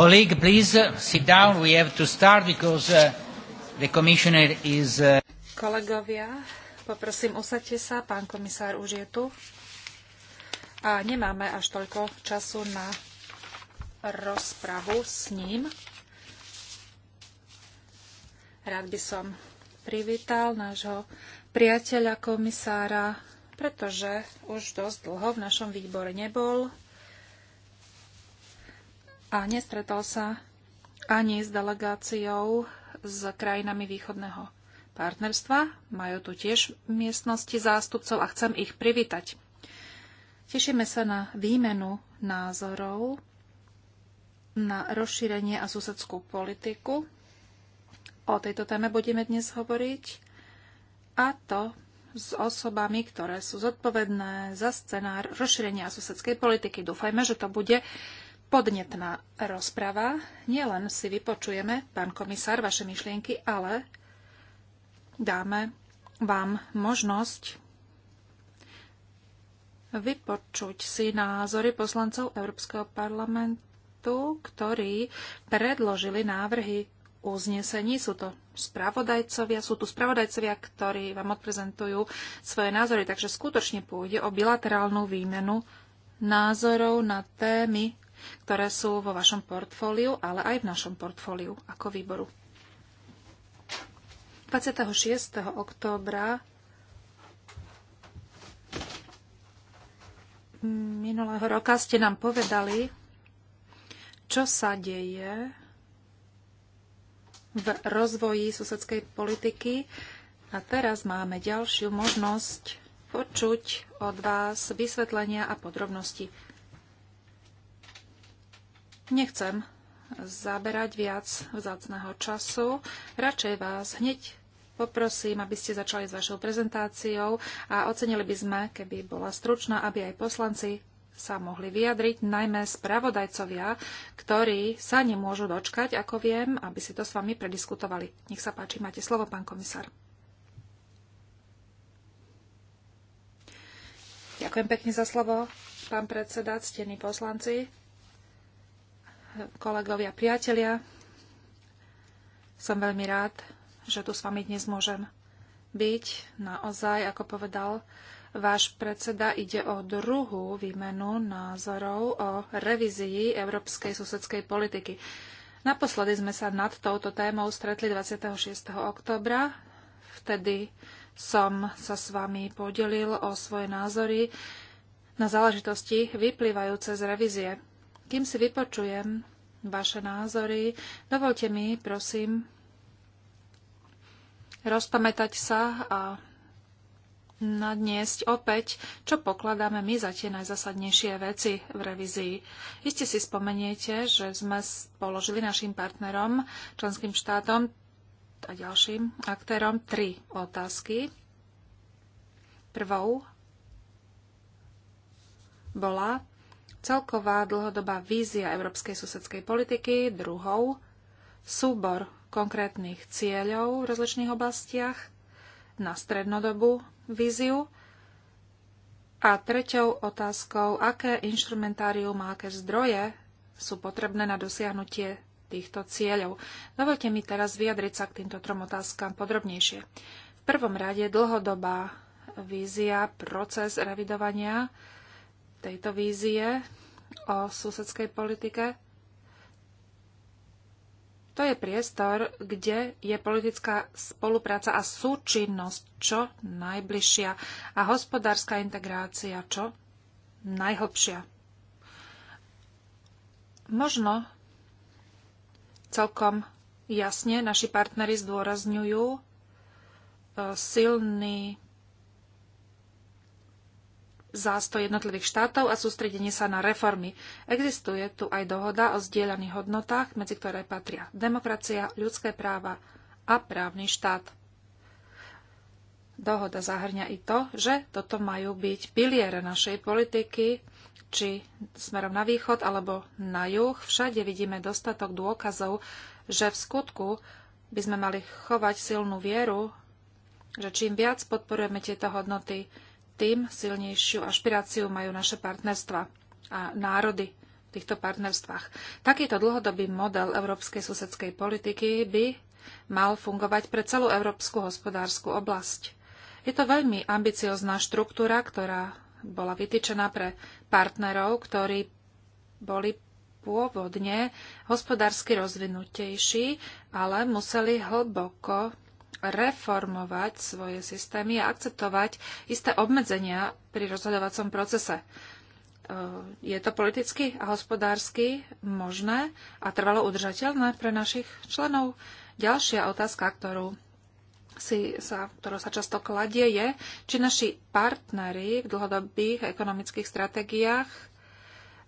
Colleague, please uh, sit down. We have to start because uh, the commissioner is... Uh, Kolegovia, poprosím, usadte sa. Pán komisár už je tu. A nemáme až toľko času na rozpravu s ním. Rád by som privítal nášho priateľa komisára, pretože už dosť dlho v našom výbore nebol a nestretol sa ani s delegáciou s krajinami východného partnerstva. Majú tu tiež miestnosti zástupcov a chcem ich privítať. Tešíme sa na výmenu názorov na rozšírenie a susedskú politiku. O tejto téme budeme dnes hovoriť a to s osobami, ktoré sú zodpovedné za scenár rozšírenia susedskej politiky. Dúfajme, že to bude podnetná rozprava. Nielen si vypočujeme, pán komisár, vaše myšlienky, ale dáme vám možnosť vypočuť si názory poslancov Európskeho parlamentu, ktorí predložili návrhy uznesení. Sú to spravodajcovia, sú tu spravodajcovia, ktorí vám odprezentujú svoje názory. Takže skutočne pôjde o bilaterálnu výmenu názorov na témy ktoré sú vo vašom portfóliu, ale aj v našom portfóliu ako výboru. 26. októbra minulého roka ste nám povedali, čo sa deje v rozvoji susedskej politiky a teraz máme ďalšiu možnosť počuť od vás vysvetlenia a podrobnosti Nechcem zaberať viac vzácného času. Radšej vás hneď poprosím, aby ste začali s vašou prezentáciou a ocenili by sme, keby bola stručná, aby aj poslanci sa mohli vyjadriť, najmä spravodajcovia, ktorí sa nemôžu dočkať, ako viem, aby si to s vami prediskutovali. Nech sa páči, máte slovo, pán komisár. Ďakujem pekne za slovo, pán predseda, ctení poslanci kolegovia, priatelia. Som veľmi rád, že tu s vami dnes môžem byť. Naozaj, ako povedal váš predseda, ide o druhú výmenu názorov o revízii európskej susedskej politiky. Naposledy sme sa nad touto témou stretli 26. oktobra. Vtedy som sa s vami podelil o svoje názory na záležitosti vyplývajúce z revízie kým si vypočujem vaše názory, dovolte mi, prosím, rozpamätať sa a nadniesť opäť, čo pokladáme my za tie najzasadnejšie veci v revízii. Iste si spomeniete, že sme položili našim partnerom, členským štátom a ďalším aktérom tri otázky. Prvou bola celková dlhodobá vízia európskej susedskej politiky, druhou súbor konkrétnych cieľov v rozličných oblastiach na strednodobú víziu a treťou otázkou, aké inštrumentárium a aké zdroje sú potrebné na dosiahnutie týchto cieľov. Dovolte mi teraz vyjadriť sa k týmto trom otázkam podrobnejšie. V prvom rade dlhodobá vízia, proces revidovania tejto vízie o susedskej politike. To je priestor, kde je politická spolupráca a súčinnosť čo najbližšia a hospodárska integrácia čo najhlbšia. Možno celkom jasne naši partnery zdôrazňujú e, silný zástoj jednotlivých štátov a sústredenie sa na reformy. Existuje tu aj dohoda o zdieľaných hodnotách, medzi ktoré patria demokracia, ľudské práva a právny štát. Dohoda zahrňa i to, že toto majú byť piliere našej politiky, či smerom na východ alebo na juh. Všade vidíme dostatok dôkazov, že v skutku by sme mali chovať silnú vieru, že čím viac podporujeme tieto hodnoty, tým silnejšiu ašpiráciu majú naše partnerstva a národy v týchto partnerstvách. Takýto dlhodobý model európskej susedskej politiky by mal fungovať pre celú európsku hospodárskú oblasť. Je to veľmi ambiciozná štruktúra, ktorá bola vytýčená pre partnerov, ktorí boli pôvodne hospodársky rozvinutejší, ale museli hlboko reformovať svoje systémy a akceptovať isté obmedzenia pri rozhodovacom procese. E, je to politicky a hospodársky možné a trvalo udržateľné pre našich členov? Ďalšia otázka, ktorú si sa, ktorou sa často kladie, je, či naši partnery v dlhodobých ekonomických stratégiách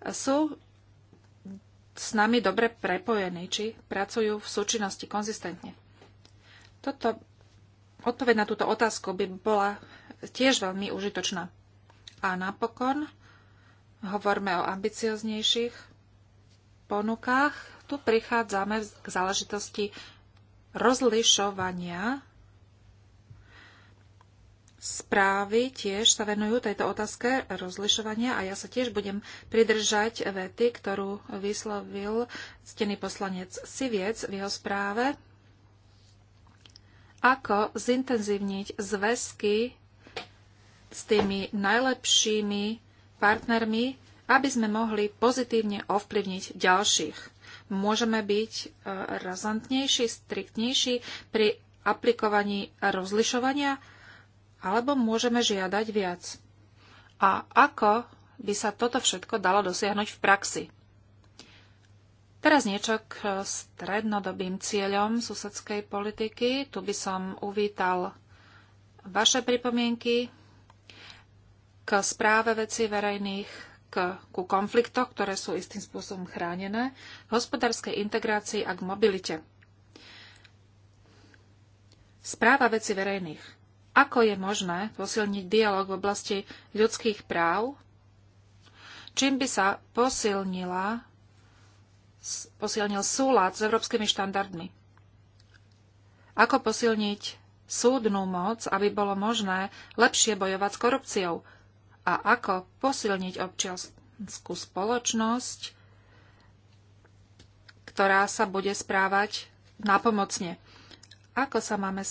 sú s nami dobre prepojení, či pracujú v súčinnosti konzistentne. Toto, odpoveď na túto otázku by bola tiež veľmi užitočná. A napokon hovorme o ambicioznejších ponukách. Tu prichádzame k záležitosti rozlišovania správy tiež sa venujú tejto otázke rozlišovania a ja sa tiež budem pridržať vety, ktorú vyslovil stený poslanec Siviec v jeho správe ako zintenzívniť zväzky s tými najlepšími partnermi, aby sme mohli pozitívne ovplyvniť ďalších. Môžeme byť e, razantnejší, striktnejší pri aplikovaní rozlišovania, alebo môžeme žiadať viac. A ako by sa toto všetko dalo dosiahnuť v praxi? Teraz niečo k strednodobým cieľom susedskej politiky. Tu by som uvítal vaše pripomienky k správe veci verejných, k, ku konfliktoch, ktoré sú istým spôsobom chránené, k hospodárskej integrácii a k mobilite. Správa veci verejných. Ako je možné posilniť dialog v oblasti ľudských práv? Čím by sa posilnila posilnil súlad s európskymi štandardmi. Ako posilniť súdnu moc, aby bolo možné lepšie bojovať s korupciou? A ako posilniť občianskú spoločnosť, ktorá sa bude správať napomocne? Ako sa máme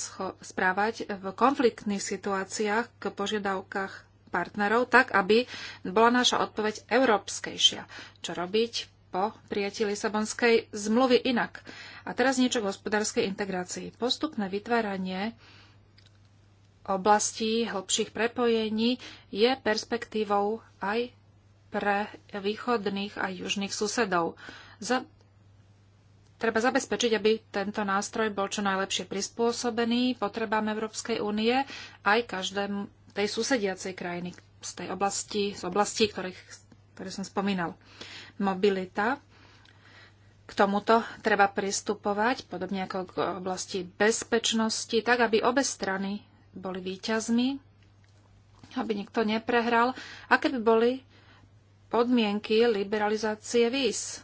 správať v konfliktných situáciách k požiadavkách partnerov, tak aby bola naša odpoveď európskejšia? Čo robiť po prijatí Lisabonskej zmluvy inak. A teraz niečo k hospodárskej integrácii. Postupné vytváranie oblastí hlbších prepojení je perspektívou aj pre východných a južných susedov. Za... Treba zabezpečiť, aby tento nástroj bol čo najlepšie prispôsobený potrebám Európskej únie aj každému tej susediacej krajiny z tej oblasti, z oblasti, ktorých, ktoré som spomínal mobilita. K tomuto treba pristupovať, podobne ako k oblasti bezpečnosti, tak aby obe strany boli výťazmi, aby nikto neprehral, a keby boli podmienky liberalizácie víz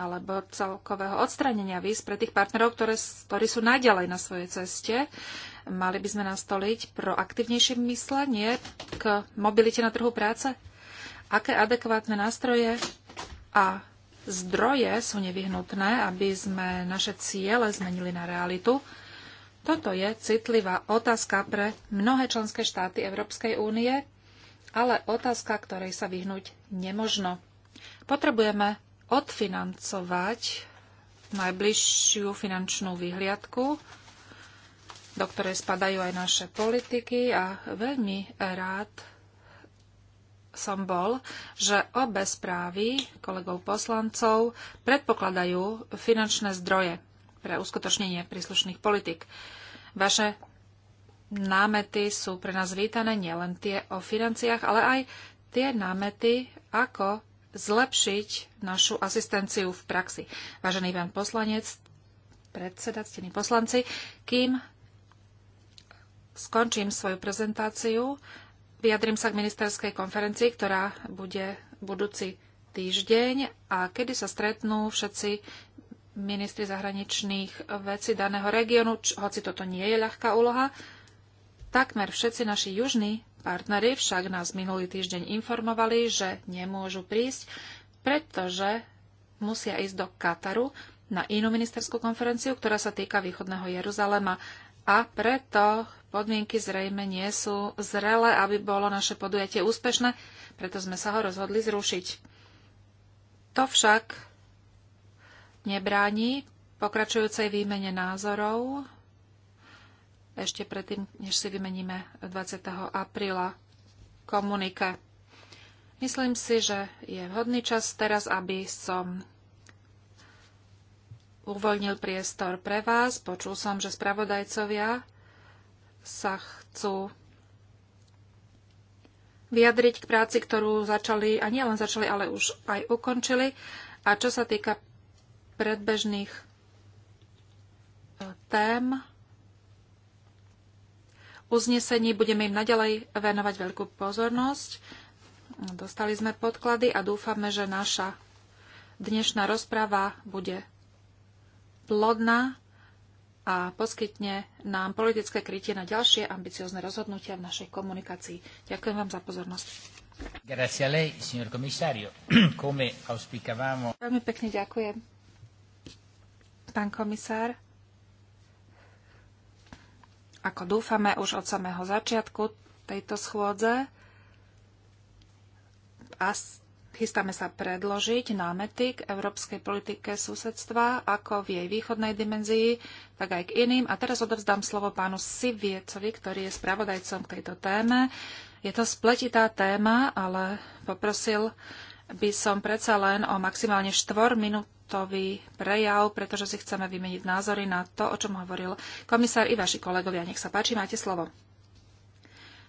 alebo celkového odstránenia víz pre tých partnerov, ktoré, ktorí sú najďalej na svojej ceste. Mali by sme nastoliť proaktívnejšie myslenie k mobilite na trhu práce? aké adekvátne nástroje a zdroje sú nevyhnutné, aby sme naše ciele zmenili na realitu. Toto je citlivá otázka pre mnohé členské štáty Európskej únie, ale otázka, ktorej sa vyhnúť nemožno. Potrebujeme odfinancovať najbližšiu finančnú vyhliadku, do ktorej spadajú aj naše politiky a veľmi rád som bol, že obe správy kolegov poslancov predpokladajú finančné zdroje pre uskutočnenie príslušných politik. Vaše námety sú pre nás vítané, nielen tie o financiách, ale aj tie námety, ako zlepšiť našu asistenciu v praxi. Vážený pán poslanec, predseda, ctení poslanci, kým skončím svoju prezentáciu, Vyjadrím sa k ministerskej konferencii, ktorá bude budúci týždeň a kedy sa stretnú všetci ministri zahraničných vecí daného regiónu, hoci toto nie je ľahká úloha. Takmer všetci naši južní partneri však nás minulý týždeň informovali, že nemôžu prísť, pretože musia ísť do Kataru na inú ministerskú konferenciu, ktorá sa týka východného Jeruzalema a preto podmienky zrejme nie sú zrele, aby bolo naše podujatie úspešné, preto sme sa ho rozhodli zrušiť. To však nebráni pokračujúcej výmene názorov ešte predtým, než si vymeníme 20. apríla komunike. Myslím si, že je vhodný čas teraz, aby som uvoľnil priestor pre vás. Počul som, že spravodajcovia sa chcú vyjadriť k práci, ktorú začali, a nie len začali, ale už aj ukončili. A čo sa týka predbežných e, tém, uznesení budeme im naďalej venovať veľkú pozornosť. Dostali sme podklady a dúfame, že naša dnešná rozprava bude plodná a poskytne nám politické krytie na ďalšie ambiciozne rozhodnutia v našej komunikácii. Ďakujem vám za pozornosť. Lei, auspicavamo... Veľmi pekne ďakujem, pán komisár. Ako dúfame už od samého začiatku tejto schôdze, Chystáme sa predložiť námety k európskej politike susedstva, ako v jej východnej dimenzii, tak aj k iným. A teraz odovzdám slovo pánu Siviecovi, ktorý je spravodajcom k tejto téme. Je to spletitá téma, ale poprosil by som predsa len o maximálne 4 minút prejav, pretože si chceme vymeniť názory na to, o čom hovoril komisár i vaši kolegovia. Nech sa páči, máte slovo.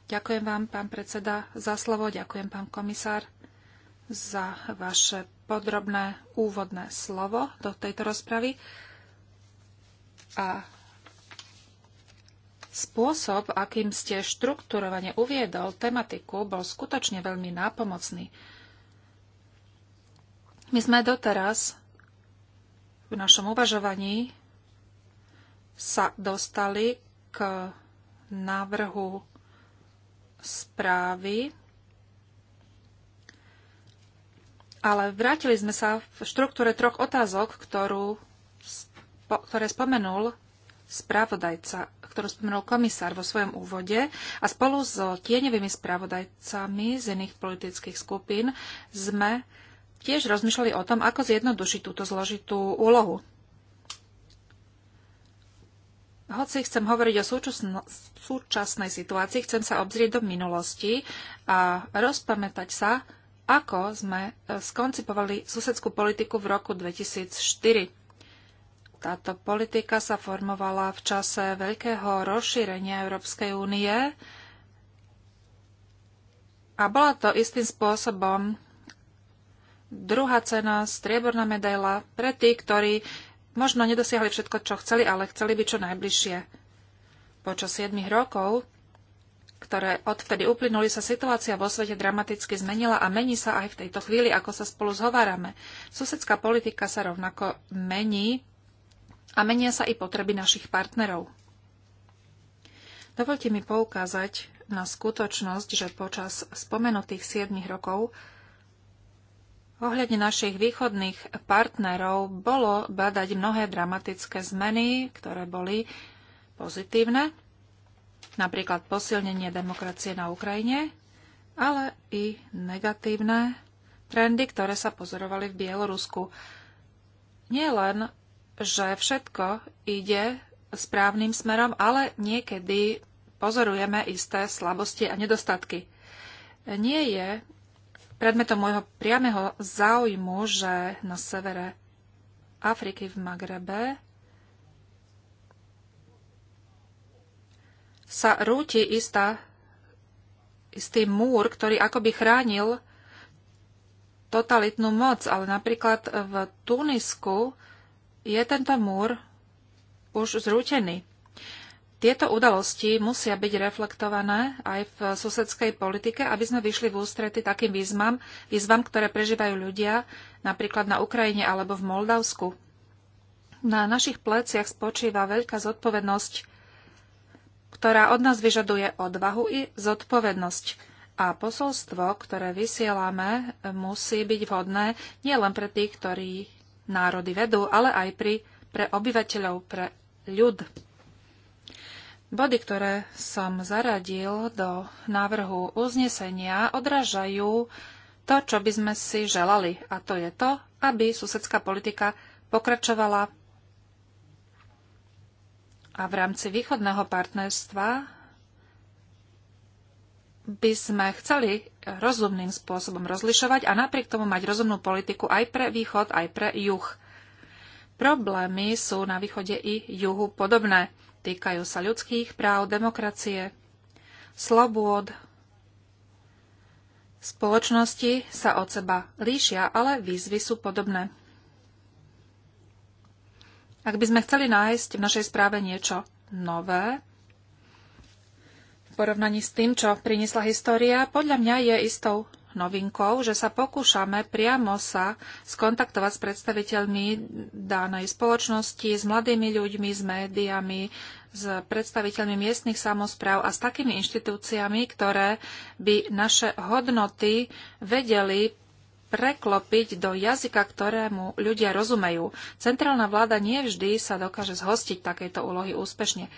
Ďakujem vám, pán predseda, za slovo. Ďakujem, pán komisár za vaše podrobné úvodné slovo do tejto rozpravy a spôsob, akým ste štrukturovane uviedol tematiku, bol skutočne veľmi nápomocný. My sme doteraz v našom uvažovaní sa dostali k návrhu správy Ale vrátili sme sa v štruktúre troch otázok, ktorú, ktoré spomenul spravodajca, ktorú spomenul komisár vo svojom úvode a spolu s so tieňovými spravodajcami z iných politických skupín sme tiež rozmýšľali o tom, ako zjednodušiť túto zložitú úlohu. Hoci chcem hovoriť o súčasnej situácii, chcem sa obzrieť do minulosti a rozpamätať sa, ako sme e, skoncipovali susedskú politiku v roku 2004. Táto politika sa formovala v čase veľkého rozšírenia Európskej únie a bola to istým spôsobom druhá cena, strieborná medaila pre tých, ktorí možno nedosiahli všetko, čo chceli, ale chceli byť čo najbližšie. Počas 7 rokov ktoré odvtedy uplynuli, sa situácia vo svete dramaticky zmenila a mení sa aj v tejto chvíli, ako sa spolu zhovárame. Susedská politika sa rovnako mení a menia sa i potreby našich partnerov. Dovolte mi poukázať na skutočnosť, že počas spomenutých 7 rokov ohľadne našich východných partnerov bolo badať mnohé dramatické zmeny, ktoré boli pozitívne napríklad posilnenie demokracie na Ukrajine, ale i negatívne trendy, ktoré sa pozorovali v Bielorusku. Nie len, že všetko ide správnym smerom, ale niekedy pozorujeme isté slabosti a nedostatky. Nie je predmetom môjho priameho záujmu, že na severe Afriky v Magrebe sa rúti istá, istý múr, ktorý akoby chránil totalitnú moc, ale napríklad v Tunisku je tento múr už zrútený. Tieto udalosti musia byť reflektované aj v susedskej politike, aby sme vyšli v ústrety takým výzvam, výzvam, ktoré prežívajú ľudia napríklad na Ukrajine alebo v Moldavsku. Na našich pleciach spočíva veľká zodpovednosť ktorá od nás vyžaduje odvahu i zodpovednosť. A posolstvo, ktoré vysielame, musí byť vhodné nielen pre tých, ktorí národy vedú, ale aj pri, pre obyvateľov, pre ľud. Body, ktoré som zaradil do návrhu uznesenia, odražajú to, čo by sme si želali, a to je to, aby susedská politika pokračovala a v rámci východného partnerstva by sme chceli rozumným spôsobom rozlišovať a napriek tomu mať rozumnú politiku aj pre východ, aj pre juh. Problémy sú na východe i juhu podobné. Týkajú sa ľudských práv, demokracie, slobôd. Spoločnosti sa od seba líšia, ale výzvy sú podobné. Ak by sme chceli nájsť v našej správe niečo nové, v porovnaní s tým, čo priniesla história, podľa mňa je istou novinkou, že sa pokúšame priamo sa skontaktovať s predstaviteľmi danej spoločnosti, s mladými ľuďmi, s médiami, s predstaviteľmi miestnych samozpráv a s takými inštitúciami, ktoré by naše hodnoty vedeli preklopiť do jazyka, ktorému ľudia rozumejú. Centrálna vláda nevždy sa dokáže zhostiť takejto úlohy úspešne.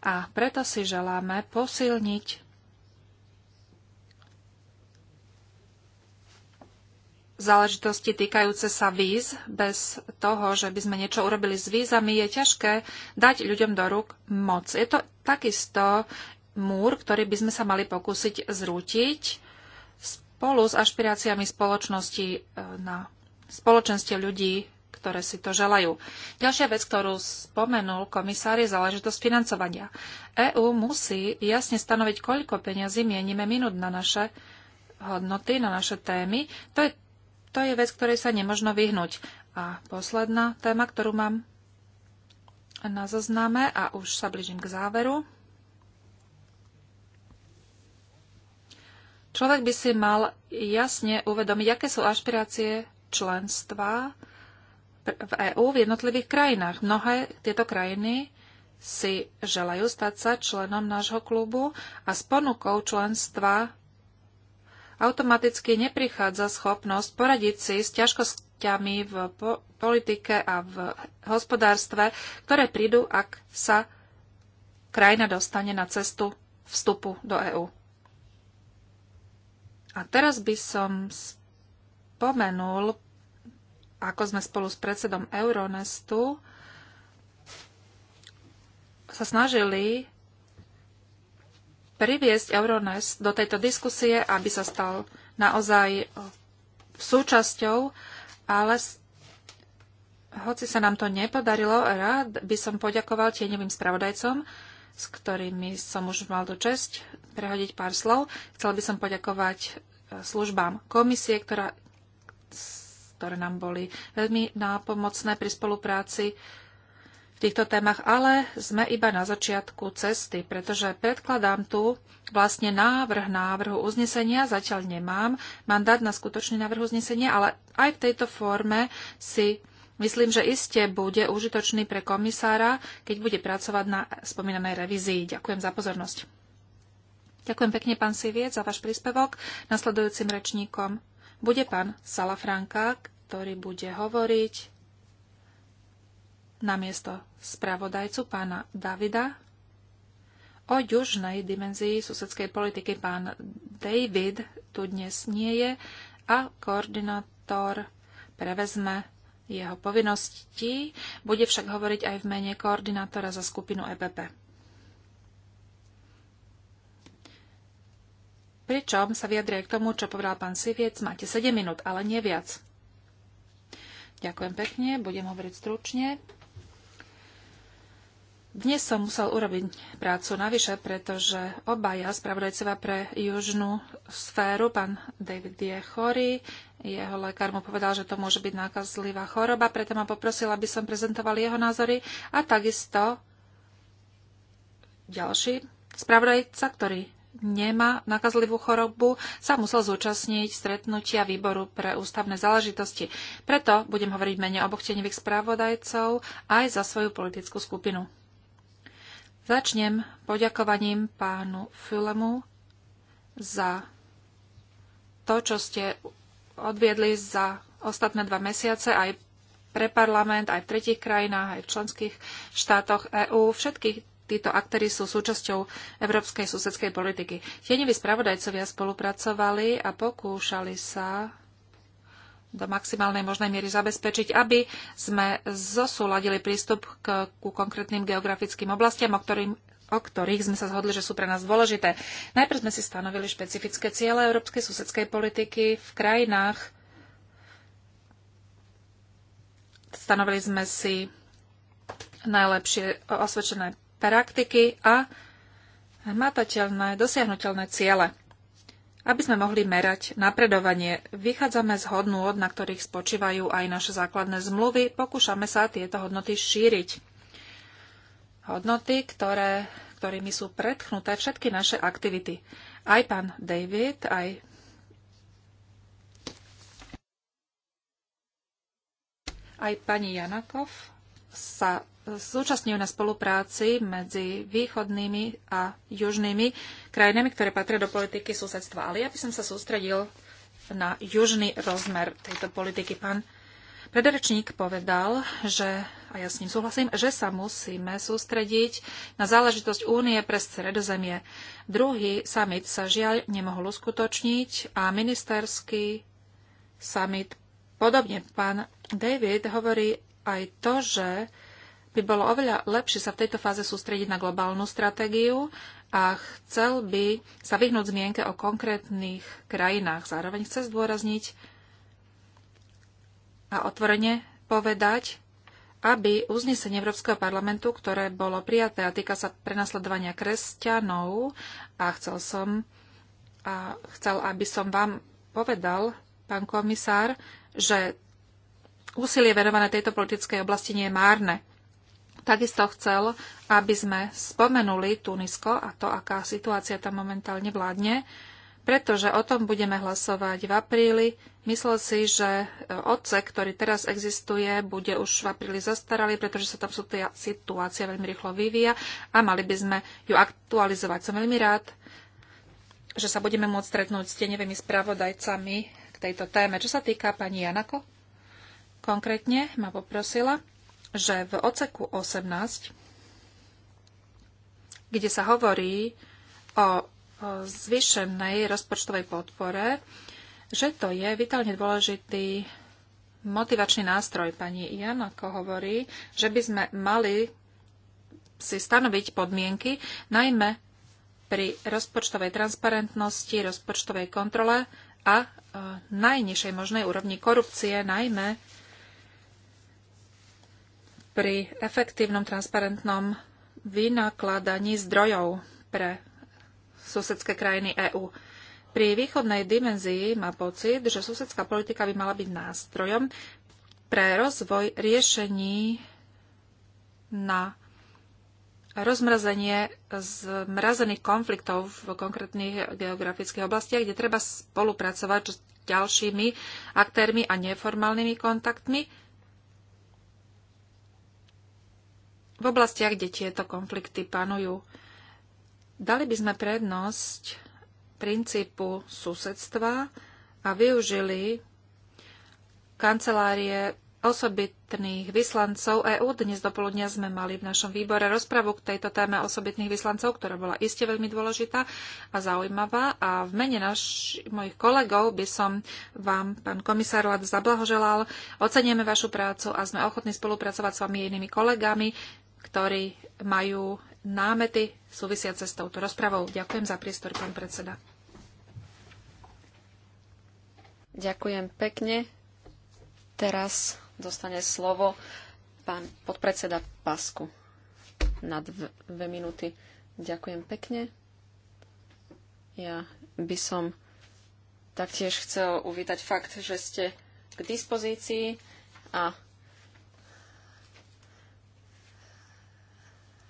A preto si želáme posilniť záležitosti týkajúce sa víz, bez toho, že by sme niečo urobili s vízami, je ťažké dať ľuďom do rúk moc. Je to takisto múr, ktorý by sme sa mali pokúsiť zrútiť spolu s ašpiráciami spoločnosti e, na spoločenstve ľudí, ktoré si to želajú. Ďalšia vec, ktorú spomenul komisár, je záležitosť financovania. EÚ musí jasne stanoviť, koľko peňazí mienime minút na naše hodnoty, na naše témy. To je, to je vec, ktorej sa nemožno vyhnúť. A posledná téma, ktorú mám na zozname a už sa blížim k záveru. Človek by si mal jasne uvedomiť, aké sú ašpirácie členstva v EÚ v jednotlivých krajinách. Mnohé tieto krajiny si želajú stať sa členom nášho klubu a s ponukou členstva automaticky neprichádza schopnosť poradiť si s ťažkosťami v po- politike a v hospodárstve, ktoré prídu, ak sa krajina dostane na cestu vstupu do EÚ. A teraz by som spomenul, ako sme spolu s predsedom Euronestu sa snažili priviesť Euronest do tejto diskusie, aby sa stal naozaj súčasťou, ale hoci sa nám to nepodarilo, rád by som poďakoval tieňovým spravodajcom, s ktorými som už mal do čest prehodiť pár slov. Chcel by som poďakovať e, službám komisie, ktorá, ktoré nám boli veľmi nápomocné pri spolupráci v týchto témach, ale sme iba na začiatku cesty, pretože predkladám tu vlastne návrh návrhu uznesenia, zatiaľ nemám mandát na skutočný návrh uznesenia, ale aj v tejto forme si Myslím, že iste bude užitočný pre komisára, keď bude pracovať na spomínanej revízii. Ďakujem za pozornosť. Ďakujem pekne, pán Siviec, za váš príspevok. Nasledujúcim rečníkom bude pán Salafranka, ktorý bude hovoriť na miesto spravodajcu pána Davida o južnej dimenzii susedskej politiky. Pán David tu dnes nie je a koordinátor prevezme jeho povinnosti. Bude však hovoriť aj v mene koordinátora za skupinu EPP. Pričom sa vyjadrie k tomu, čo povedal pán Siviec, máte 7 minút, ale nie viac. Ďakujem pekne, budem hovoriť stručne. Dnes som musel urobiť prácu navyše, pretože obaja spravodajcova pre južnú sféru, pán David je chorý, jeho lekár mu povedal, že to môže byť nákazlivá choroba, preto ma poprosil, aby som prezentoval jeho názory a takisto ďalší spravodajca, ktorý nemá nakazlivú chorobu, sa musel zúčastniť stretnutia výboru pre ústavné záležitosti. Preto budem hovoriť menej oboch tenivých správodajcov aj za svoju politickú skupinu. Začnem poďakovaním pánu Fulemu za to, čo ste odviedli za ostatné dva mesiace aj pre parlament, aj v tretich krajinách, aj v členských štátoch EÚ. Všetky títo aktéry sú súčasťou európskej susedskej politiky. Tieniví spravodajcovia spolupracovali a pokúšali sa do maximálnej možnej miery zabezpečiť, aby sme zosúladili prístup k, ku konkrétnym geografickým oblastiam, o, ktorým, o ktorých sme sa zhodli, že sú pre nás dôležité. Najprv sme si stanovili špecifické ciele európskej susedskej politiky v krajinách. Stanovili sme si najlepšie osvedčené praktiky a hmatateľné, dosiahnuteľné ciele aby sme mohli merať napredovanie. Vychádzame z od, na ktorých spočívajú aj naše základné zmluvy, pokúšame sa tieto hodnoty šíriť. Hodnoty, ktoré, ktorými sú predchnuté všetky naše aktivity. Aj pán David, aj aj pani Janakov sa súčasňujú e, na spolupráci medzi východnými a južnými krajinami, ktoré patria do politiky susedstva. Ale ja by som sa sústredil na južný rozmer tejto politiky. Pán predrečník povedal, že, a ja s ním súhlasím, že sa musíme sústrediť na záležitosť únie pre stredozemie. Druhý summit sa žiaľ nemohol uskutočniť a ministerský summit podobne. Pán David hovorí aj to, že by bolo oveľa lepšie sa v tejto fáze sústrediť na globálnu stratégiu a chcel by sa vyhnúť zmienke o konkrétnych krajinách. Zároveň chce zdôrazniť a otvorene povedať, aby uznesenie Európskeho parlamentu, ktoré bolo prijaté a týka sa prenasledovania kresťanov, a chcel som, a chcel, aby som vám povedal, pán komisár, že úsilie venované tejto politickej oblasti nie je márne. Takisto chcel, aby sme spomenuli Tunisko a to, aká situácia tam momentálne vládne, pretože o tom budeme hlasovať v apríli. Myslel si, že odsek, ktorý teraz existuje, bude už v apríli zastaralý, pretože sa tam situácia veľmi rýchlo vyvíja a mali by sme ju aktualizovať. Som veľmi rád, že sa budeme môcť stretnúť s tenevými spravodajcami k tejto téme. Čo sa týka pani Janako, konkrétne ma poprosila, že v oceku 18, kde sa hovorí o zvýšenej rozpočtovej podpore, že to je vitálne dôležitý motivačný nástroj. Pani Ian ako hovorí, že by sme mali si stanoviť podmienky, najmä pri rozpočtovej transparentnosti, rozpočtovej kontrole a e, najnižšej možnej úrovni korupcie, najmä pri efektívnom, transparentnom vynakladaní zdrojov pre susedské krajiny EÚ. Pri východnej dimenzii má pocit, že susedská politika by mala byť nástrojom pre rozvoj riešení na rozmrazenie zmrazených konfliktov v konkrétnych geografických oblastiach, kde treba spolupracovať s ďalšími aktérmi a neformálnymi kontaktmi v oblastiach, kde tieto konflikty panujú. Dali by sme prednosť princípu susedstva a využili kancelárie osobitných vyslancov EÚ. Dnes dopoludnia sme mali v našom výbore rozpravu k tejto téme osobitných vyslancov, ktorá bola iste veľmi dôležitá a zaujímavá. A v mene naš, mojich kolegov by som vám, pán komisár, Lad, zablahoželal. Oceníme vašu prácu a sme ochotní spolupracovať s vami inými kolegami ktorí majú námety súvisiace s touto rozpravou. Ďakujem za priestor, pán predseda. Ďakujem pekne. Teraz dostane slovo pán podpredseda Pasku na dve, dve minúty. Ďakujem pekne. Ja by som taktiež chcel uvítať fakt, že ste k dispozícii a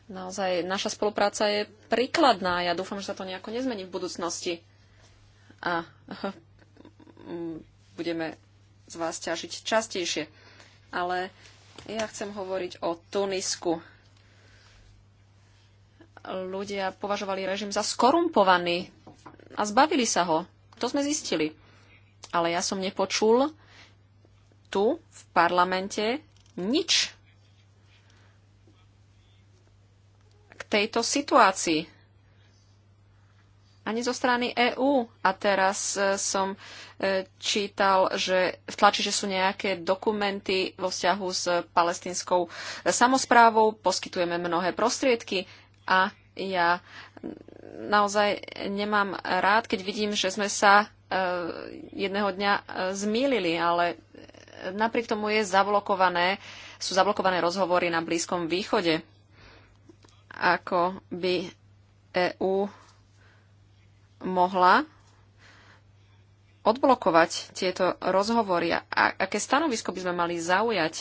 Naozaj, naša spolupráca je príkladná. Ja dúfam, že sa to nejako nezmení v budúcnosti. A budeme z vás ťažiť častejšie. Ale ja chcem hovoriť o Tunisku. Ľudia považovali režim za skorumpovaný a zbavili sa ho. To sme zistili. Ale ja som nepočul tu v parlamente nič tejto situácii. Ani zo strany EÚ. A teraz e, som e, čítal, že v tlači, že sú nejaké dokumenty vo vzťahu s palestinskou e, samozprávou, poskytujeme mnohé prostriedky a ja naozaj nemám rád, keď vidím, že sme sa jedného dňa zmýlili, ale napriek tomu je zablokované, sú zablokované rozhovory na Blízkom východe ako by EÚ mohla odblokovať tieto rozhovory a aké stanovisko by sme mali zaujať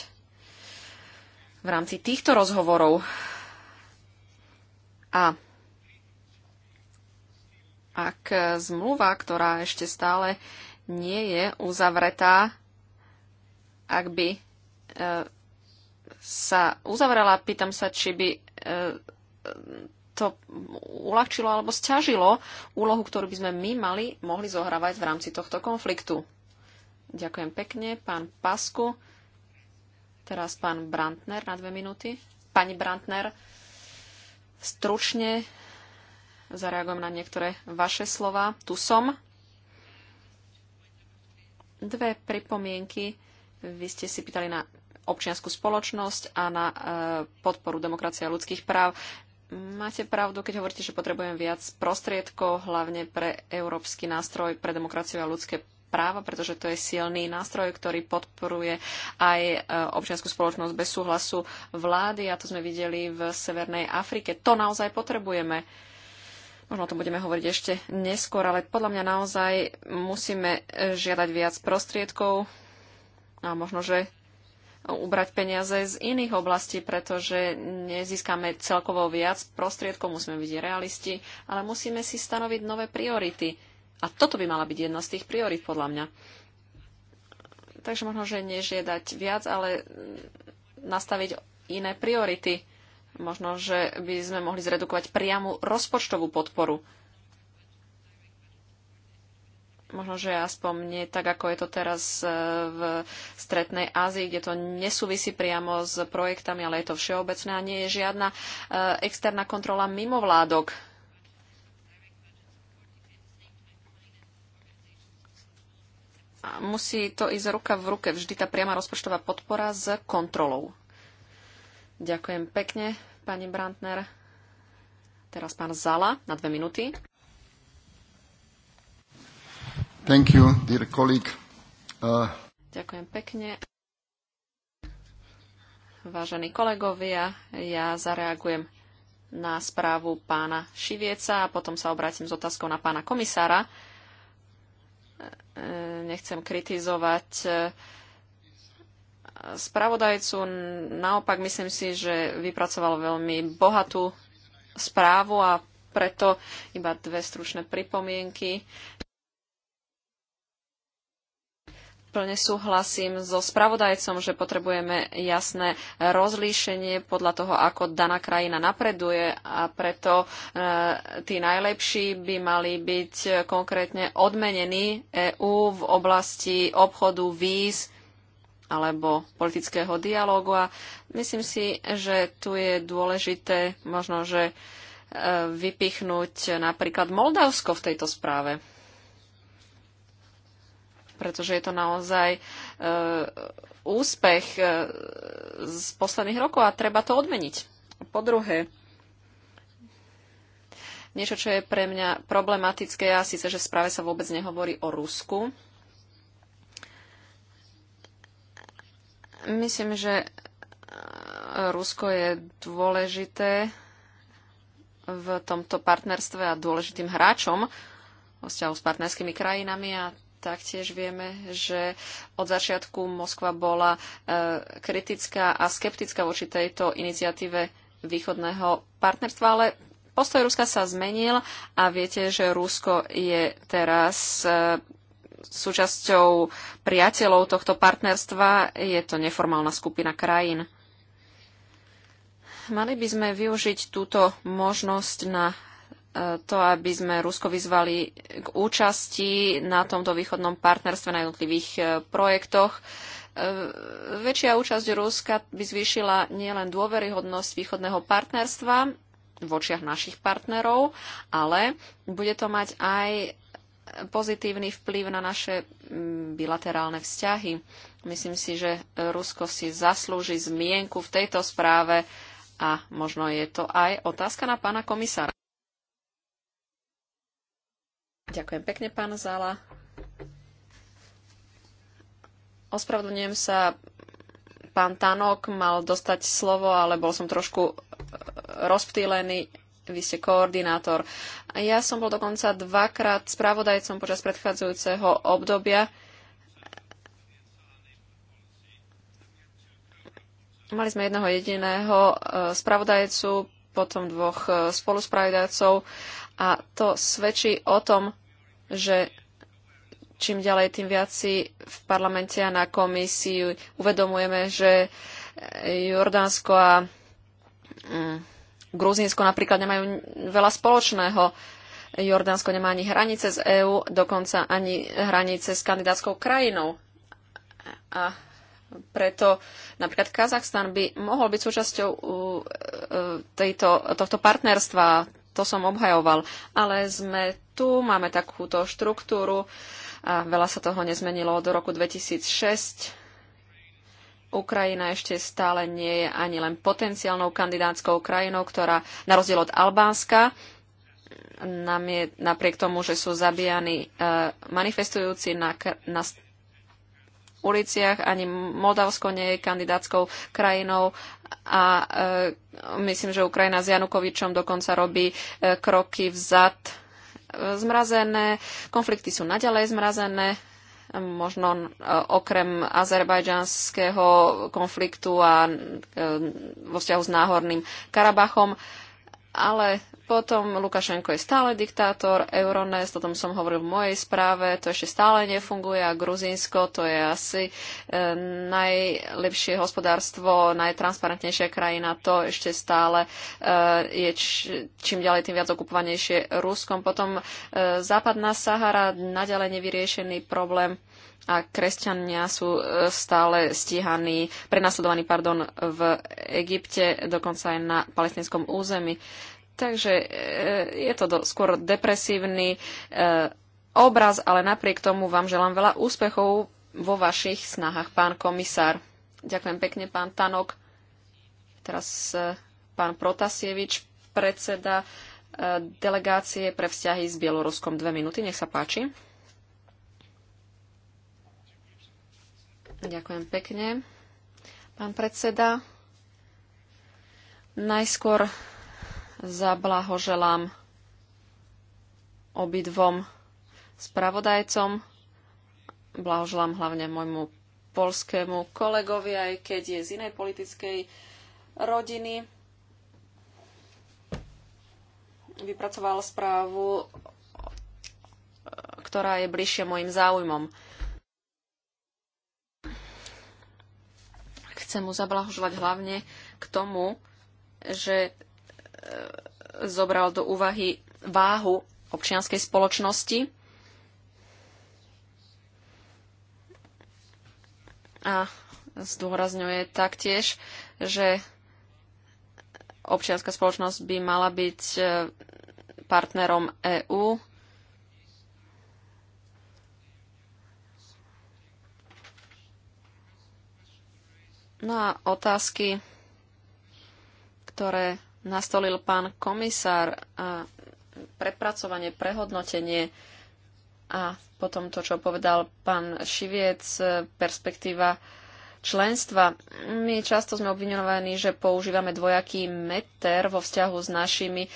v rámci týchto rozhovorov. A ak zmluva, ktorá ešte stále nie je uzavretá, ak by e, sa uzavrela, pýtam sa, či by e, to uľahčilo alebo stiažilo úlohu, ktorú by sme my mali, mohli zohrávať v rámci tohto konfliktu. Ďakujem pekne, pán Pasku. Teraz pán Brantner na dve minúty. Pani Brantner, stručne zareagujem na niektoré vaše slova. Tu som. Dve pripomienky. Vy ste si pýtali na občianskú spoločnosť a na eh, podporu demokracie a ľudských práv. Máte pravdu, keď hovoríte, že potrebujem viac prostriedkov, hlavne pre európsky nástroj pre demokraciu a ľudské práva, pretože to je silný nástroj, ktorý podporuje aj e, občianskú spoločnosť bez súhlasu vlády a to sme videli v Severnej Afrike. To naozaj potrebujeme. Možno o tom budeme hovoriť ešte neskôr, ale podľa mňa naozaj musíme e, žiadať viac prostriedkov a možno, že ubrať peniaze z iných oblastí, pretože nezískame celkovo viac prostriedkov, musíme byť realisti, ale musíme si stanoviť nové priority. A toto by mala byť jedna z tých priorit, podľa mňa. Takže možno, že dať viac, ale nastaviť iné priority. Možno, že by sme mohli zredukovať priamu rozpočtovú podporu možno, že aspoň nie tak, ako je to teraz e, v Stretnej Ázii, kde to nesúvisí priamo s projektami, ale je to všeobecné a nie je žiadna e, externá kontrola mimo vládok. A musí to ísť ruka v ruke, vždy tá priama rozpočtová podpora s kontrolou. Ďakujem pekne, pani Brantner. Teraz pán Zala na dve minúty. Thank you, dear colleague. Uh... Ďakujem pekne. Vážení kolegovia, ja zareagujem na správu pána Šivieca a potom sa obrátim s otázkou na pána komisára. E, nechcem kritizovať e, spravodajcu. Naopak myslím si, že vypracoval veľmi bohatú správu a preto iba dve stručné pripomienky. Plne súhlasím so spravodajcom, že potrebujeme jasné rozlíšenie podľa toho, ako daná krajina napreduje a preto e, tí najlepší by mali byť konkrétne odmenení EÚ v oblasti obchodu víz alebo politického dialógu a myslím si, že tu je dôležité možno, že e, vypichnúť napríklad Moldavsko v tejto správe pretože je to naozaj e, úspech e, z posledných rokov a treba to odmeniť. Po druhé, niečo, čo je pre mňa problematické, a síce, že v správe sa vôbec nehovorí o Rusku. Myslím, že e, Rusko je dôležité v tomto partnerstve a dôležitým hráčom vo vzťahu s partnerskými krajinami a taktiež vieme, že od začiatku Moskva bola e, kritická a skeptická voči tejto iniciatíve východného partnerstva, ale postoj Ruska sa zmenil a viete, že Rusko je teraz e, súčasťou priateľov tohto partnerstva. Je to neformálna skupina krajín. Mali by sme využiť túto možnosť na to, aby sme Rusko vyzvali k účasti na tomto východnom partnerstve na jednotlivých e, projektoch. E, väčšia účasť Ruska by zvýšila nielen dôveryhodnosť východného partnerstva v očiach našich partnerov, ale bude to mať aj pozitívny vplyv na naše bilaterálne vzťahy. Myslím si, že Rusko si zaslúži zmienku v tejto správe a možno je to aj otázka na pána komisára. Ďakujem pekne, pán Zala. Ospravedlňujem sa, pán Tanok mal dostať slovo, ale bol som trošku e, rozptýlený. Vy ste koordinátor. Ja som bol dokonca dvakrát spravodajcom počas predchádzajúceho obdobia. Mali sme jedného jediného e, spravodajcu, potom dvoch e, spoluspravodajcov a to svedčí o tom, že čím ďalej, tým viac si v parlamente a na komisii uvedomujeme, že eh, Jordánsko a mm, Gruzínsko napríklad nemajú veľa spoločného. Jordánsko nemá ani hranice z EÚ, dokonca ani hranice s kandidátskou krajinou. A preto napríklad Kazachstan by mohol byť súčasťou eh, tejto, tohto partnerstva to som obhajoval. Ale sme tu, máme takúto štruktúru a veľa sa toho nezmenilo od roku 2006. Ukrajina ešte stále nie je ani len potenciálnou kandidátskou krajinou, ktorá na rozdiel od Albánska, napriek tomu, že sú zabíjani eh, manifestujúci na, na uliciach, ani Moldavsko nie je kandidátskou krajinou a e, myslím, že Ukrajina s Janukovičom dokonca robí e, kroky vzad e, zmrazené, konflikty sú naďalej zmrazené, možno e, okrem azerbajdžanského konfliktu a e, vo vzťahu s náhorným Karabachom. Ale potom Lukašenko je stále diktátor, Euronest, o tom som hovoril v mojej správe, to ešte stále nefunguje a Gruzínsko to je asi e, najlepšie hospodárstvo, najtransparentnejšia krajina, to ešte stále e, je č, čím ďalej tým viac okupovanejšie Ruskom. Potom e, západná Sahara, naďalej nevyriešený problém a kresťania sú e, stále stíhaní, prenasledovaní pardon, v Egypte, dokonca aj na palestinskom území. Takže e, je to do, skôr depresívny e, obraz, ale napriek tomu vám želám veľa úspechov vo vašich snahách, pán komisár. Ďakujem pekne, pán Tanok. Teraz pán Protasievič, predseda delegácie pre vzťahy s Bieloruskom. Dve minúty, nech sa páči. Ďakujem pekne. Pán predseda, najskôr zablahoželám obidvom spravodajcom. Blahoželám hlavne môjmu polskému kolegovi, aj keď je z inej politickej rodiny. Vypracoval správu, ktorá je bližšie môjim záujmom. chcem mu zablahožovať hlavne k tomu, že e, zobral do úvahy váhu občianskej spoločnosti a zdôrazňuje taktiež, že občianská spoločnosť by mala byť e, partnerom EÚ No a otázky, ktoré nastolil pán komisár a prepracovanie, prehodnotenie a potom to, čo povedal pán Šiviec, e, perspektíva členstva. My často sme obviňovaní, že používame dvojaký meter vo vzťahu s našimi e,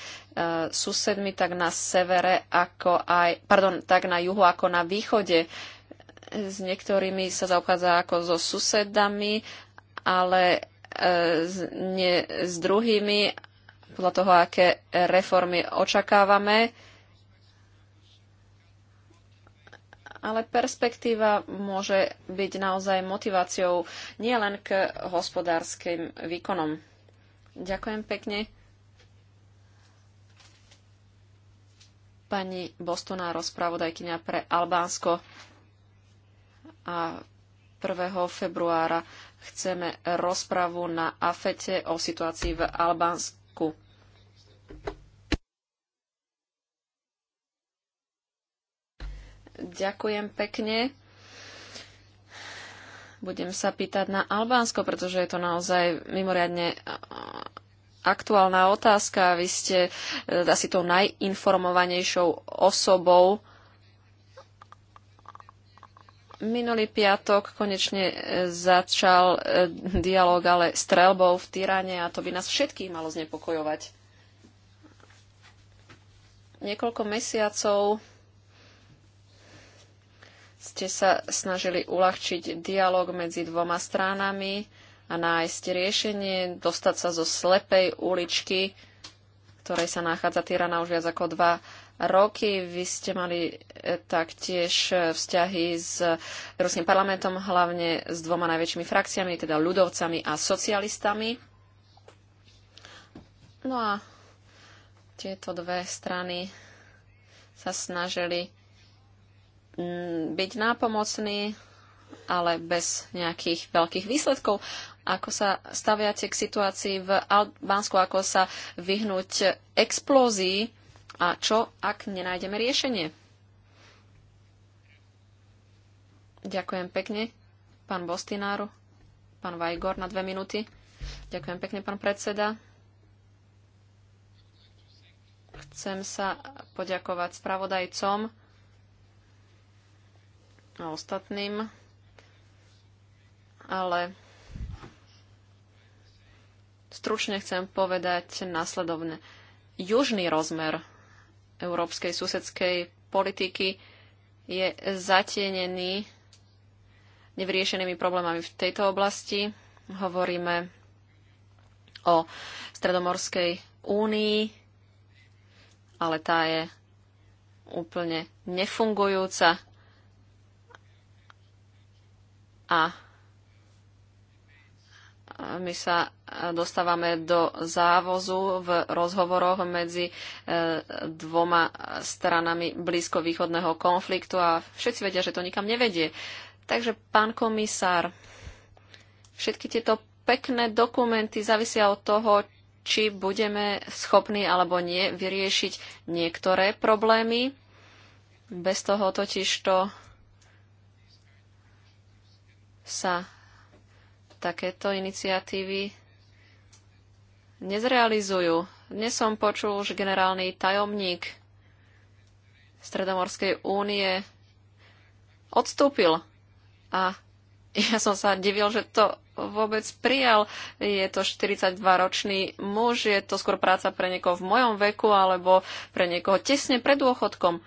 susedmi, tak na severe ako aj, pardon, tak na juhu ako na východe. E, s niektorými sa zaobchádza ako so susedami, ale e, s, nie, s druhými, podľa toho, aké reformy očakávame. Ale perspektíva môže byť naozaj motiváciou nielen k hospodárskym výkonom. Ďakujem pekne. Pani Bostoná, spravodajkynia pre Albánsko a 1. februára chceme rozpravu na AFETE o situácii v Albánsku. Ďakujem pekne. Budem sa pýtať na Albánsko, pretože je to naozaj mimoriadne aktuálna otázka. Vy ste e, asi tou najinformovanejšou osobou Minulý piatok konečne e, začal e, dialog, ale strelbou v Tyrane a to by nás všetkých malo znepokojovať. Niekoľko mesiacov ste sa snažili uľahčiť dialog medzi dvoma stranami a nájsť riešenie, dostať sa zo slepej uličky, ktorej sa nachádza Tyrana už viac ako dva roky. Vy ste mali e, taktiež e, vzťahy s Európskym parlamentom, hlavne s dvoma najväčšími frakciami, teda ľudovcami a socialistami. No a tieto dve strany sa snažili mm, byť nápomocní, ale bez nejakých veľkých výsledkov. Ako sa staviate k situácii v Albánsku, ako sa vyhnúť explózii a čo, ak nenájdeme riešenie? Ďakujem pekne, pán Bostináru, pán Vajgor na dve minúty. Ďakujem pekne, pán predseda. Chcem sa poďakovať spravodajcom a ostatným, ale stručne chcem povedať nasledovne. Južný rozmer európskej susedskej politiky je zatienený nevriešenými problémami v tejto oblasti. Hovoríme o Stredomorskej únii, ale tá je úplne nefungujúca a my sa dostávame do závozu v rozhovoroch medzi e, dvoma stranami blízkovýchodného konfliktu a všetci vedia, že to nikam nevedie. Takže, pán komisár, všetky tieto pekné dokumenty závisia od toho, či budeme schopní alebo nie vyriešiť niektoré problémy. Bez toho totiž to sa takéto iniciatívy nezrealizujú. Dnes som počul, že generálny tajomník Stredomorskej únie odstúpil a ja som sa divil, že to vôbec prijal. Je to 42-ročný muž, je to skôr práca pre niekoho v mojom veku alebo pre niekoho tesne pred dôchodkom.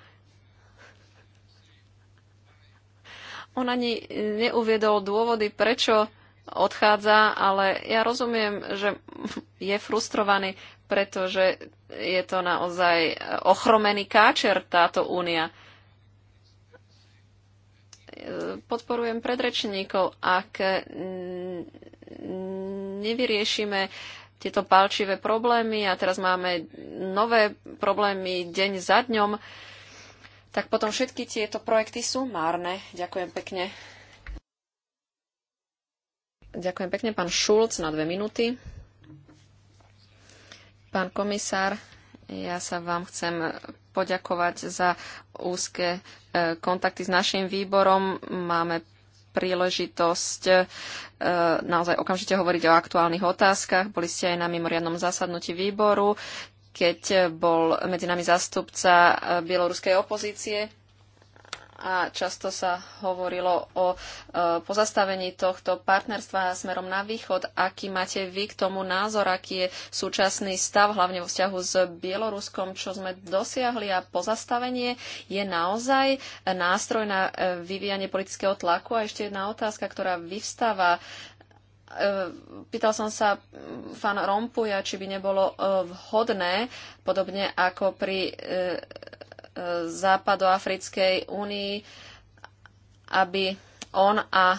On ani neuviedol dôvody, prečo odchádza, ale ja rozumiem, že je frustrovaný, pretože je to naozaj ochromený káčer táto únia. Podporujem predrečníkov, ak nevyriešime tieto palčivé problémy a teraz máme nové problémy deň za dňom, tak potom všetky tieto projekty sú márne. Ďakujem pekne. Ďakujem pekne, pán Šulc, na dve minúty. Pán komisár, ja sa vám chcem poďakovať za úzke e, kontakty s našim výborom. Máme príležitosť e, naozaj okamžite hovoriť o aktuálnych otázkach. Boli ste aj na mimoriadnom zasadnutí výboru, keď bol medzi nami zastupca e, bieloruskej opozície a často sa hovorilo o e, pozastavení tohto partnerstva smerom na východ. Aký máte vy k tomu názor, aký je súčasný stav, hlavne vo vzťahu s Bieloruskom, čo sme dosiahli a pozastavenie je naozaj nástroj na e, vyvíjanie politického tlaku? A ešte jedna otázka, ktorá vyvstáva e, pýtal som sa mm, fan Rompuja, či by nebolo vhodné, podobne ako pri Západoafrickej únii, aby on a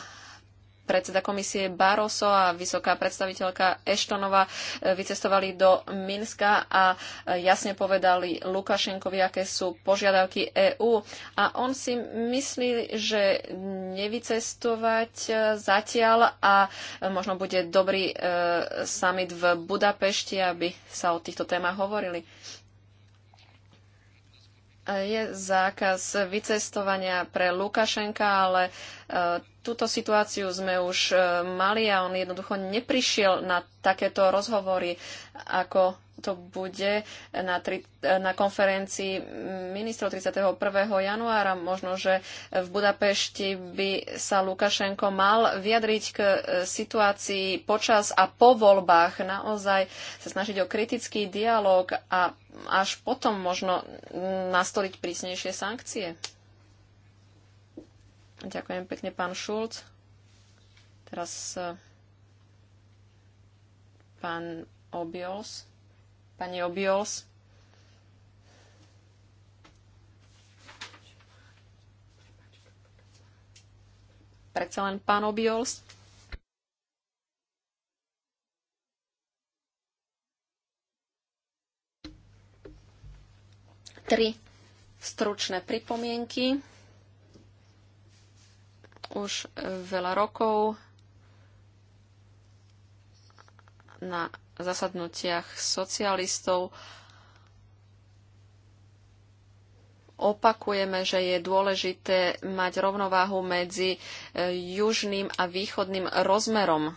predseda komisie Barroso a vysoká predstaviteľka Eštonova e, vycestovali do Minska a e, jasne povedali Lukašenkovi, aké sú požiadavky EÚ. A on si myslí, že nevycestovať e, zatiaľ a možno bude dobrý summit v Budapešti, aby sa o týchto témach hovorili je zákaz vycestovania pre Lukašenka, ale e, túto situáciu sme už e, mali a on jednoducho neprišiel na takéto rozhovory, ako to bude na, tri, na konferencii ministrov 31. januára. Možno, že v Budapešti by sa Lukašenko mal vyjadriť k e, situácii počas a po voľbách, naozaj sa snažiť o kritický dialog a až potom možno nastoliť prísnejšie sankcie. Ďakujem pekne, pán Šulc. Teraz e, pán obios pani Obiols. Predsa len pán Obiols. Tri stručné pripomienky. Už veľa rokov na zasadnutiach socialistov opakujeme, že je dôležité mať rovnováhu medzi e, južným a východným rozmerom.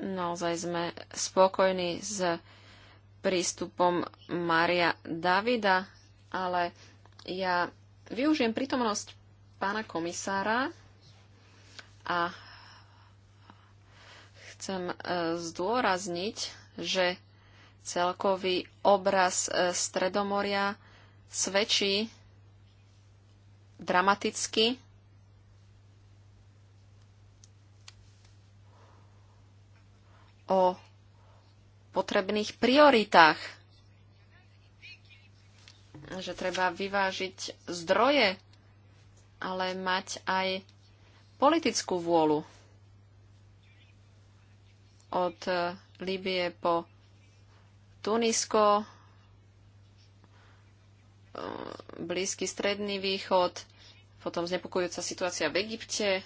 Naozaj sme spokojní s prístupom Maria Davida, ale ja využijem prítomnosť pána komisára a Chcem e, zdôrazniť, že celkový obraz e, Stredomoria svedčí dramaticky o potrebných prioritách. Že treba vyvážiť zdroje, ale mať aj politickú vôľu od e, Libie po Tunisko, e, Blízky stredný východ, potom znepokojujúca situácia v Egypte.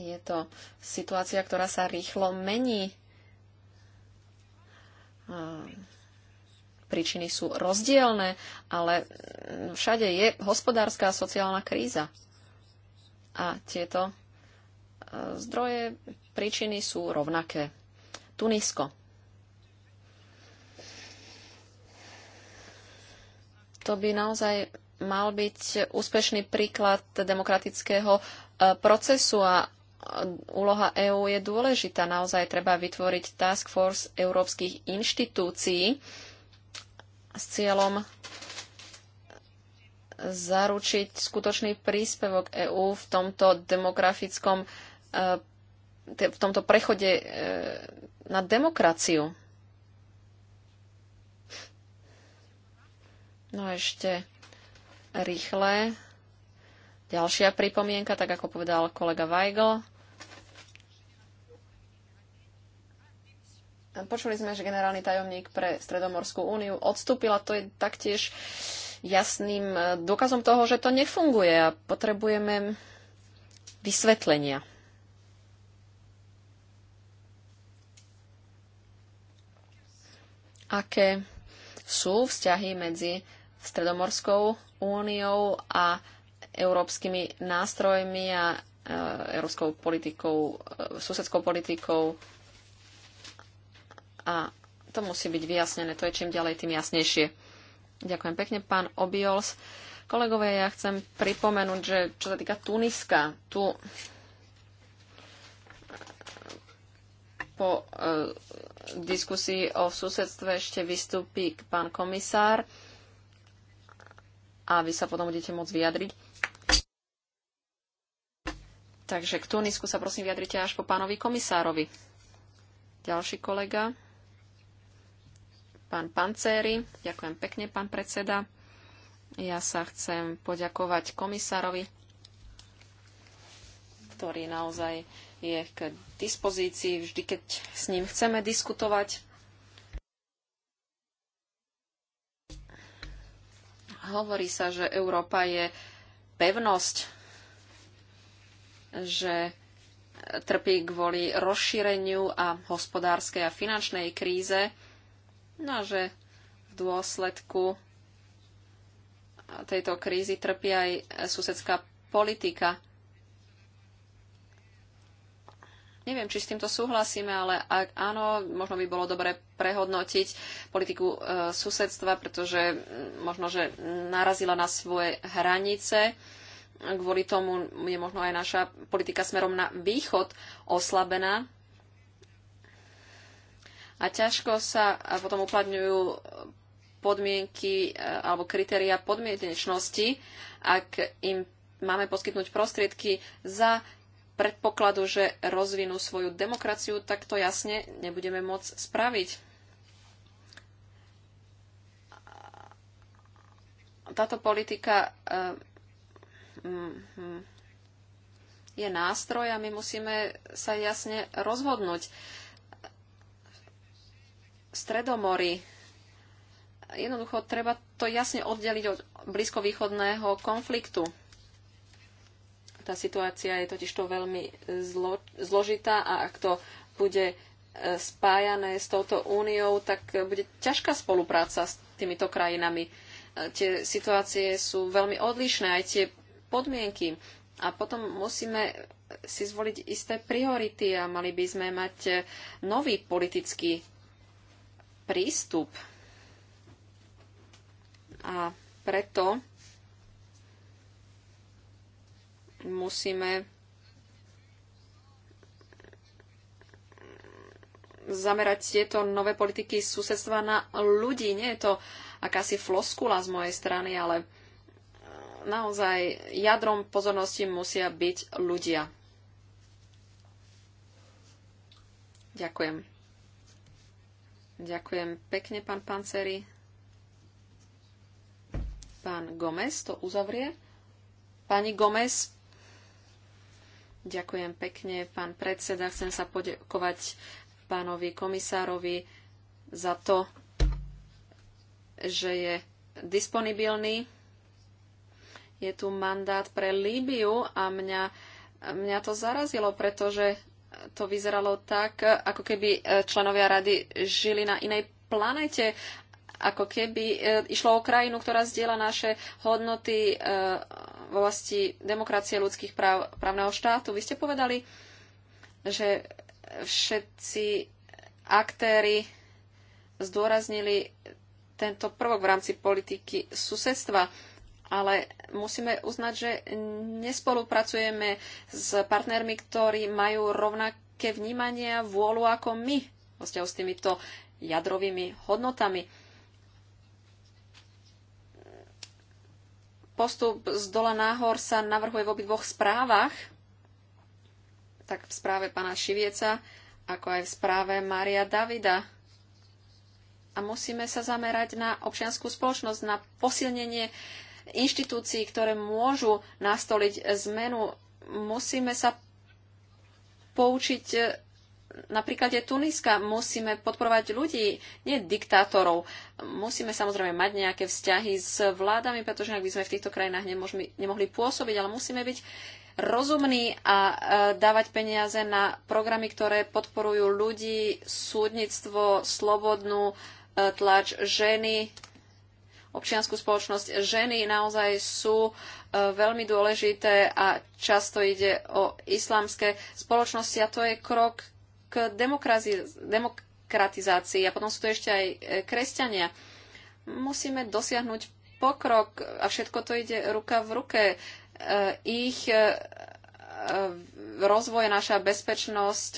Je to situácia, ktorá sa rýchlo mení. E, príčiny sú rozdielne, ale všade je hospodárska a sociálna kríza. A tieto e, zdroje, príčiny sú rovnaké. Tunisko. To by naozaj mal byť úspešný príklad demokratického e, procesu a e, úloha EÚ je dôležitá. Naozaj treba vytvoriť task force európskych inštitúcií s cieľom zaručiť skutočný príspevok EÚ v tomto demografickom, eh, v tomto prechode eh, na demokraciu. No a ešte rýchle. Ďalšia pripomienka, tak ako povedal kolega Weigl. Počuli sme, že generálny tajomník pre Stredomorskú úniu odstúpil a to je taktiež uh, jasným e, dôkazom toho, že to nefunguje a potrebujeme vysvetlenia. Aké sú vzťahy medzi Stredomorskou úniou a európskymi nástrojmi a e, európskou politikou, e, susedskou politikou. A to musí byť vyjasnené, to je čím ďalej, tým jasnejšie. Ďakujem pekne, pán Obiols. Kolegovia, ja chcem pripomenúť, že čo sa týka Tuniska, tu po e, diskusii o susedstve ešte vystúpi pán komisár a vy sa potom budete môcť vyjadriť. Takže k Tunisku sa prosím vyjadrite až po pánovi komisárovi. Ďalší kolega pán Pancéry. Ďakujem pekne, pán predseda. Ja sa chcem poďakovať komisárovi, ktorý naozaj je k dispozícii vždy, keď s ním chceme diskutovať. Hovorí sa, že Európa je pevnosť, že trpí kvôli rozšíreniu a hospodárskej a finančnej kríze No a že v dôsledku tejto krízy trpí aj susedská politika. Neviem, či s týmto súhlasíme, ale ak áno, možno by bolo dobre prehodnotiť politiku e, susedstva, pretože mm, možno, že narazila na svoje hranice. Kvôli tomu je možno aj naša politika smerom na východ oslabená a ťažko sa a potom uplatňujú podmienky e, alebo kritéria podmienečnosti, ak im máme poskytnúť prostriedky za predpokladu, že rozvinú svoju demokraciu, tak to jasne nebudeme môcť spraviť. táto politika e, je nástroj a my musíme sa jasne rozhodnúť. Stredomori. Jednoducho treba to jasne oddeliť od blízkovýchodného konfliktu. Tá situácia je totiž to veľmi zlo, zložitá a ak to bude e, spájané s touto úniou, tak bude ťažká spolupráca s týmito krajinami. E, tie situácie sú veľmi odlišné, aj tie podmienky. A potom musíme si zvoliť isté priority a mali by sme mať e, nový politický prístup. A preto musíme zamerať tieto nové politiky susedstva na ľudí. Nie je to akási floskula z mojej strany, ale naozaj jadrom pozornosti musia byť ľudia. Ďakujem. Ďakujem pekne, pán Panceri. Pán Gomez to uzavrie. Pani Gomez, ďakujem pekne, pán predseda. Chcem sa poďakovať pánovi komisárovi za to, že je disponibilný. Je tu mandát pre Líbiu a mňa, mňa to zarazilo, pretože to vyzeralo tak, ako keby e, členovia rady žili na inej planete, ako keby e, išlo o krajinu, ktorá zdieľa naše hodnoty e, v oblasti demokracie, ľudských práv, právneho štátu. Vy ste povedali, že všetci aktéry zdôraznili tento prvok v rámci politiky susedstva ale musíme uznať, že nespolupracujeme s partnermi, ktorí majú rovnaké vnímanie a vôľu ako my vzťahu s týmito jadrovými hodnotami. Postup z dola náhor sa navrhuje v obidvoch správach, tak v správe pána Šivieca, ako aj v správe Maria Davida. A musíme sa zamerať na občianskú spoločnosť, na posilnenie uh, inštitúcií, ktoré môžu nastoliť zmenu. Musíme sa poučiť e, na príklade Tuniska musíme podporovať ľudí, nie diktátorov. Musíme samozrejme mať nejaké vzťahy s vládami, pretože ak by sme v týchto krajinách nemohli, nemohli pôsobiť, ale musíme byť rozumní a e, dávať peniaze na programy, ktoré podporujú ľudí, súdnictvo, slobodnú e, tlač, ženy, občianskú spoločnosť. Ženy naozaj sú e, veľmi dôležité a často ide o islamské spoločnosti a to je krok k demokratizácii. A potom sú tu ešte aj e, kresťania. Musíme dosiahnuť pokrok a všetko to ide ruka v ruke. E, ich rozvoj, naša bezpečnosť,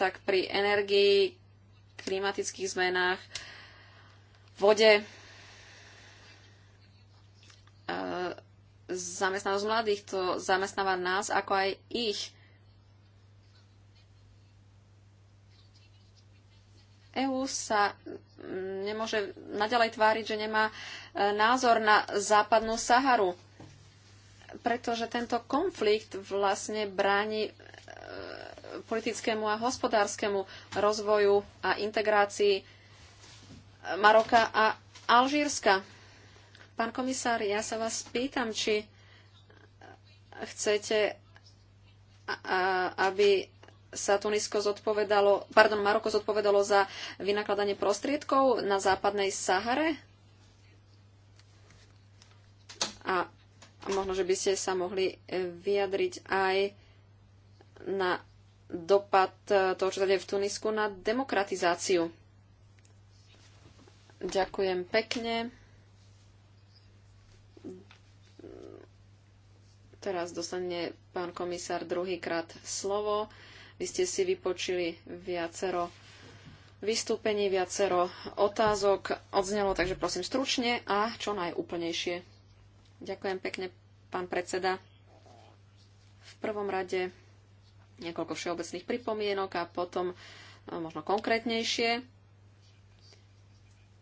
tak pri energii, klimatických zmenách, vode, E, zamestnanosť mladých, to zamestnáva nás ako aj ich. EÚ sa nemôže naďalej tváriť, že nemá e, názor na západnú Saharu, pretože tento konflikt vlastne bráni e, politickému a hospodárskemu rozvoju a integrácii Maroka a Alžírska. Pán komisár, ja sa vás pýtam, či chcete, aby sa Tunisko zodpovedalo, pardon, Maroko zodpovedalo za vynakladanie prostriedkov na západnej Sahare? A možno, že by ste sa mohli vyjadriť aj na dopad toho, čo sa deje v Tunisku na demokratizáciu. Ďakujem pekne. Teraz dostane pán komisár druhýkrát slovo. Vy ste si vypočili viacero vystúpení, viacero otázok odznelo, takže prosím stručne a čo najúplnejšie. Ďakujem pekne, pán predseda. V prvom rade niekoľko všeobecných pripomienok a potom no, možno konkrétnejšie.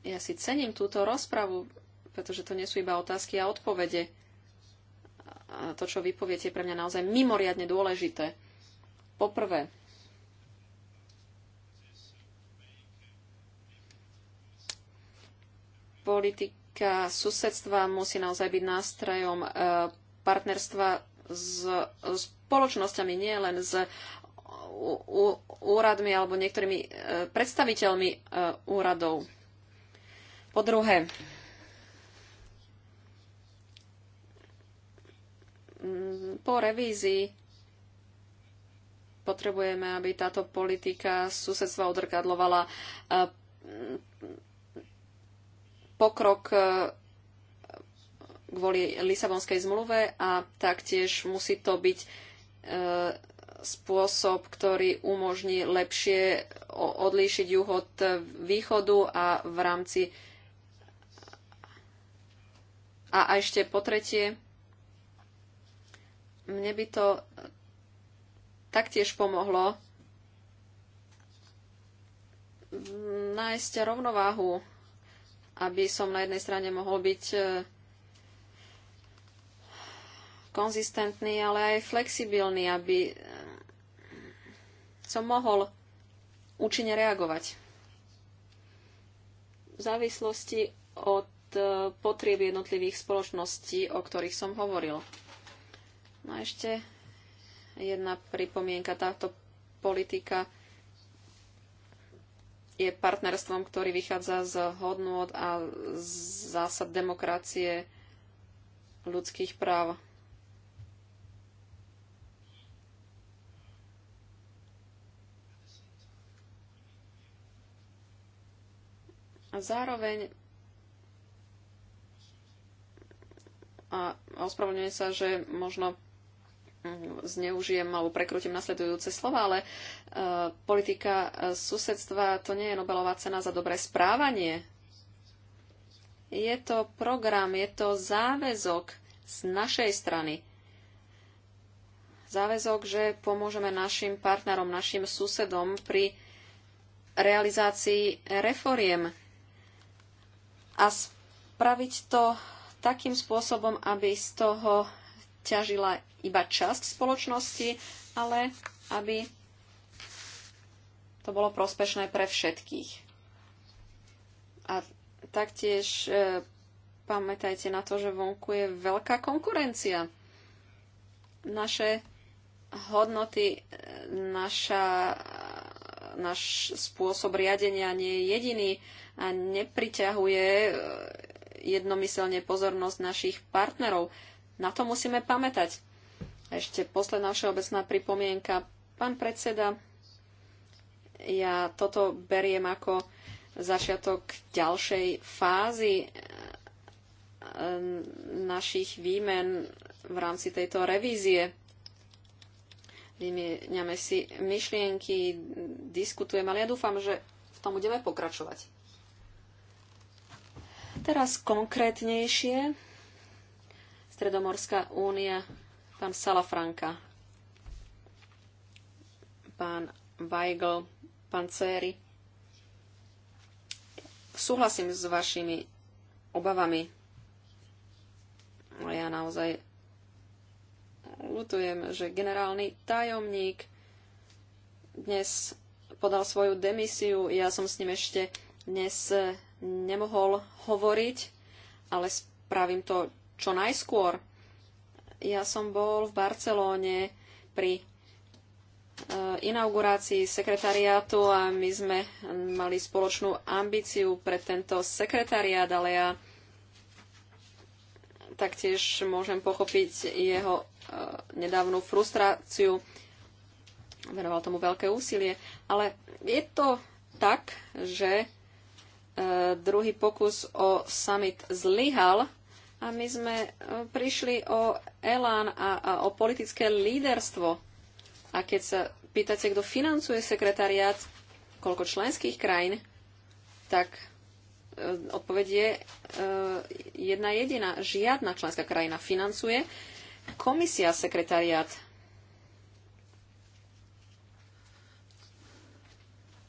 Ja si cením túto rozpravu, pretože to nie sú iba otázky a odpovede to, čo vy poviete, je pre mňa naozaj mimoriadne dôležité. Poprvé, politika susedstva musí naozaj byť nástrojom e, partnerstva s spoločnosťami, nie len s úradmi alebo niektorými e, predstaviteľmi e, úradov. Po druhé, Mm, po revízii potrebujeme, aby táto politika susedstva odrkadlovala eh, pokrok eh, kvôli Lisabonskej zmluve a taktiež musí to byť eh, spôsob, ktorý umožní lepšie odlíšiť juh od východu a v rámci a ešte po tretie, mne by to eh, taktiež pomohlo mm, nájsť rovnováhu, aby som na jednej strane mohol byť eh, konzistentný, ale aj flexibilný, aby eh, som mohol účinne reagovať. V závislosti od potrieb jednotlivých spoločností, o ktorých som hovoril. No a ešte jedna pripomienka. Táto politika je partnerstvom, ktorý vychádza z hodnôt a zásad demokracie ľudských práv. A zároveň a ospravedlňujem sa, že možno zneužijem alebo prekrútim nasledujúce slova, ale e, politika e, susedstva to nie je Nobelová cena za dobré správanie. Je to program, je to záväzok z našej strany. Záväzok, že pomôžeme našim partnerom, našim susedom pri realizácii reforiem a spraviť to takým spôsobom, aby z toho ťažila iba časť spoločnosti, ale aby to bolo prospešné pre všetkých. A taktiež e, pamätajte na to, že vonku je veľká konkurencia. Naše hodnoty, e, naša, náš spôsob riadenia nie je jediný a nepriťahuje e, jednomyselne pozornosť našich partnerov. Na to musíme pamätať. Ešte posledná všeobecná pripomienka. Pán predseda, ja toto beriem ako začiatok ďalšej fázy eh, našich výmen v rámci tejto revízie. Vymieňame si myšlienky, diskutujeme, ale ja dúfam, že v tom budeme pokračovať. Teraz konkrétnejšie Stredomorská únia, pán Salafranka, pán Weigl, pán Céry. Súhlasím s vašimi obavami. Ja naozaj ľutujem, že generálny tajomník dnes podal svoju demisiu. Ja som s ním ešte dnes nemohol hovoriť, ale spravím to čo najskôr. Ja som bol v Barcelóne pri e, inaugurácii sekretariátu a my sme mali spoločnú ambíciu pre tento sekretariát, ale ja taktiež môžem pochopiť jeho e, nedávnu frustráciu. Venoval tomu veľké úsilie. Ale je to tak, že e, druhý pokus o summit zlyhal a my sme e, prišli o elán a, a o politické líderstvo. A keď sa pýtate, kto financuje sekretariát, koľko členských krajín, tak e, odpovedie je e, jedna jediná. Žiadna členská krajina financuje. Komisia sekretariát.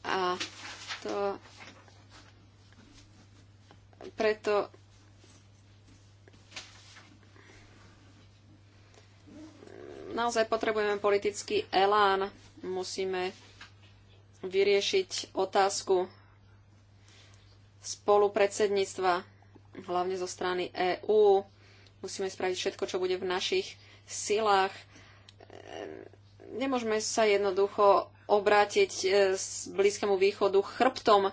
A to preto naozaj potrebujeme politický elán. Musíme vyriešiť otázku spolupredsedníctva, hlavne zo strany EÚ. Musíme spraviť všetko, čo bude v našich silách. Nemôžeme sa jednoducho obrátiť z eh, Blízkému východu chrbtom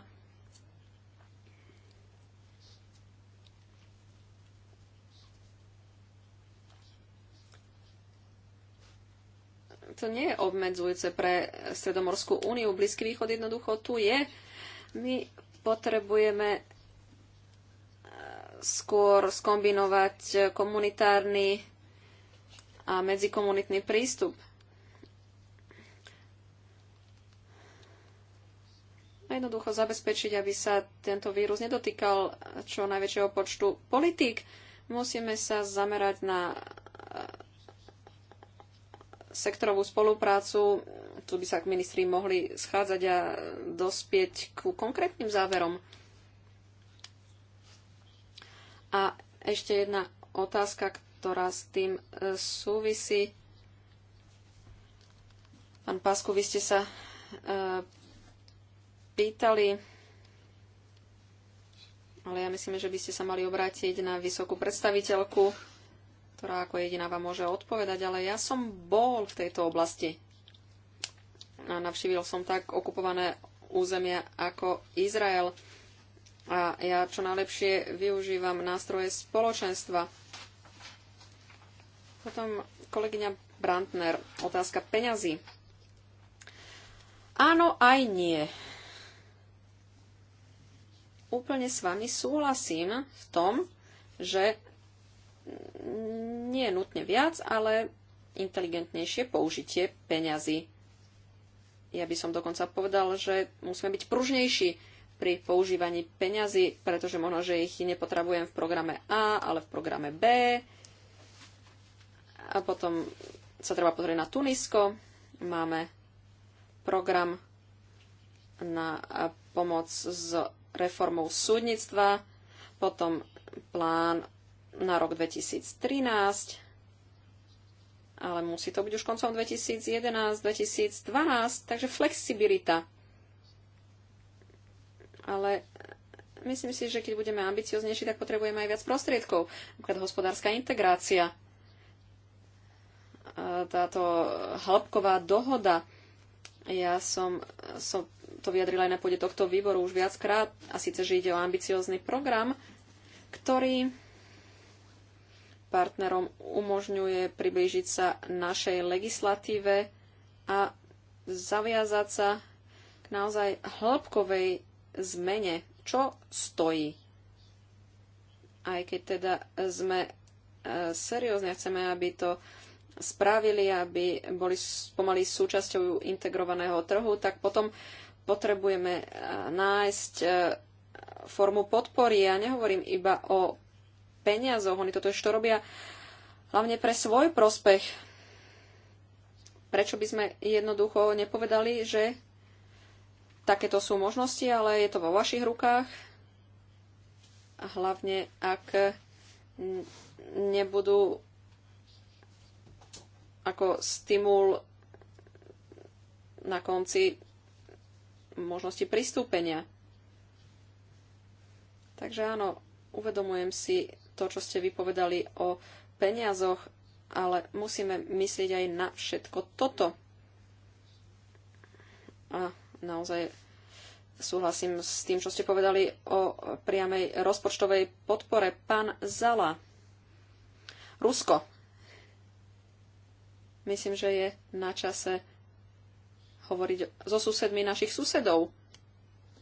to nie je obmedzujúce pre Stredomorskú úniu. Blízky východ jednoducho tu je. My potrebujeme e, skôr skombinovať komunitárny a medzikomunitný prístup. A jednoducho zabezpečiť, aby sa tento vírus nedotýkal čo najväčšieho počtu politík. Musíme sa zamerať na sektorovú spoluprácu. Tu by sa ministri mohli schádzať a dospieť ku konkrétnym záverom. A ešte jedna otázka, ktorá s tým e, súvisí. Pán pásku vy ste sa e, pýtali, ale ja myslím, že by ste sa mali obrátiť na vysokú predstaviteľku ktorá ako jediná vám môže odpovedať, ale ja som bol v tejto oblasti. A navštívil som tak okupované územia ako Izrael. A ja čo najlepšie využívam nástroje spoločenstva. Potom kolegyňa Brantner, otázka peňazí. Áno, aj nie. Úplne s vami súhlasím v tom, že nie je nutne viac, ale inteligentnejšie použitie peňazí. Ja by som dokonca povedal, že musíme byť pružnejší pri používaní peňazí, pretože možno, že ich nepotrebujem v programe A, ale v programe B. A potom sa treba pozrieť na Tunisko. Máme program na pomoc s reformou súdnictva, potom plán na rok 2013, ale musí to byť už koncom 2011, 2012, takže flexibilita. Ale myslím si, že keď budeme ambicioznejší, tak potrebujeme aj viac prostriedkov, napríklad hospodárska integrácia, e, táto hĺbková dohoda. Ja som, som to vyjadrila aj na pôde tohto výboru už viackrát, a síce, že ide o ambiciózny program, ktorý partnerom umožňuje priblížiť sa našej legislatíve a zaviazať sa k naozaj hĺbkovej zmene, čo stojí. Aj keď teda sme e, seriózne, chceme, aby to spravili, aby boli pomaly súčasťou integrovaného trhu, tak potom potrebujeme e, nájsť e, formu podpory. Ja nehovorím iba o peniazoch. Oni toto ešte robia hlavne pre svoj prospech. Prečo by sme jednoducho nepovedali, že takéto sú možnosti, ale je to vo vašich rukách. A hlavne, ak nebudú ako stimul na konci možnosti pristúpenia. Takže áno, uvedomujem si to, čo ste vypovedali o peniazoch, ale musíme myslieť aj na všetko toto. A naozaj súhlasím s tým, čo ste povedali o priamej rozpočtovej podpore. Pán Zala. Rusko. Myslím, že je na čase hovoriť so susedmi našich susedov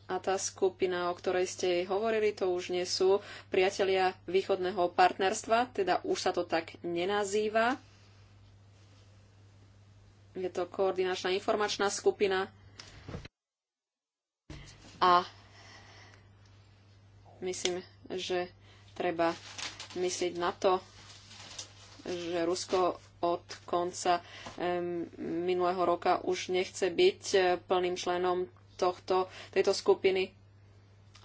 a tá skupina, o ktorej ste jej hovorili, to už nie sú priatelia východného partnerstva, teda už sa to tak nenazýva. Je to koordinačná informačná skupina a myslím, že treba myslieť na to, že Rusko od konca minulého roka už nechce byť eh, plným členom tohto, tejto skupiny,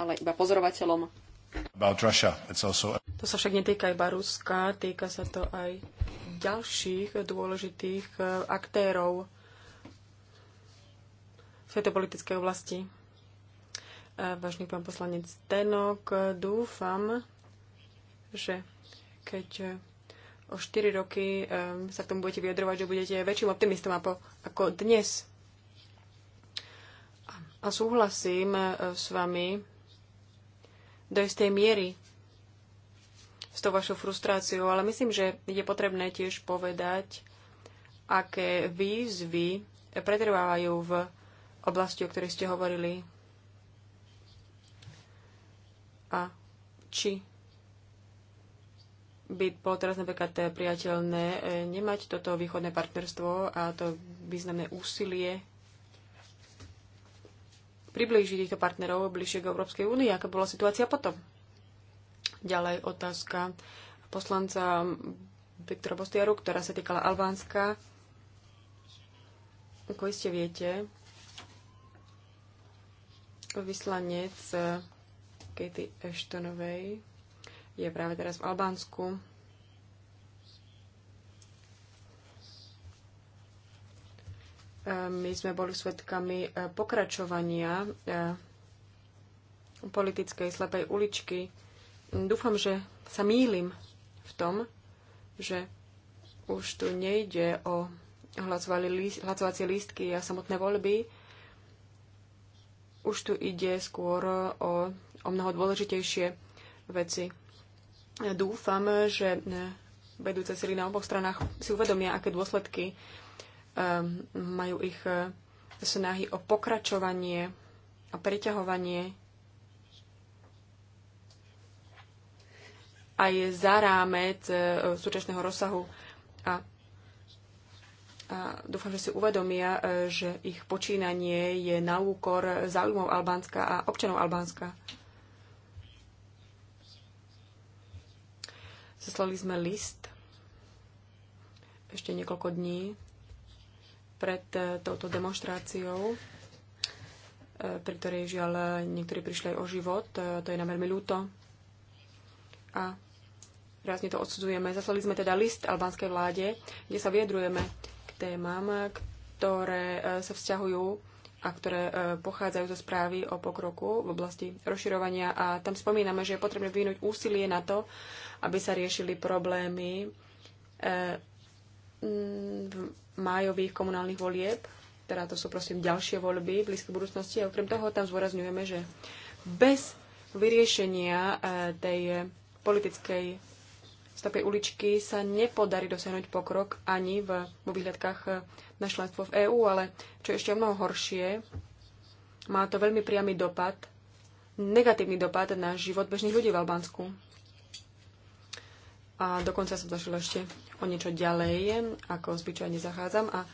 ale iba pozorovateľom. Also... To sa však netýka iba Ruska, týka sa to aj ďalších dôležitých e, aktérov v tejto politickej oblasti. E, vážny pán poslanec Tenok, e, dúfam, že keď o 4 roky sa k tomu budete vyjadrovať, že budete väčším optimistom ako dnes. A súhlasím e, s vami do istej miery s tou vašou frustráciou, ale myslím, že je potrebné tiež povedať, aké výzvy pretrvávajú v oblasti, o ktorej ste hovorili. A či by bolo teraz napríklad e, priateľné e, nemať toto východné partnerstvo a to významné úsilie priblížiť týchto partnerov bližšie k Európskej únii, aká bola situácia potom. Ďalej otázka poslanca Viktora Bostiaru, ktorá sa týkala Albánska. Ako iste viete, vyslanec Katie Ashtonovej je práve teraz v Albánsku. E, my sme boli svedkami e, pokračovania e, politickej slepej uličky. Dúfam, že sa mýlim v tom, že už tu nejde o hlasovacie lístky a samotné voľby. Už tu ide skôr o, o mnoho dôležitejšie veci. Dúfam, že vedúce sily na oboch stranách si uvedomia, aké dôsledky Ehm, majú ich e, snahy o pokračovanie a preťahovanie aj za rámec e, súčasného rozsahu a a dúfam, že si uvedomia, e, že ich počínanie je na úkor záujmov Albánska a občanov Albánska. Zaslali sme list ešte niekoľko dní pred e, touto demonstráciou, e, pri ktorej žiaľ e, niektorí prišli aj o život. To je nám veľmi ľúto. A rázne to odsudzujeme. Zaslali sme teda list albánskej vláde, kde sa vyjadrujeme k témam, ktoré sa vzťahujú a ktoré pochádzajú zo správy o pokroku v oblasti rozširovania. A tam spomíname, že je potrebné vyvinúť úsilie na to, aby sa riešili problémy Mm, v májových komunálnych volieb, teda to sú prosím ďalšie voľby v blízkej budúcnosti. A okrem toho tam zvorazňujeme, že bez vyriešenia e, tej politickej stopy uličky sa nepodarí dosiahnuť pokrok ani v, vo výhľadkách e, na členstvo v EÚ, ale čo je ešte mnoho horšie, má to veľmi priamy dopad, negatívny dopad na život bežných ľudí v Albánsku. A dokonca som zašla ešte o niečo ďalej, ako zvyčajne zachádzam a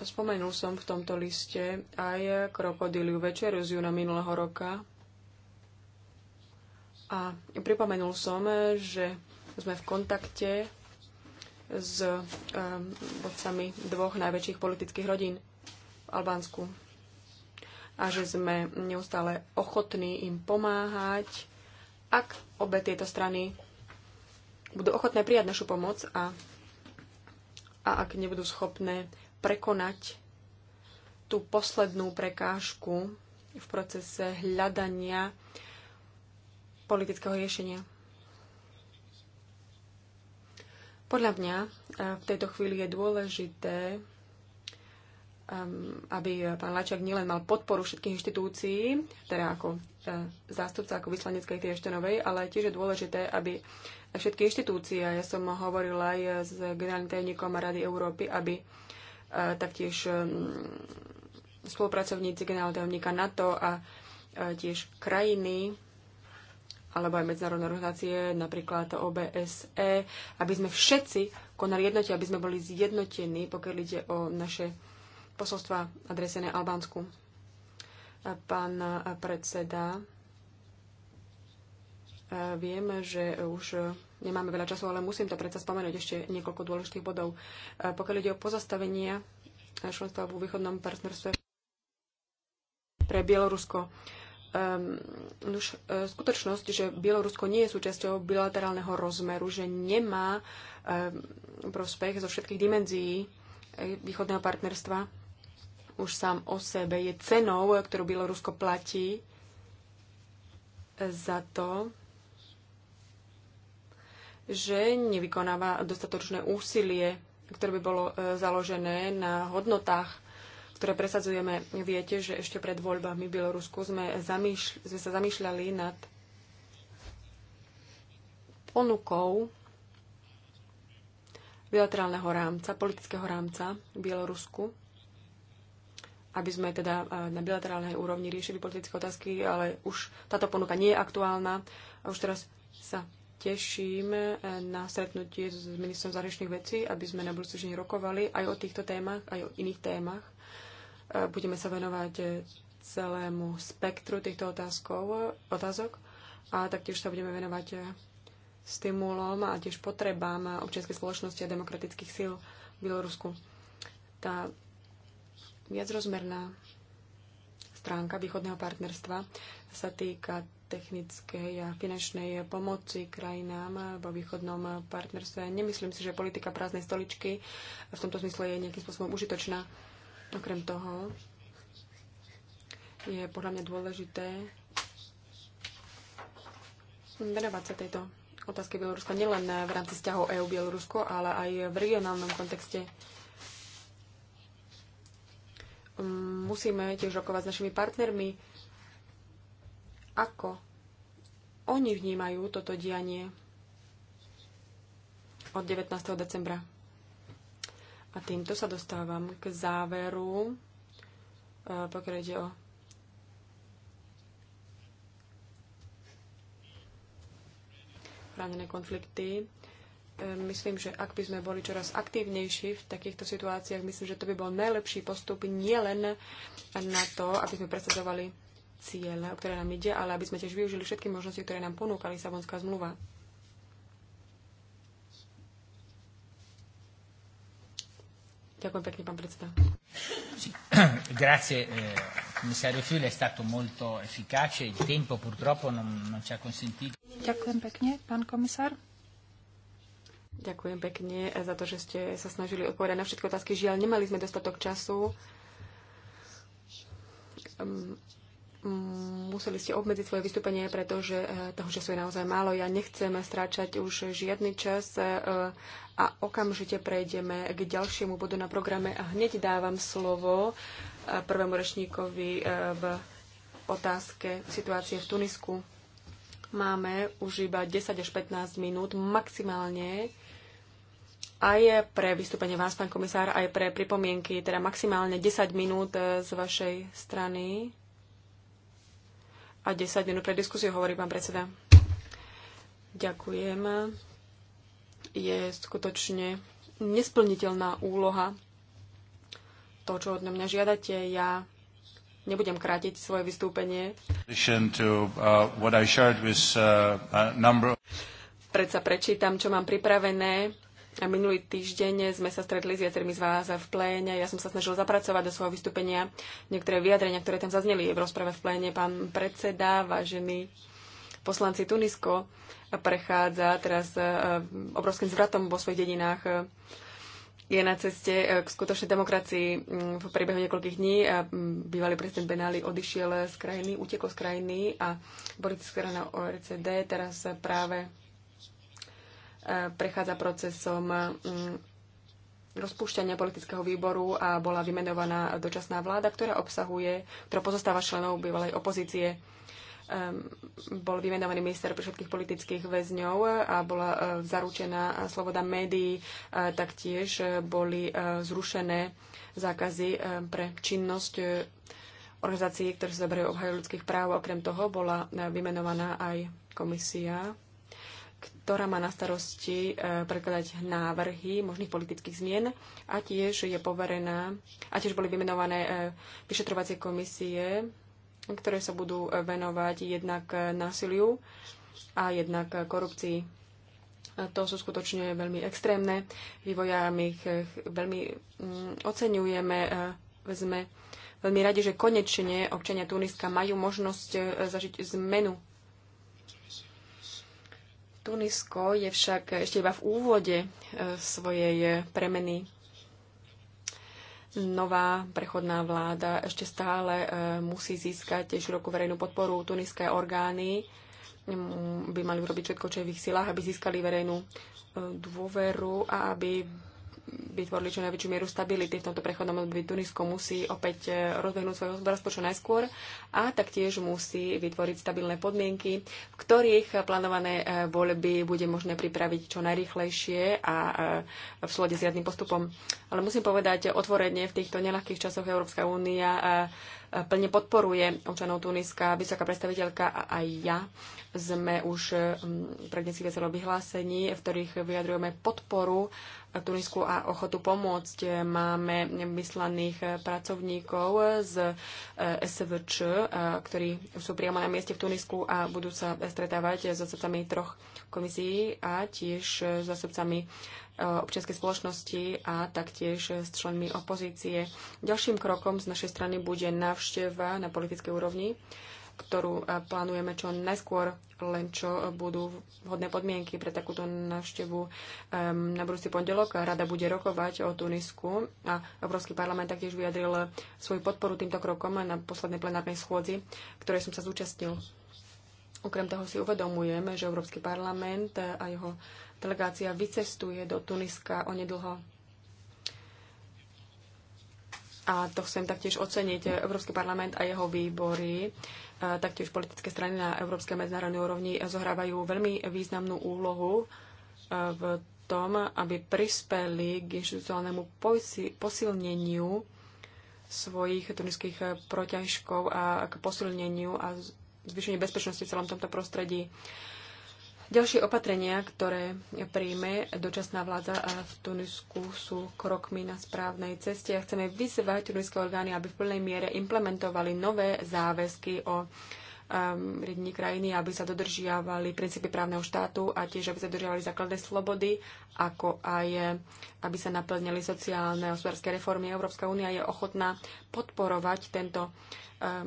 spomenul som v tomto liste aj krokodíliu večeru z júna minulého roka a pripomenul som, že sme v kontakte s ehm, vodcami dvoch najväčších politických rodín v Albánsku a že sme neustále ochotní im pomáhať ak obe tieto strany budú ochotné prijať našu pomoc a, a ak nebudú schopné prekonať tú poslednú prekážku v procese hľadania politického riešenia. Podľa mňa e, v tejto chvíli je dôležité, e, aby pán Lačák nielen mal podporu všetkých inštitúcií, teda ako zástupca ako vyslaneckej Krieštenovej, ale tiež je dôležité, aby všetky inštitúcie, ja som hovorila aj s generálnym tajomníkom Rady Európy, aby e, taktiež spolupracovníci generálneho tajomníka NATO a e, tiež krajiny alebo aj medzinárodné organizácie, napríklad OBSE, aby sme všetci konali jednotie, aby sme boli zjednotení, pokiaľ ide o naše posolstva adresené Albánsku. Pán predseda, viem, že už nemáme veľa času, ale musím to predsa spomenúť ešte niekoľko dôležitých bodov. Pokiaľ ide o pozastavenie členstva vo východnom partnerstve pre Bielorusko, Um, ehm, už, uh, e, skutočnosť, že Bielorusko nie je súčasťou bilaterálneho rozmeru, že nemá um, prospech zo všetkých dimenzií e, východného partnerstva, už sám o sebe je cenou, ktorú Bielorusko platí za to, že nevykonáva dostatočné úsilie, ktoré by bolo e, založené na hodnotách, ktoré presadzujeme. Viete, že ešte pred voľbami v Bielorusku sme, zamýšľ, sme sa zamýšľali nad ponukou bilaterálneho rámca, politického rámca v Bielorusku aby sme teda e, na bilaterálnej úrovni riešili politické otázky, ale už táto ponuka nie je aktuálna. A už teraz sa teším e, na stretnutie s ministrom zahraničných vecí, aby sme na budúci rokovali aj o týchto témach, aj o iných témach. E, budeme sa venovať celému spektru týchto otázkov, otázok a taktiež sa budeme venovať stimulom a tiež potrebám občianskej spoločnosti a demokratických síl v Bielorusku. Tá Viacrozmerná stránka východného partnerstva sa týka technickej a finančnej pomoci krajinám vo východnom partnerstve. Nemyslím si, že politika prázdnej stoličky v tomto zmysle je nejakým spôsobom užitočná. Okrem toho je podľa mňa dôležité venovať sa tejto otázky Bieloruska nielen v rámci vzťahov EU-Bielorusko, ale aj v regionálnom kontexte musíme tiež rokovať s našimi partnermi, ako oni vnímajú toto dianie od 19. decembra. A týmto sa dostávam k záveru, e, pokiaľ ide o chránené konflikty myslím, že ak by sme boli čoraz aktívnejší v takýchto situáciách, myslím, že to by bol najlepší postup nielen na to, aby sme presadzovali cieľ, o ktoré nám ide, ale aby sme tiež využili všetky možnosti, ktoré nám ponúka Lisabonská zmluva. Ďakujem pekne, pán predseda. Grazie, eh, commissario Fiul è stato molto efficace, il tempo purtroppo non, non ci ha consentito. Ďakujem pekne, pán komisár. Ďakujem pekne za to, že ste sa snažili odpovedať na všetky otázky. Žiaľ, nemali sme dostatok času. Ehm, museli ste obmedziť svoje vystúpenie, pretože eh, toho času je naozaj málo. Ja nechcem stráčať už žiadny čas eh, a okamžite prejdeme k ďalšiemu bodu na programe a hneď dávam slovo eh, prvému rečníkovi v otázke situácie v Tunisku máme už iba 10 až 15 minút maximálne aj pre vystúpenie vás, pán komisár, aj pre pripomienky, teda maximálne 10 minút e, z vašej strany a 10 minút pre diskusiu, hovorí pán predseda. Ďakujem. Je skutočne nesplniteľná úloha to, čo od mňa žiadate. Ja nebudem krátiť svoje vystúpenie. Uh, uh, Predsa prečítam, čo mám pripravené a minulý týždeň sme sa stretli s viacerými z vás v pléne. Ja som sa snažil zapracovať do svojho vystúpenia niektoré vyjadrenia, ktoré tam zazneli v rozprave v pléne. Pán predseda, vážený poslanci Tunisko prechádza teraz e, obrovským zvratom vo svojich dedinách. Je na ceste e, k skutočnej demokracii v priebehu niekoľkých dní. Bývalý prezident Benali odišiel z krajiny, utekol z krajiny a politická strana OECD teraz práve E, prechádza procesom mm, rozpúšťania politického výboru a bola vymenovaná dočasná vláda, ktorá obsahuje, ktorá pozostáva členov bývalej opozície. Bol vymenovaný minister pre všetkých politických väzňov a bola e, zaručená sloboda médií. E, taktiež boli zrušené zákazy pre činnosť organizácií, ktoré sa zaberajú obhajov ľudských práv. Okrem toho bola vymenovaná aj komisia ktorá má na starosti e, prekladať návrhy možných politických zmien a tiež je poverená a tiež boli vymenované e, vyšetrovacie komisie, ktoré sa budú e, venovať jednak násiliu a jednak korupcii. To sú skutočne veľmi extrémne vývoja. a my ich veľmi mm, oceňujeme. Sme veľmi radi, že konečne občania Tuniska majú možnosť zažiť zmenu Tunisko je však ešte iba v úvode e, svojej e, premeny. Nová prechodná vláda ešte stále e, musí získať širokú verejnú podporu. Tuniské orgány by mali urobiť všetko, čo je v ich silách, aby získali verejnú dôveru a aby vytvorili čo najväčšiu mieru stability v tomto prechodnom období. Tunisko musí opäť e, rozbehnúť svoje hospodárstvo čo najskôr a taktiež musí vytvoriť stabilné podmienky, v ktorých plánované e, voľby bude možné pripraviť čo najrychlejšie a e, v slode s riadnym postupom. Ale musím povedať otvorene, v týchto nelahkých časoch Európska únia plne podporuje občanov Tuniska. Vysoká predstaviteľka a aj ja sme už prednesli viacero vyhlásení, v ktorých vyjadrujeme podporu Tunisku a ochotu pomôcť. Máme vyslaných pracovníkov z eh, SVČ, eh, ktorí sú priamo na mieste v Tunisku a budú sa stretávať s zástupcami troch komisií a tiež s zástupcami eh, občianskej spoločnosti a taktiež s členmi opozície. Ďalším krokom z našej strany bude návšteva na politickej úrovni ktorú e, plánujeme čo najskôr, len čo budú vhodné podmienky pre takúto návštevu. Na budúci pondelok rada bude rokovať o Tunisku a Európsky parlament taktiež vyjadril svoju podporu týmto krokom na poslednej plenárnej schôdzi, ktorej som sa zúčastnil. Okrem toho si uvedomujeme, že Európsky parlament a jeho delegácia vycestuje do Tuniska onedlho a to chcem taktiež oceniť Európsky parlament a jeho výbory, taktiež politické strany na európskej medzinárodnej úrovni zohrávajú veľmi významnú úlohu e, v tom, aby prispeli k inštitucionálnemu posilneniu svojich tunických proťažkov a k posilneniu a zvýšeniu bezpečnosti v celom tomto prostredí. Ďalšie opatrenia, ktoré príjme dočasná vláda v Tunisku, sú krokmi na správnej ceste a chceme vyzvať tuniské orgány, aby v plnej miere implementovali nové záväzky o um, riadení krajiny, aby sa dodržiavali princípy právneho štátu a tiež, aby sa dodržiavali základné slobody, ako aj aby sa naplňali sociálne a hospodárske reformy. Európska únia je ochotná podporovať tento um,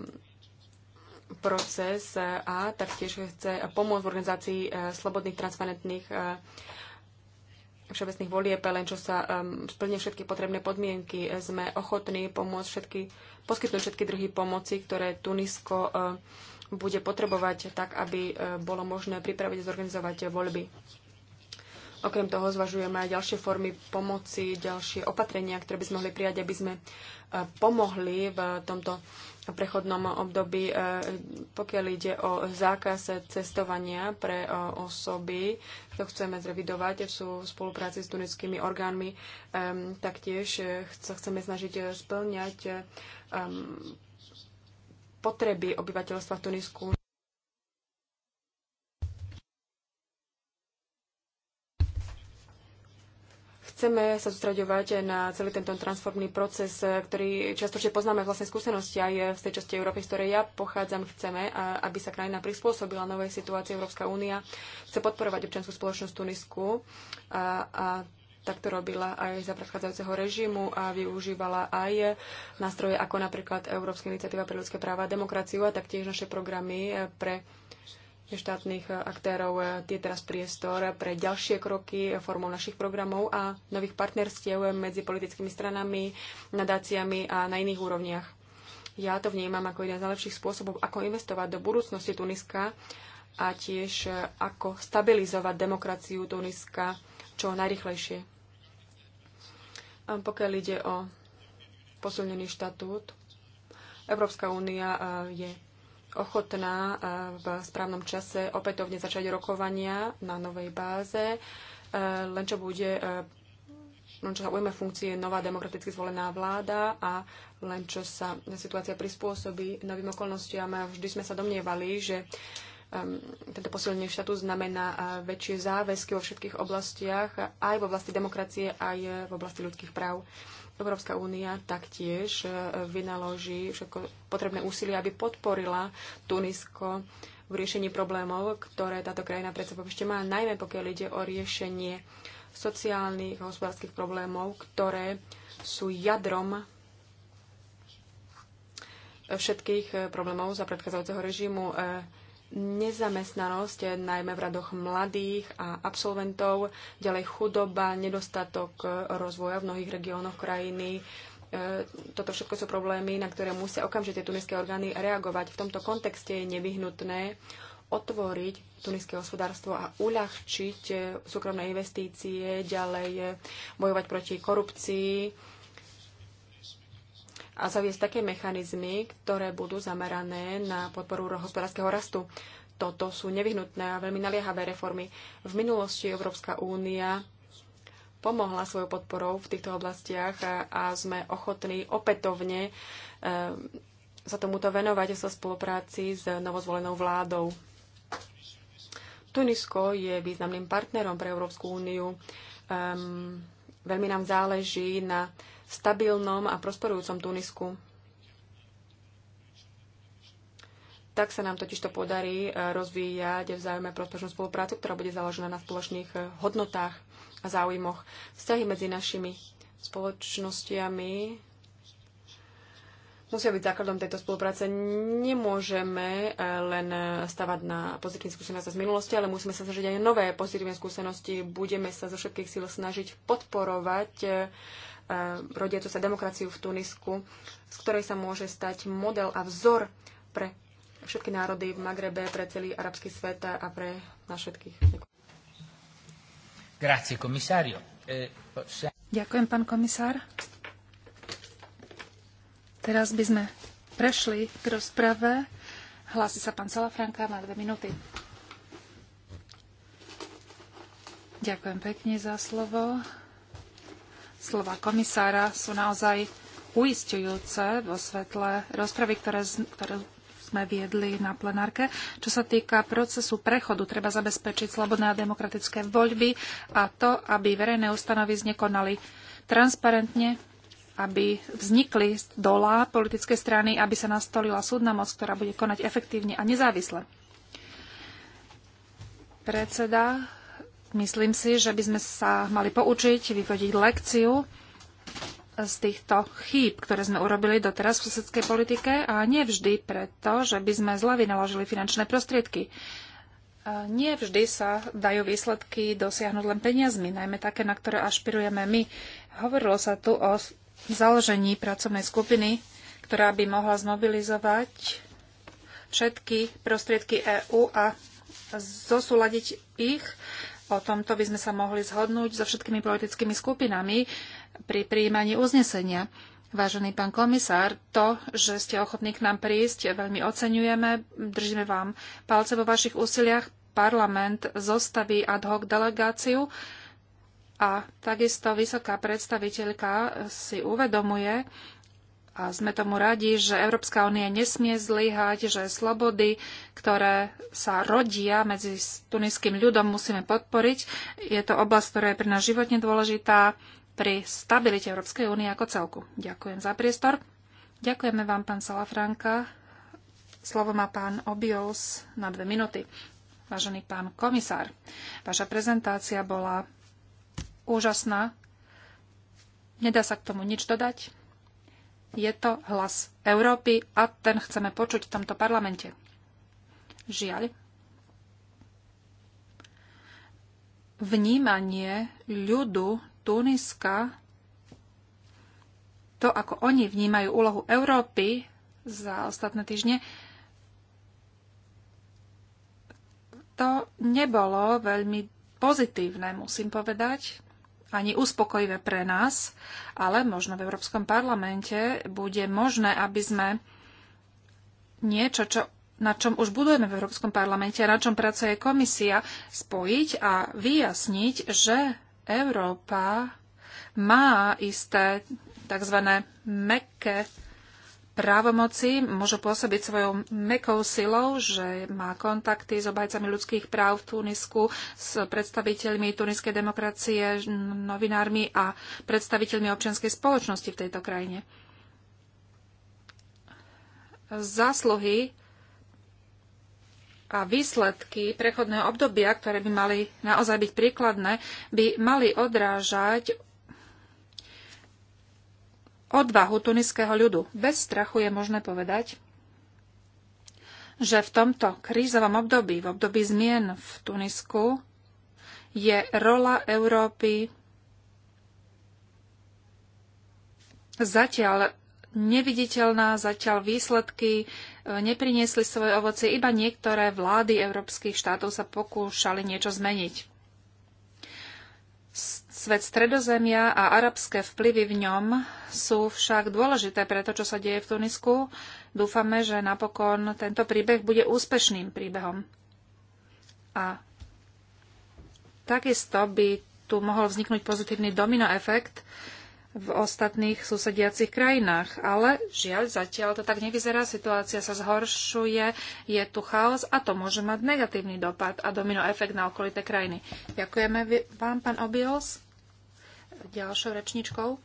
proces eh, a taktiež chce pomôcť v organizácii eh, slobodných, transparentných eh, všeobecných volieb, len čo sa splní všetky potrebné podmienky. Sme ochotní pomôcť všetky, poskytnúť všetky druhy pomoci, ktoré Tunisko bude potrebovať tak, aby bolo možné pripraviť a zorganizovať voľby. Okrem toho zvažujeme aj ďalšie formy pomoci, ďalšie opatrenia, ktoré by sme mohli prijať, aby sme pomohli v tomto prechodnom období, e, pokiaľ ide o zákaz cestovania pre e, osoby, to chceme zrevidovať v spolupráci s tuneckými orgánmi. Taktiež e, sa chceme snažiť splňať potreby obyvateľstva v Tunisku. Chceme sa sústraďovať na celý tento transformný proces, ktorý častočne poznáme vlastnej skúsenosti aj v tej časti Európy, z ktorej ja pochádzam. Chceme, aby sa krajina prispôsobila novej situácii. Európska únia chce podporovať občianskú spoločnosť Tunisku a, a tak to robila aj za predchádzajúceho režimu a využívala aj nástroje ako napríklad Európska iniciatíva pre ľudské práva a demokraciu a taktiež naše programy eh, pre štátnych eh, aktérov eh, je teraz priestor pre ďalšie kroky eh, formou našich programov a nových partnerstiev medzi politickými stranami, nadáciami a na iných úrovniach. Ja to vnímam ako jeden z najlepších spôsobov, ako investovať do budúcnosti Tuniska a tiež ako stabilizovať demokraciu Tuniska čo najrychlejšie. A pokiaľ ide o posilnený štatút, Európska únia je ochotná e, v správnom čase opätovne začať rokovania na novej báze, e, len čo bude e, len čo sa ujme funkcie nová demokraticky zvolená vláda a len čo sa situácia prispôsobí novým okolnostiam. Vždy sme sa domnievali, že tento posilnenie štátu znamená väčšie záväzky vo všetkých oblastiach, aj v oblasti demokracie, aj v oblasti ľudských práv. Európska únia taktiež e, vynaloží všetko potrebné úsilie, aby podporila Tunisko v riešení problémov, ktoré táto krajina pred sebou ešte má, najmä pokiaľ ide o riešenie sociálnych a hospodárskych problémov, ktoré sú jadrom všetkých e, problémov za predchádzajúceho režimu. E, nezamestnanosť, najmä v radoch mladých a absolventov, ďalej chudoba, nedostatok e, rozvoja v mnohých regiónoch krajiny. E, toto všetko sú problémy, na ktoré musia okamžite tuniské orgány reagovať. V tomto kontexte je nevyhnutné otvoriť tuniské hospodárstvo a uľahčiť e, súkromné investície, ďalej bojovať proti korupcii, a zaviesť také mechanizmy, ktoré budú zamerané na podporu hospodárskeho rastu. Toto sú nevyhnutné a veľmi naliehavé reformy. V minulosti Európska únia pomohla svojou podporou v týchto oblastiach a, sme ochotní opätovne e, sa tomuto venovať sa spolupráci s novozvolenou vládou. Tunisko je významným partnerom pre Európsku úniu. Um, veľmi nám záleží na stabilnom a prosperujúcom Tunisku. Tak sa nám totižto podarí e, rozvíjať vzájomne prospešnú spoluprácu, ktorá bude založená na spoločných e, hodnotách a záujmoch. Vzťahy medzi našimi spoločnosťami. musia byť základom tejto spolupráce. Nemôžeme e, len stavať na pozitívne skúsenosti z minulosti, ale musíme sa snažiť aj nové pozitívne skúsenosti. Budeme sa zo všetkých síl snažiť podporovať E, rodiacu sa demokraciu v Tunisku, z ktorej sa môže stať model a vzor pre všetky národy v Magrebe, pre celý arabský svet a pre nás všetkých. Grazie, komisario. E, Ďakujem, pán komisár. Teraz by sme prešli k rozprave. Hlási sa pán Salafranka, má dve minúty. Ďakujem pekne za slovo slova komisára sú naozaj uistujúce vo svetle rozpravy, ktoré, ktoré sme viedli na plenárke. Čo sa týka procesu prechodu, treba zabezpečiť slobodné a demokratické voľby a to, aby verejné ustanovy znekonali transparentne, aby vznikli z dola politické strany, aby sa nastolila súdna moc, ktorá bude konať efektívne a nezávisle. Predseda Myslím si, že by sme sa mali poučiť, vyvodiť lekciu z týchto chýb, ktoré sme urobili doteraz v susedskej politike a nevždy preto, že by sme zle vynaložili finančné prostriedky. Nie vždy sa dajú výsledky dosiahnuť len peniazmi, najmä také, na ktoré ašpirujeme my. Hovorilo sa tu o založení pracovnej skupiny, ktorá by mohla zmobilizovať všetky prostriedky EÚ a zosúľadiť ich O tomto by sme sa mohli zhodnúť so všetkými politickými skupinami pri príjmaní uznesenia. Vážený pán komisár, to, že ste ochotní k nám prísť, veľmi oceňujeme. Držíme vám palce vo vašich úsiliach. Parlament zostaví ad hoc delegáciu a takisto vysoká predstaviteľka si uvedomuje, a sme tomu radi, že Európska únia nesmie zlyhať, že slobody, ktoré sa rodia medzi tuniským ľudom, musíme podporiť. Je to oblasť, ktorá je pre nás životne dôležitá pri stabilite Európskej únie ako celku. Ďakujem za priestor. Ďakujeme vám, pán Salafranka. Slovo má pán Obius na dve minúty. Vážený pán komisár, vaša prezentácia bola úžasná. Nedá sa k tomu nič dodať je to hlas Európy a ten chceme počuť v tomto parlamente. Žiaľ. Vnímanie ľudu Tuniska, to ako oni vnímajú úlohu Európy za ostatné týždne, to nebolo veľmi pozitívne, musím povedať ani uspokojivé pre nás, ale možno v Európskom parlamente bude možné, aby sme niečo, čo, na čom už budujeme v Európskom parlamente a na čom pracuje komisia, spojiť a vyjasniť, že Európa má isté tzv. mekké právomoci, môže pôsobiť svojou mekou silou, že má kontakty s obajcami ľudských práv v Tunisku, s predstaviteľmi tuniskej demokracie, novinármi a predstaviteľmi občianskej spoločnosti v tejto krajine. Zásluhy a výsledky prechodného obdobia, ktoré by mali naozaj byť príkladné, by mali odrážať odvahu tuniského ľudu. Bez strachu je možné povedať, že v tomto krízovom období, v období zmien v Tunisku, je rola Európy zatiaľ neviditeľná, zatiaľ výsledky e, nepriniesli svoje ovocie, iba niektoré vlády európskych štátov sa pokúšali niečo zmeniť. Z Svet stredozemia a arabské vplyvy v ňom sú však dôležité pre to, čo sa deje v Tunisku. Dúfame, že napokon tento príbeh bude úspešným príbehom. A takisto by tu mohol vzniknúť pozitívny domino efekt v ostatných susediacich krajinách. Ale žiaľ, zatiaľ to tak nevyzerá, situácia sa zhoršuje, je tu chaos a to môže mať negatívny dopad a domino efekt na okolité krajiny. Ďakujeme vám, pán Obios. Ďalšou rečničkou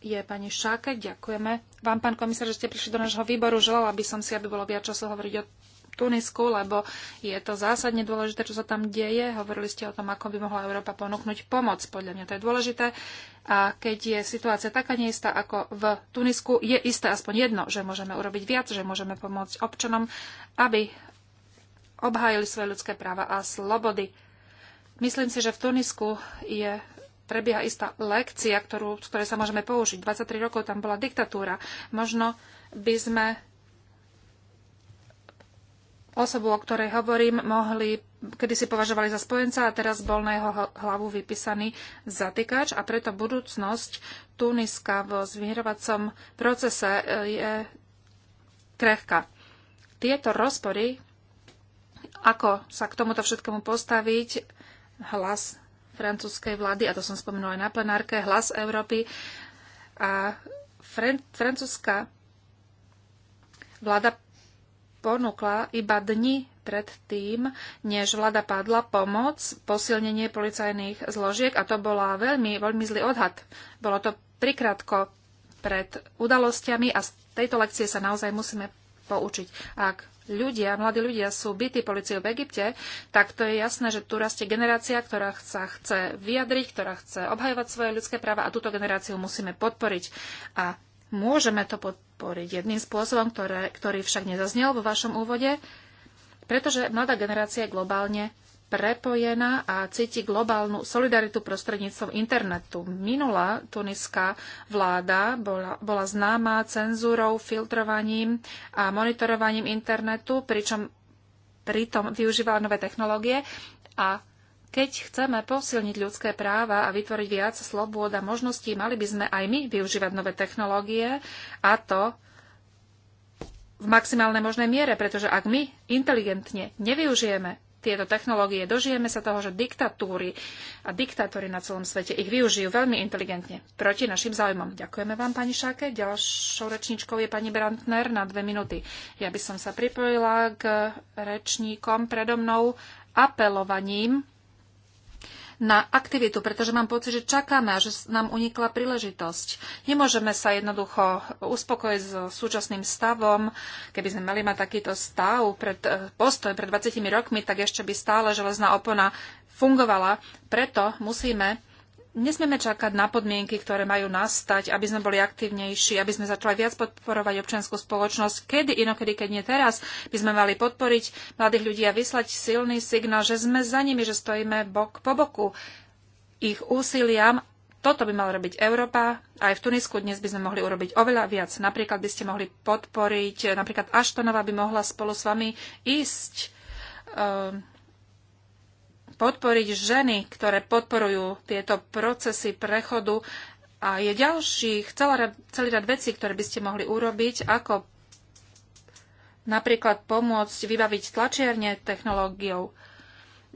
je pani Šáke. Ďakujeme vám, pán komisár, že ste prišli do nášho výboru. Želala by som si, aby bolo viac času hovoriť o Tunisku, lebo je to zásadne dôležité, čo sa tam deje. Hovorili ste o tom, ako by mohla Európa ponúknuť pomoc. Podľa mňa to je dôležité. A keď je situácia taká neistá ako v Tunisku, je isté aspoň jedno, že môžeme urobiť viac, že môžeme pomôcť občanom, aby obhájili svoje ľudské práva a slobody. Myslím si, že v Tunisku je prebieha istá lekcia, ktorú, z ktorej sa môžeme použiť. 23 rokov tam bola diktatúra. Možno by sme osobu, o ktorej hovorím, mohli, kedy si považovali za spojenca a teraz bol na jeho hlavu vypísaný zatýkač a preto budúcnosť Tuniska vo zmierovacom procese e, je krehká. Tieto rozpory, ako sa k tomuto všetkému postaviť, hlas francúzskej vlády, a to som spomenula aj na plenárke, Hlas Európy. A fran- francúzska vláda ponúkla iba dni pred tým, než vláda padla pomoc, posilnenie policajných zložiek a to bola veľmi, veľmi zlý odhad. Bolo to prikrátko pred udalosťami a z tejto lekcie sa naozaj musíme poučiť. Ak ľudia, mladí ľudia sú bytí policiou v Egypte, tak to je jasné, že tu rastie generácia, ktorá sa chce vyjadriť, ktorá chce obhajovať svoje ľudské práva a túto generáciu musíme podporiť. A môžeme to podporiť jedným spôsobom, ktoré, ktorý však nezaznel vo vašom úvode, pretože mladá generácia je globálne prepojená a cíti globálnu solidaritu prostredníctvom internetu. Minulá tuniská vláda bola, bola známa cenzúrou, filtrovaním a monitorovaním internetu, pričom pritom využívala nové technológie a keď chceme posilniť ľudské práva a vytvoriť viac slobôd a možností, mali by sme aj my využívať nové technológie a to v maximálnej možnej miere, pretože ak my inteligentne nevyužijeme tieto technológie. Dožijeme sa toho, že diktatúry a diktátory na celom svete ich využijú veľmi inteligentne proti našim záujmom. Ďakujeme vám, pani Šáke. Ďalšou rečníčkou je pani Brantner, na dve minúty. Ja by som sa pripojila k rečníkom predo mnou apelovaním na aktivitu, pretože mám pocit, že čakáme a že nám unikla príležitosť. Nemôžeme sa jednoducho uspokojiť s súčasným stavom. Keby sme mali mať takýto stav pred e, postoj pred 20 rokmi, tak ešte by stále železná opona fungovala. Preto musíme Nesmieme čakať na podmienky, ktoré majú nastať, aby sme boli aktívnejší, aby sme začali viac podporovať občianskú spoločnosť. Kedy, inokedy, keď nie teraz, by sme mali podporiť mladých ľudí a vyslať silný signál, že sme za nimi, že stojíme bok po boku ich úsiliam. Toto by mala robiť Európa. Aj v Tunisku dnes by sme mohli urobiť oveľa viac. Napríklad by ste mohli podporiť, napríklad Aštonova by mohla spolu s vami ísť. Ehm, podporiť ženy, ktoré podporujú tieto procesy prechodu. A je ďalších celý rad, celý rad vecí, ktoré by ste mohli urobiť, ako napríklad pomôcť vybaviť tlačiarne technológiou.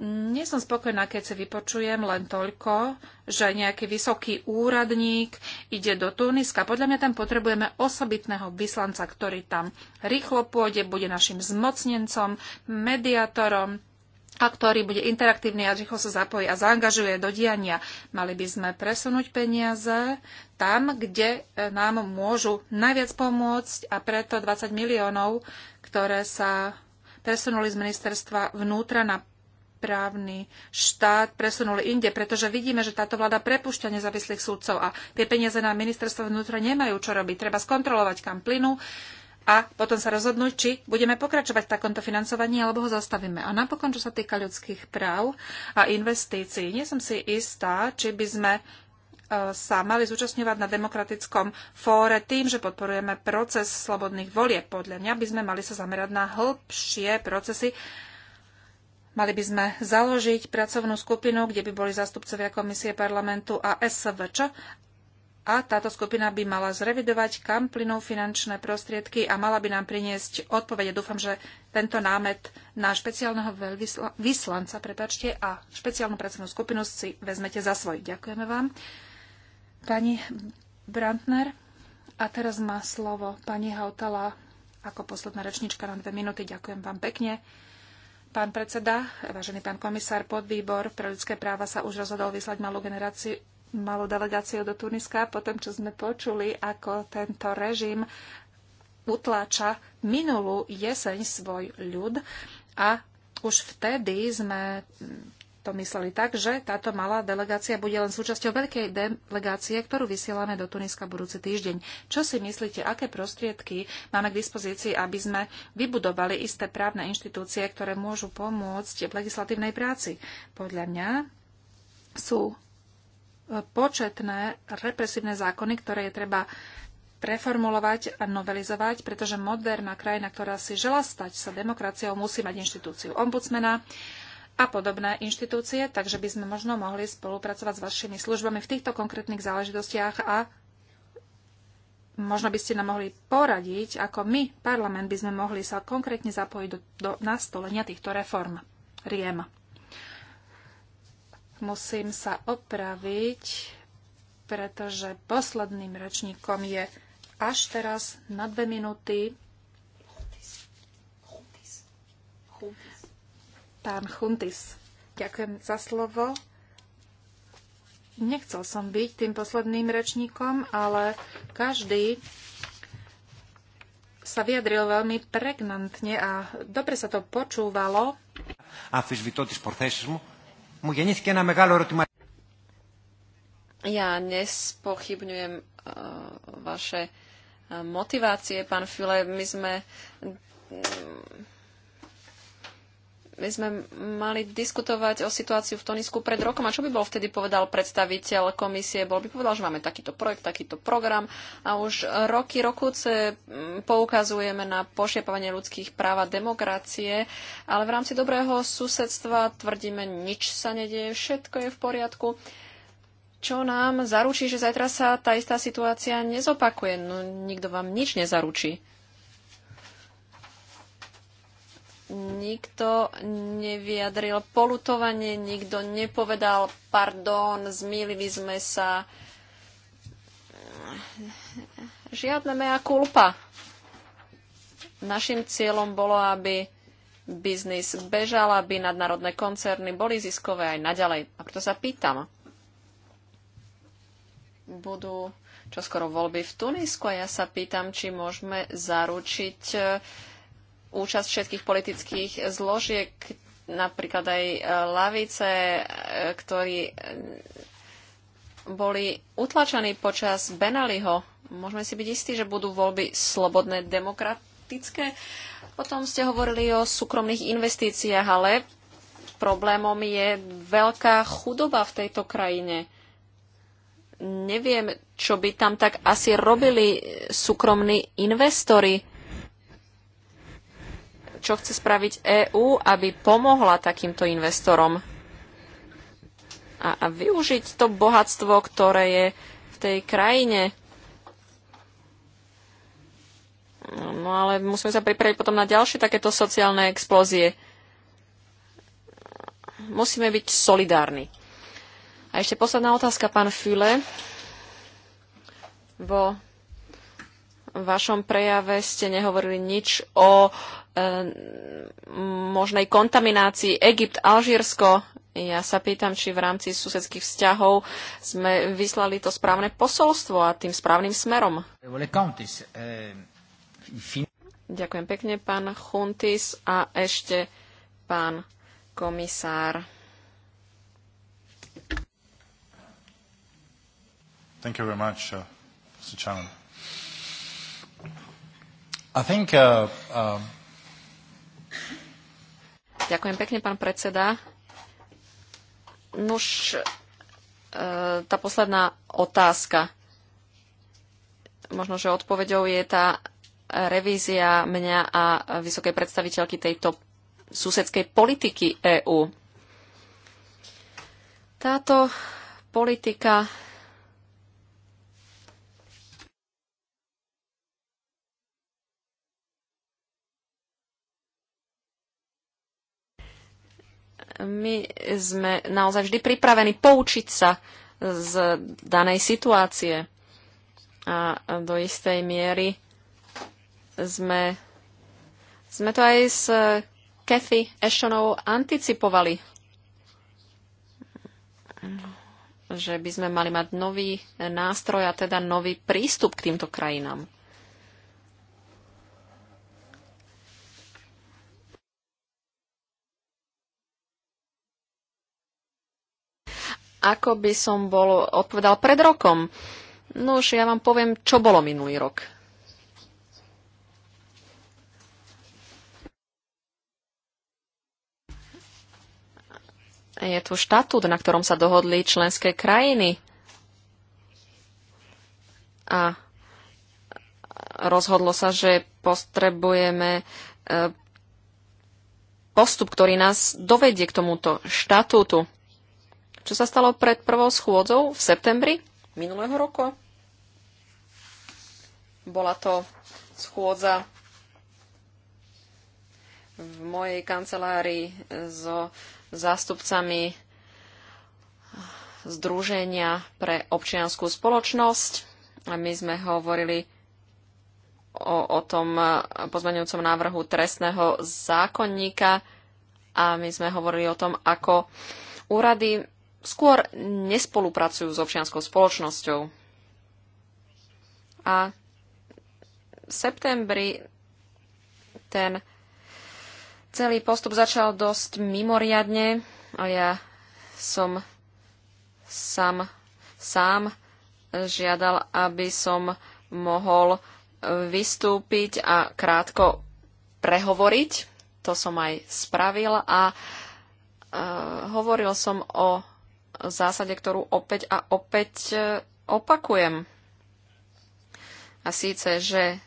Nie som spokojná, keď sa vypočujem len toľko, že nejaký vysoký úradník ide do Tuniska. Podľa mňa tam potrebujeme osobitného vyslanca, ktorý tam rýchlo pôjde, bude našim zmocnencom, mediátorom, a ktorý bude interaktívny a rýchlo sa zapojí a zaangažuje do diania. Mali by sme presunúť peniaze tam, kde e, nám môžu najviac pomôcť a preto 20 miliónov, ktoré sa presunuli z ministerstva vnútra na právny štát presunuli inde, pretože vidíme, že táto vláda prepušťa nezávislých súdcov a tie peniaze na ministerstvo vnútra nemajú čo robiť. Treba skontrolovať, kam plynú, a potom sa rozhodnúť, či budeme pokračovať v takomto financovaní alebo ho zastavíme. A napokon, čo sa týka ľudských práv a investícií, nie som si istá, či by sme e, sa mali zúčastňovať na demokratickom fóre tým, že podporujeme proces slobodných volieb. Podľa mňa by sme mali sa zamerať na hĺbšie procesy. Mali by sme založiť pracovnú skupinu, kde by boli zástupcovia Komisie parlamentu a SVČ a táto skupina by mala zrevidovať, kam plynú finančné prostriedky a mala by nám priniesť odpovede. Dúfam, že tento námet na špeciálneho vyslanca prepačte, a špeciálnu pracovnú skupinu si vezmete za svoj. Ďakujeme vám. Pani Brandner, a teraz má slovo pani Hautala ako posledná rečnička na dve minúty. Ďakujem vám pekne. Pán predseda, vážený pán komisár, podvýbor pre ľudské práva sa už rozhodol vyslať malú generáciu malú delegáciu do Tuniska potom čo sme počuli, ako tento režim utláča minulú jeseň svoj ľud a už vtedy sme to mysleli tak, že táto malá delegácia bude len súčasťou veľkej delegácie, ktorú vysielame do Tuniska budúci týždeň. Čo si myslíte, aké prostriedky máme k dispozícii, aby sme vybudovali isté právne inštitúcie, ktoré môžu pomôcť v legislatívnej práci? Podľa mňa sú početné represívne zákony, ktoré je treba preformulovať a novelizovať, pretože moderná krajina, ktorá si žela stať sa demokraciou, musí mať inštitúciu ombudsmena a podobné inštitúcie, takže by sme možno mohli spolupracovať s vašimi službami v týchto konkrétnych záležitostiach a možno by ste nám mohli poradiť, ako my, parlament, by sme mohli sa konkrétne zapojiť do, do nastolenia týchto reform. Riem. Musím sa opraviť, pretože posledným rečníkom je až teraz na dve minúty pán Chuntis. Ďakujem za slovo. Nechcel som byť tým posledným rečníkom, ale každý sa vyjadril veľmi pregnantne a dobre sa to počúvalo. Μου γεννήθηκε ένα μεγάλο ερωτηματικό. Ja nespochybňujem uh, vaše uh, motivácie, pán File. My sme mm, my sme mali diskutovať o situáciu v Tonisku pred rokom a čo by bol vtedy povedal predstaviteľ komisie? Bol by povedal, že máme takýto projekt, takýto program a už roky, rokuce mm, poukazujeme na pošiepovanie ľudských práv a demokracie, ale v rámci dobrého susedstva tvrdíme, nič sa nedieje, všetko je v poriadku. Čo nám zaručí, že zajtra sa tá istá situácia nezopakuje? No nikto vám nič nezaručí. nikto nevyjadril polutovanie, nikto nepovedal pardon, zmýlili sme sa. Žiadne mea culpa. Našim cieľom bolo, aby biznis bežal, aby nadnárodné koncerny boli ziskové aj naďalej. A preto sa pýtam, budú čoskoro voľby v Tunisku a ja sa pýtam, či môžeme zaručiť účasť všetkých politických zložiek, napríklad aj e, lavice, e, ktorí e, boli utlačení počas Benaliho. Môžeme si byť istí, že budú voľby slobodné, demokratické. Potom ste hovorili o súkromných investíciách, ale problémom je veľká chudoba v tejto krajine. Neviem, čo by tam tak asi robili súkromní investori čo chce spraviť EÚ, aby pomohla takýmto investorom a, a využiť to bohatstvo, ktoré je v tej krajine. No ale musíme sa pripraviť potom na ďalšie takéto sociálne explózie. Musíme byť solidárni. A ešte posledná otázka, pán Füle. Vo vašom prejave ste nehovorili nič o Eh, možnej kontaminácii Egypt, Alžírsko. Ja sa pýtam, či v rámci susedských vzťahov sme vyslali to správne posolstvo a tým správnym smerom. Ďakujem pekne, pán Chuntis a ešte pán komisár. Thank you very much, uh, Mr. Chairman. I think uh, uh, Ďakujem pekne, pán predseda. Nuž, e, tá posledná otázka. Možno, že odpovedou je tá revízia mňa a vysokej predstaviteľky tejto susedskej politiky EÚ. Táto politika my sme naozaj vždy pripravení poučiť sa z danej situácie. A do istej miery sme, sme to aj s Kathy Ashtonovou anticipovali, že by sme mali mať nový nástroj a teda nový prístup k týmto krajinám. ako by som bol odpovedal pred rokom. No už ja vám poviem, čo bolo minulý rok. Je tu štatút, na ktorom sa dohodli členské krajiny. A rozhodlo sa, že potrebujeme e, postup, ktorý nás dovedie k tomuto štatútu. Čo sa stalo pred prvou schôdzou v septembri minulého roku? Bola to schôdza v mojej kancelárii so zástupcami Združenia pre občianskú spoločnosť. A my sme hovorili o, o tom pozmeňujúcom návrhu trestného zákonníka a my sme hovorili o tom, ako úrady skôr nespolupracujú s občianskou spoločnosťou. A v septembri ten celý postup začal dosť mimoriadne a ja som sám, sám žiadal, aby som mohol vystúpiť a krátko prehovoriť. To som aj spravil a e, hovoril som o zásade, ktorú opäť a opäť e, opakujem. A síce, že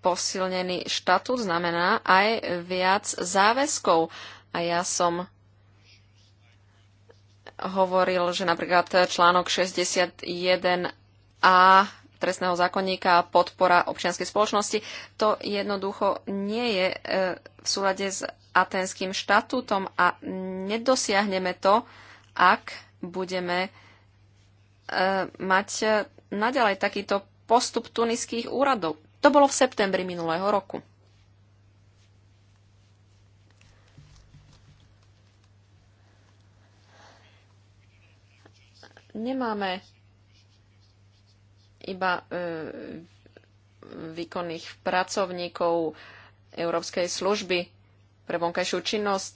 posilnený štatút znamená aj viac záväzkov. A ja som hovoril, že napríklad článok 61a trestného zákonníka podpora občianskej spoločnosti, to jednoducho nie je e, v súlade s atenským štatútom a nedosiahneme to, ak budeme e, mať e, naďalej takýto postup tuniských úradov. To bolo v septembri minulého roku. Nemáme iba e, výkonných pracovníkov Európskej služby pre vonkajšiu činnosť.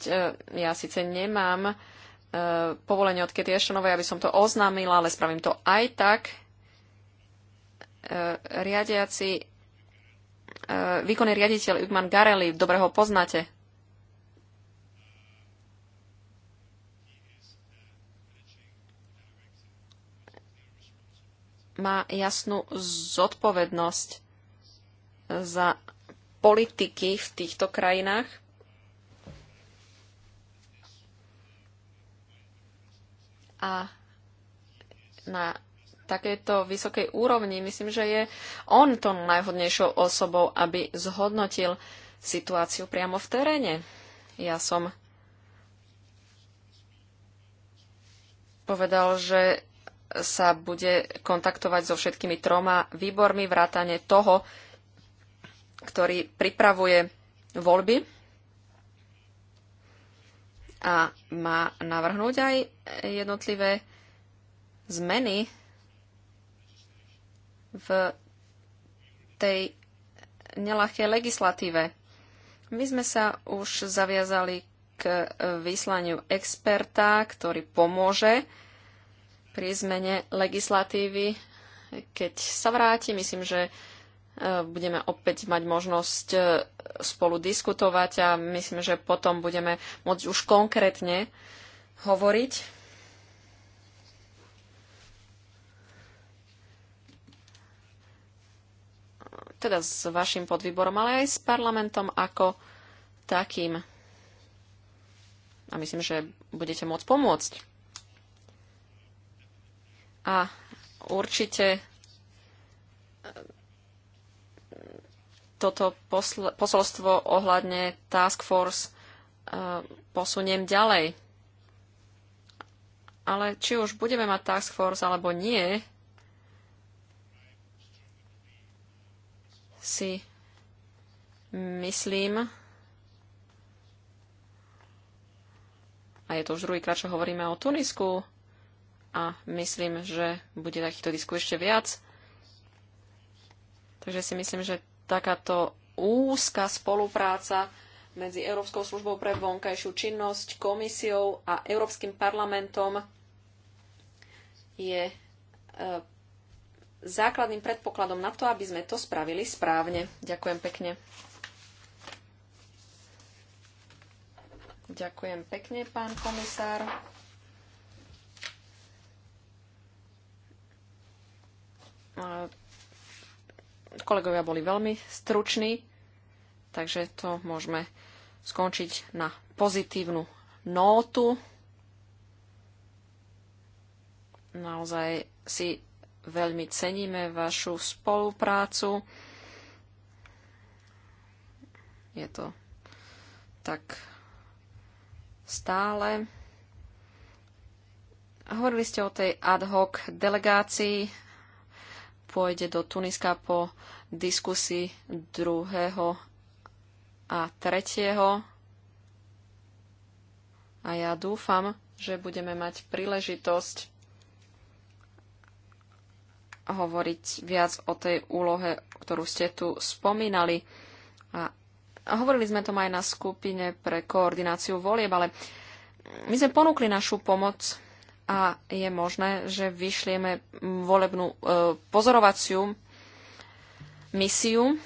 Ja síce nemám E, povolenie od Kety Eštonovej, aby som to oznámila, ale spravím to aj tak. E, riadiaci, e, výkonný riaditeľ Ugman Garelli, dobre ho poznáte, má jasnú zodpovednosť za politiky v týchto krajinách A na takéto vysokej úrovni, myslím, že je on to najhodnejšou osobou, aby zhodnotil situáciu priamo v teréne. Ja som povedal, že sa bude kontaktovať so všetkými troma výbormi vrátane toho, ktorý pripravuje voľby a má navrhnúť aj jednotlivé zmeny v tej nelahkej legislatíve. My sme sa už zaviazali k vyslaniu experta, ktorý pomôže pri zmene legislatívy. Keď sa vráti, myslím, že E, budeme opäť mať možnosť e, spolu diskutovať a myslím, že potom budeme môcť už konkrétne hovoriť. Teda s vašim podvýborom, ale aj s parlamentom ako takým. A myslím, že budete môcť pomôcť. A určite toto posolstvo ohľadne Task Force e, posuniem ďalej. Ale či už budeme mať Task Force alebo nie, si myslím, a je to už druhýkrát, čo hovoríme o Tunisku, a myslím, že bude takýchto diskus ešte viac. Takže si myslím, že takáto úzka spolupráca medzi Európskou službou pre vonkajšiu činnosť, komisiou a Európskym parlamentom je e, základným predpokladom na to, aby sme to spravili správne. Ďakujem pekne. Ďakujem pekne, pán komisár kolegovia boli veľmi struční, takže to môžeme skončiť na pozitívnu nótu. Naozaj si veľmi ceníme vašu spoluprácu. Je to tak stále. Hovorili ste o tej ad hoc delegácii pôjde do Tuniska po diskusii 2. a 3. A ja dúfam, že budeme mať príležitosť hovoriť viac o tej úlohe, ktorú ste tu spomínali. A hovorili sme to aj na skupine pre koordináciu volieb, ale my sme ponúkli našu pomoc a je možné, že vyšlieme volebnú e, pozorovaciu misiu.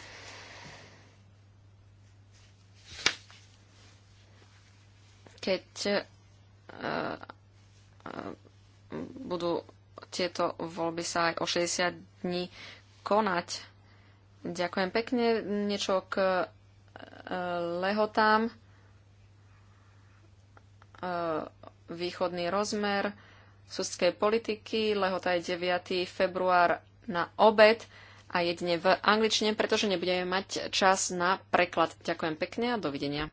Keď e, e, budú tieto voľby sa aj o 60 dní konať. Ďakujem pekne. Niečo k lehotám. Východný rozmer sudskej politiky. Lehota je 9. február na obed a jedine v angličtine, pretože nebudeme mať čas na preklad. Ďakujem pekne a dovidenia.